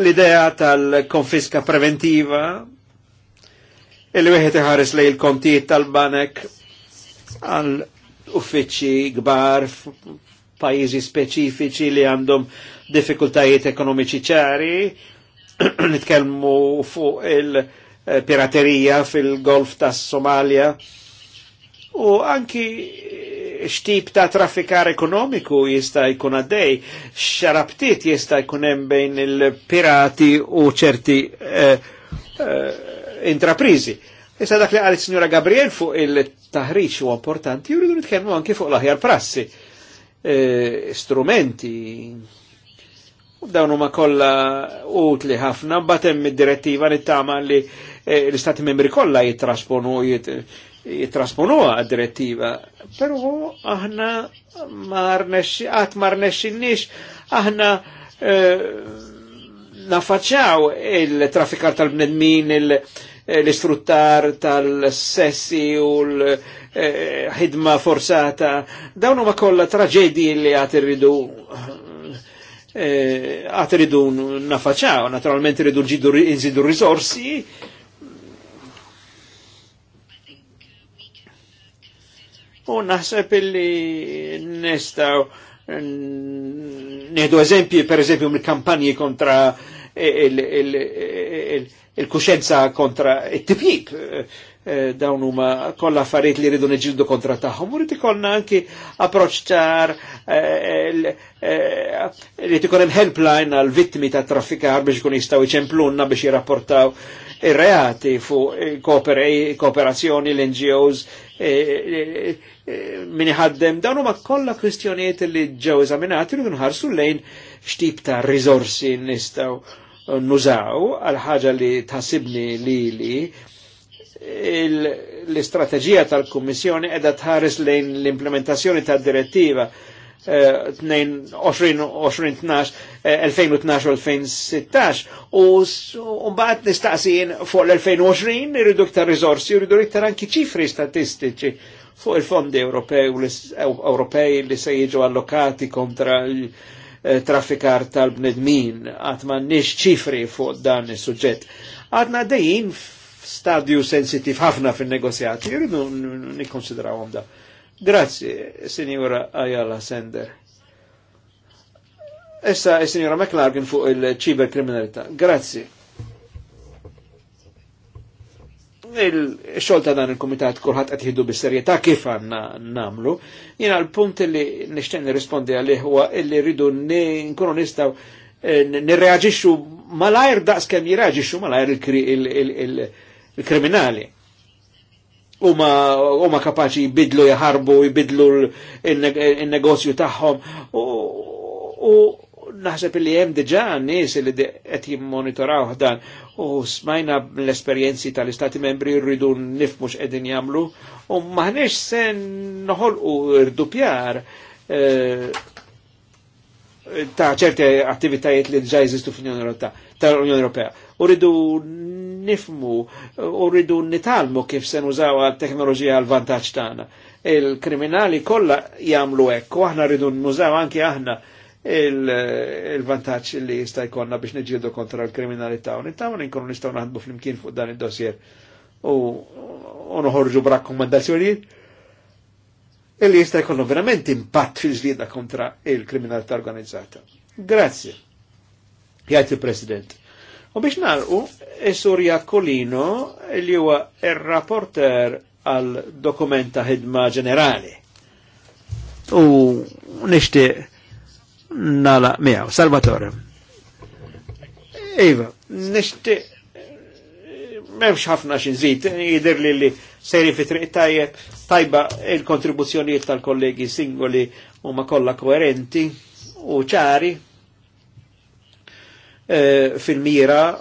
l-idea tal-konfiska preventiva, il-wieħed ħares li il-kontijiet tal-banek għal uffiċi gbar pajizi speċifiċi li għandhom diffikultajiet ekonomiċi ċari, nitkelmu fuq il-piraterija fil-golf tas Somalia u anki xtip ta' traffikar ekonomiku jista' jkun għaddej, xarabtiet jista' jkun hemm bejn il-pirati u ċerti eh, eh, intraprizi. Issa dak li għal signora Gabriel fuq il-taħriġ u importanti, jridu nitkellmu anke fuq l-aħjar prassi, eh, strumenti, dawnu ma kolla kollha utli ħafna, batem id-direttiva li tama li l-istati membri kollha jittrasponu jit, għad direttiva, pero aħna marnexi, għat ma nix, aħna eh, nafaċċaw il trafikar tal-bnedmin, eh, l-istruttar tal-sessi u l-ħidma eh, forzata, dawnu ma kolla traġedji li għat irridu eh, għat irridu nafaċaw, naturalment irridu nżidu risorsi, u naħseb illi nistaw nieħdu eżempji per eżempju mill-kampanji kontra il-kuxenza kontra it-tipjib Eh, dawn huma kollha affarijiet li rridu niġildu kontra tagħhom. Urid ikollna anki approċċ ċar li eh, eh, ikun hemm helpline għal vittmi ta' traffikar biex ikun jistgħu jċemplunna biex jirrapportaw ir-reati fuq kooperazzjoni l-NGOs min iħaddem dawn huma kollha kwistjonijiet li ġew eżaminati rridu nħarsu lejn x'tip ta' rizorsi nistgħu nużaw għal ħaġa li tasibni lili l-istrateġija tal-Kummissjoni edha tħares lejn l-implementazzjoni tad-direttiva 2012-2016 eh, eh, u mbaħt nistaqsijin fuq l-2020 irridu iktar riżorsi, irridu iktar anki ċifri statistiċi fuq il-fondi Ewropej li se jiġu allokati kontra eh, traffikar tal-bnedmin, għatman nix ċifri fuq dan il-sujġet Għadna dejjin stadju sensitiv ħafna fin-negozjati, irridu nikkonsidrawhom da. Grazie, Signora Ayala Sender. Essa, eh, Sinjura McLaren, fuq il-ċiber kriminalità. il-xolta dan il-komitat kurħat għatħiddu bis-serjetà kif għanna namlu. Jiena l-punt li nishtenni rispondi għalli huwa illi rridu nkunu nistgħu eh, nirreaġixxu malajr daqs kem jiraġixxu malajr il-kriminalità kriminali. Uma, uma kapaċi jibidlu jaharbu, jibidlu il-negozju taħħom. u naħseb li jem diġa nis li għet jimmonitoraw dan u smajna l esperienzi tal-Istati membri rridu nifmu x'qegħdin jamlu u maħnex sen noħol u rridu pjar eh, ta' ċerti attivitajiet li ġa fl-Unjoni Europea. U rridu nifmu u rridu nitalmu kif se nużaw għal-teknoloġija għal-vantaġġ tagħna. Il-kriminali kollha jagħmlu hekk u aħna rridu nużaw anki aħna il-vantaġġ il li jista' jkollna biex niġġieldu kontra l-kriminalità kriminali u nittama nkunu nistgħu naħdmu flimkien fuq dan id-dossier u noħorġu b'rakkomandazzjonijiet illi jista' jkollu verament impatt fil-ġlieda kontra il-kriminalità organizzata. Grazzi. Jgħid il-President. U biex narqu, Surja Kolino li huwa il rapporter għal dokumenta ħidma ġenerali. U nishti nala miaw, Salvatore. Iva, nishti m'hemmx ħafna xi nżid, jidher li li seri fitri tajjeb tajba il-kontribuzzjonijiet tal-kollegi singoli huma kollha koerenti u ċari Eh, fil-mira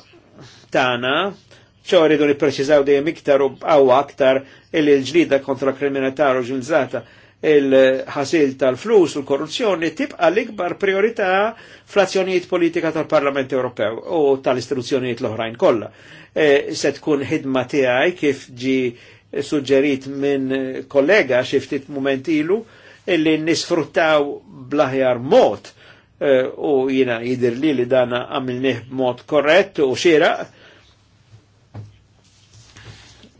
tagħna ċo rridu preċizaw dejjem iktar u għaw aktar il l-ġlida kontra kriminalità roġilżata il-ħasil tal-flus u l-korruzzjoni tibqa l-ikbar priorità fl-azzjonijiet politika tal-Parlament Ewropew u tal-istituzzjonijiet l-oħrajn kollha. E, se tkun ħidma tiegħi kif ġi suġġerit minn kollega xi ftit moment ilu illi nisfruttaw blaħjar mod Eh, u jina jidir li li dana għamilnih mod korrett u xira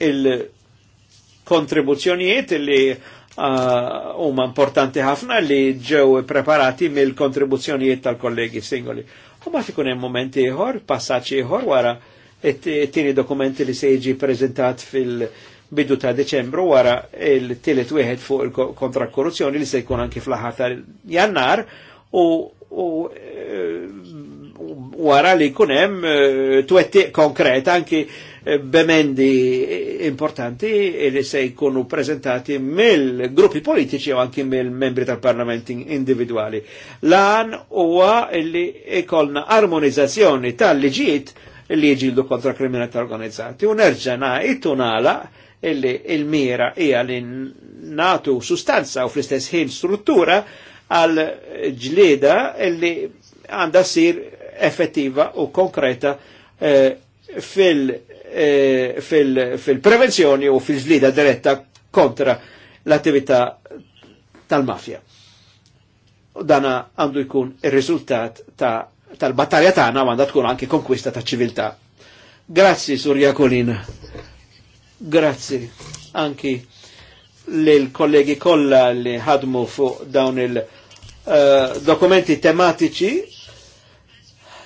il-kontribuzzjonijiet li ah, huma uh, importanti ħafna li ġew preparati mill-kontribuzzjonijiet tal-kollegi singoli. U ma tikun hemm momenti ieħor, passaġġ ieħor wara it-tieni dokumenti li se jiġi preżentat fil-bidu ta' Deċembru wara il-tielet wieħed fuq il-kontra korruzzjoni li se jkun anki fl-aħħar Jannar u u għara eh, li kunem eh, twetti konkret anki eh, bemendi importanti li se jkunu prezentati mill-gruppi politiċi u anki mill-membri tal-parlament individuali. Lan huwa li ikolna armonizzazzjoni tal liġijiet li jġildu kontra kriminalità organizzati. U nerġana it-tunala illi il-mira hija li natu sustanza u fl-istess ħin struttura għal ġlida illi għanda sir effettiva u konkreta eh, eh, fil-prevenzjoni u fil-ġlida diretta kontra l-attività tal-mafja. U dana għandu jkun il rizultat tal-battalja tagħna għandha tkun anke konkwista ta' ċiviltà. Grazzi, Surja Jakolin. Grazzi anki lil kollegi kolla li ħadmu fuq dawn il- Eh, dokumenti tematiċi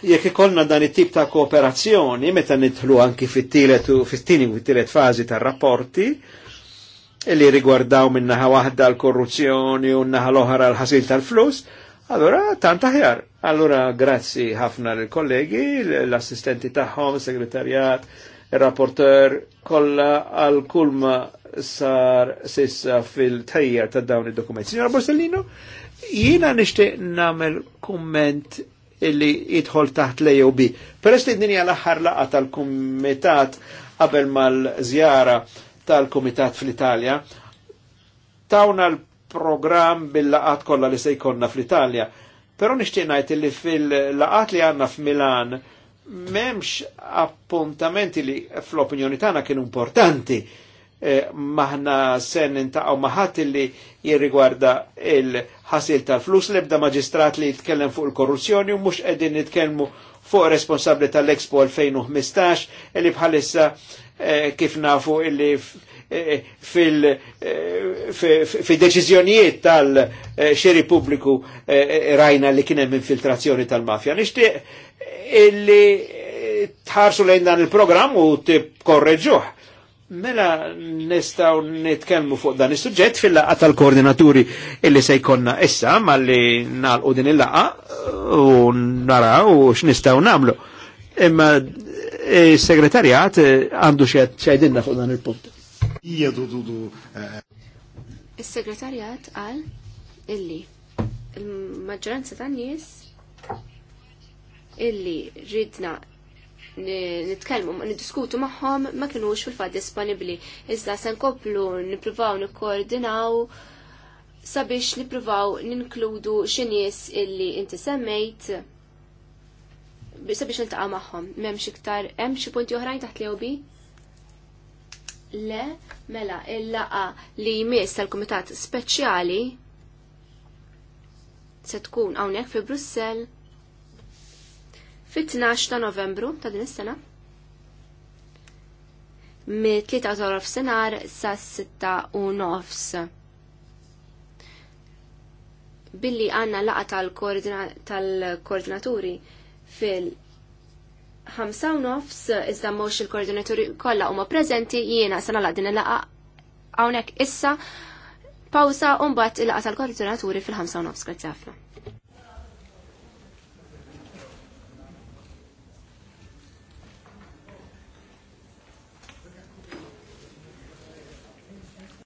jekk ikollna dan it-tip ta' kooperazzjoni meta nidħlu anki fit-tielet u fit-tieni u fit-tielet fażi tar-rapporti e li rigwardaw naħa waħda l-korruzzjoni u naħa l-oħra l-ħasil tal-flus, allora tant aħjar. Allora grazzi ħafna l-kollegi, l-assistenti tagħhom, segretarjat, il-rapporter, kollha għal kulma sar sissa fil-tajja ta' dawn id-dokumenti. Signora Borsellino, Jiena nixtieq nagħmel kumment illi jidħol taħt l bi. Peress li d-dinja l-aħħar laqa tal-kumitat qabel mal-żjara tal-kumitat fl-Italja, tawna l-programm bil-laqat kollha li se jkollna fl-Italja. Però nixtieq ngħid illi fil-laqat li għandna f'Milan m'hemmx appuntamenti li fl-opinjoni tagħna kienu importanti eh, maħna sen intaqgħu maħat illi jirrigwarda il- ħasil tal-flus lebda maġistrat li jitkellem fuq il-korruzzjoni u mux edin nitkellmu fuq responsabli tal-Expo 2015 li bħalissa eh, kif nafu illi eh, fil-deċizjonijiet eh, tal-xeri pubbliku rajna li kienem infiltrazzjoni tal-mafja. Nishtiq illi tħarsu lejn dan il-programm u t-korreġuħ Mela nistaw nitkellmu fuq dan is-suġġett fil-laqgħa tal-koordinaturi illi se jkollna issa malli nagħlqu din il-laqgħa u naraw x'nistgħu nagħmlu. Imma is-segretarjat e, e, għandu xi xejdinna fuq dan il-punt. E, is-segretarjat qal illi il-maġġoranza tan-nies illi ridna nitkellmu niddiskutu magħhom ma kinux fil-fatt disponibbli. Iżda se koplu nippruvaw nikkoordinaw sabiex nippruvaw ninkludu xi nies illi inti semmejt sabiex niltaqa' magħhom. Memx iktar hemm xi punti oħrajn taħt lewbi? Le, mela, il-laqa li jmiss tal-Kumitat Speċjali se tkun hawnhekk fi Brussell fit-12 ta' novembru ta' din is-sena. Mi 3.000 senar sa' 6 u nofs. Billi għanna laqa tal-koordinaturi fil- ħamsa u nofs, iżda mhux il-koordinaturi kollha huma preżenti jiena sena laqa din il-laqa hawnhekk issa pausa u mbagħad il-laqa tal-koordinaturi fil-ħamsa u nofs. ħafna.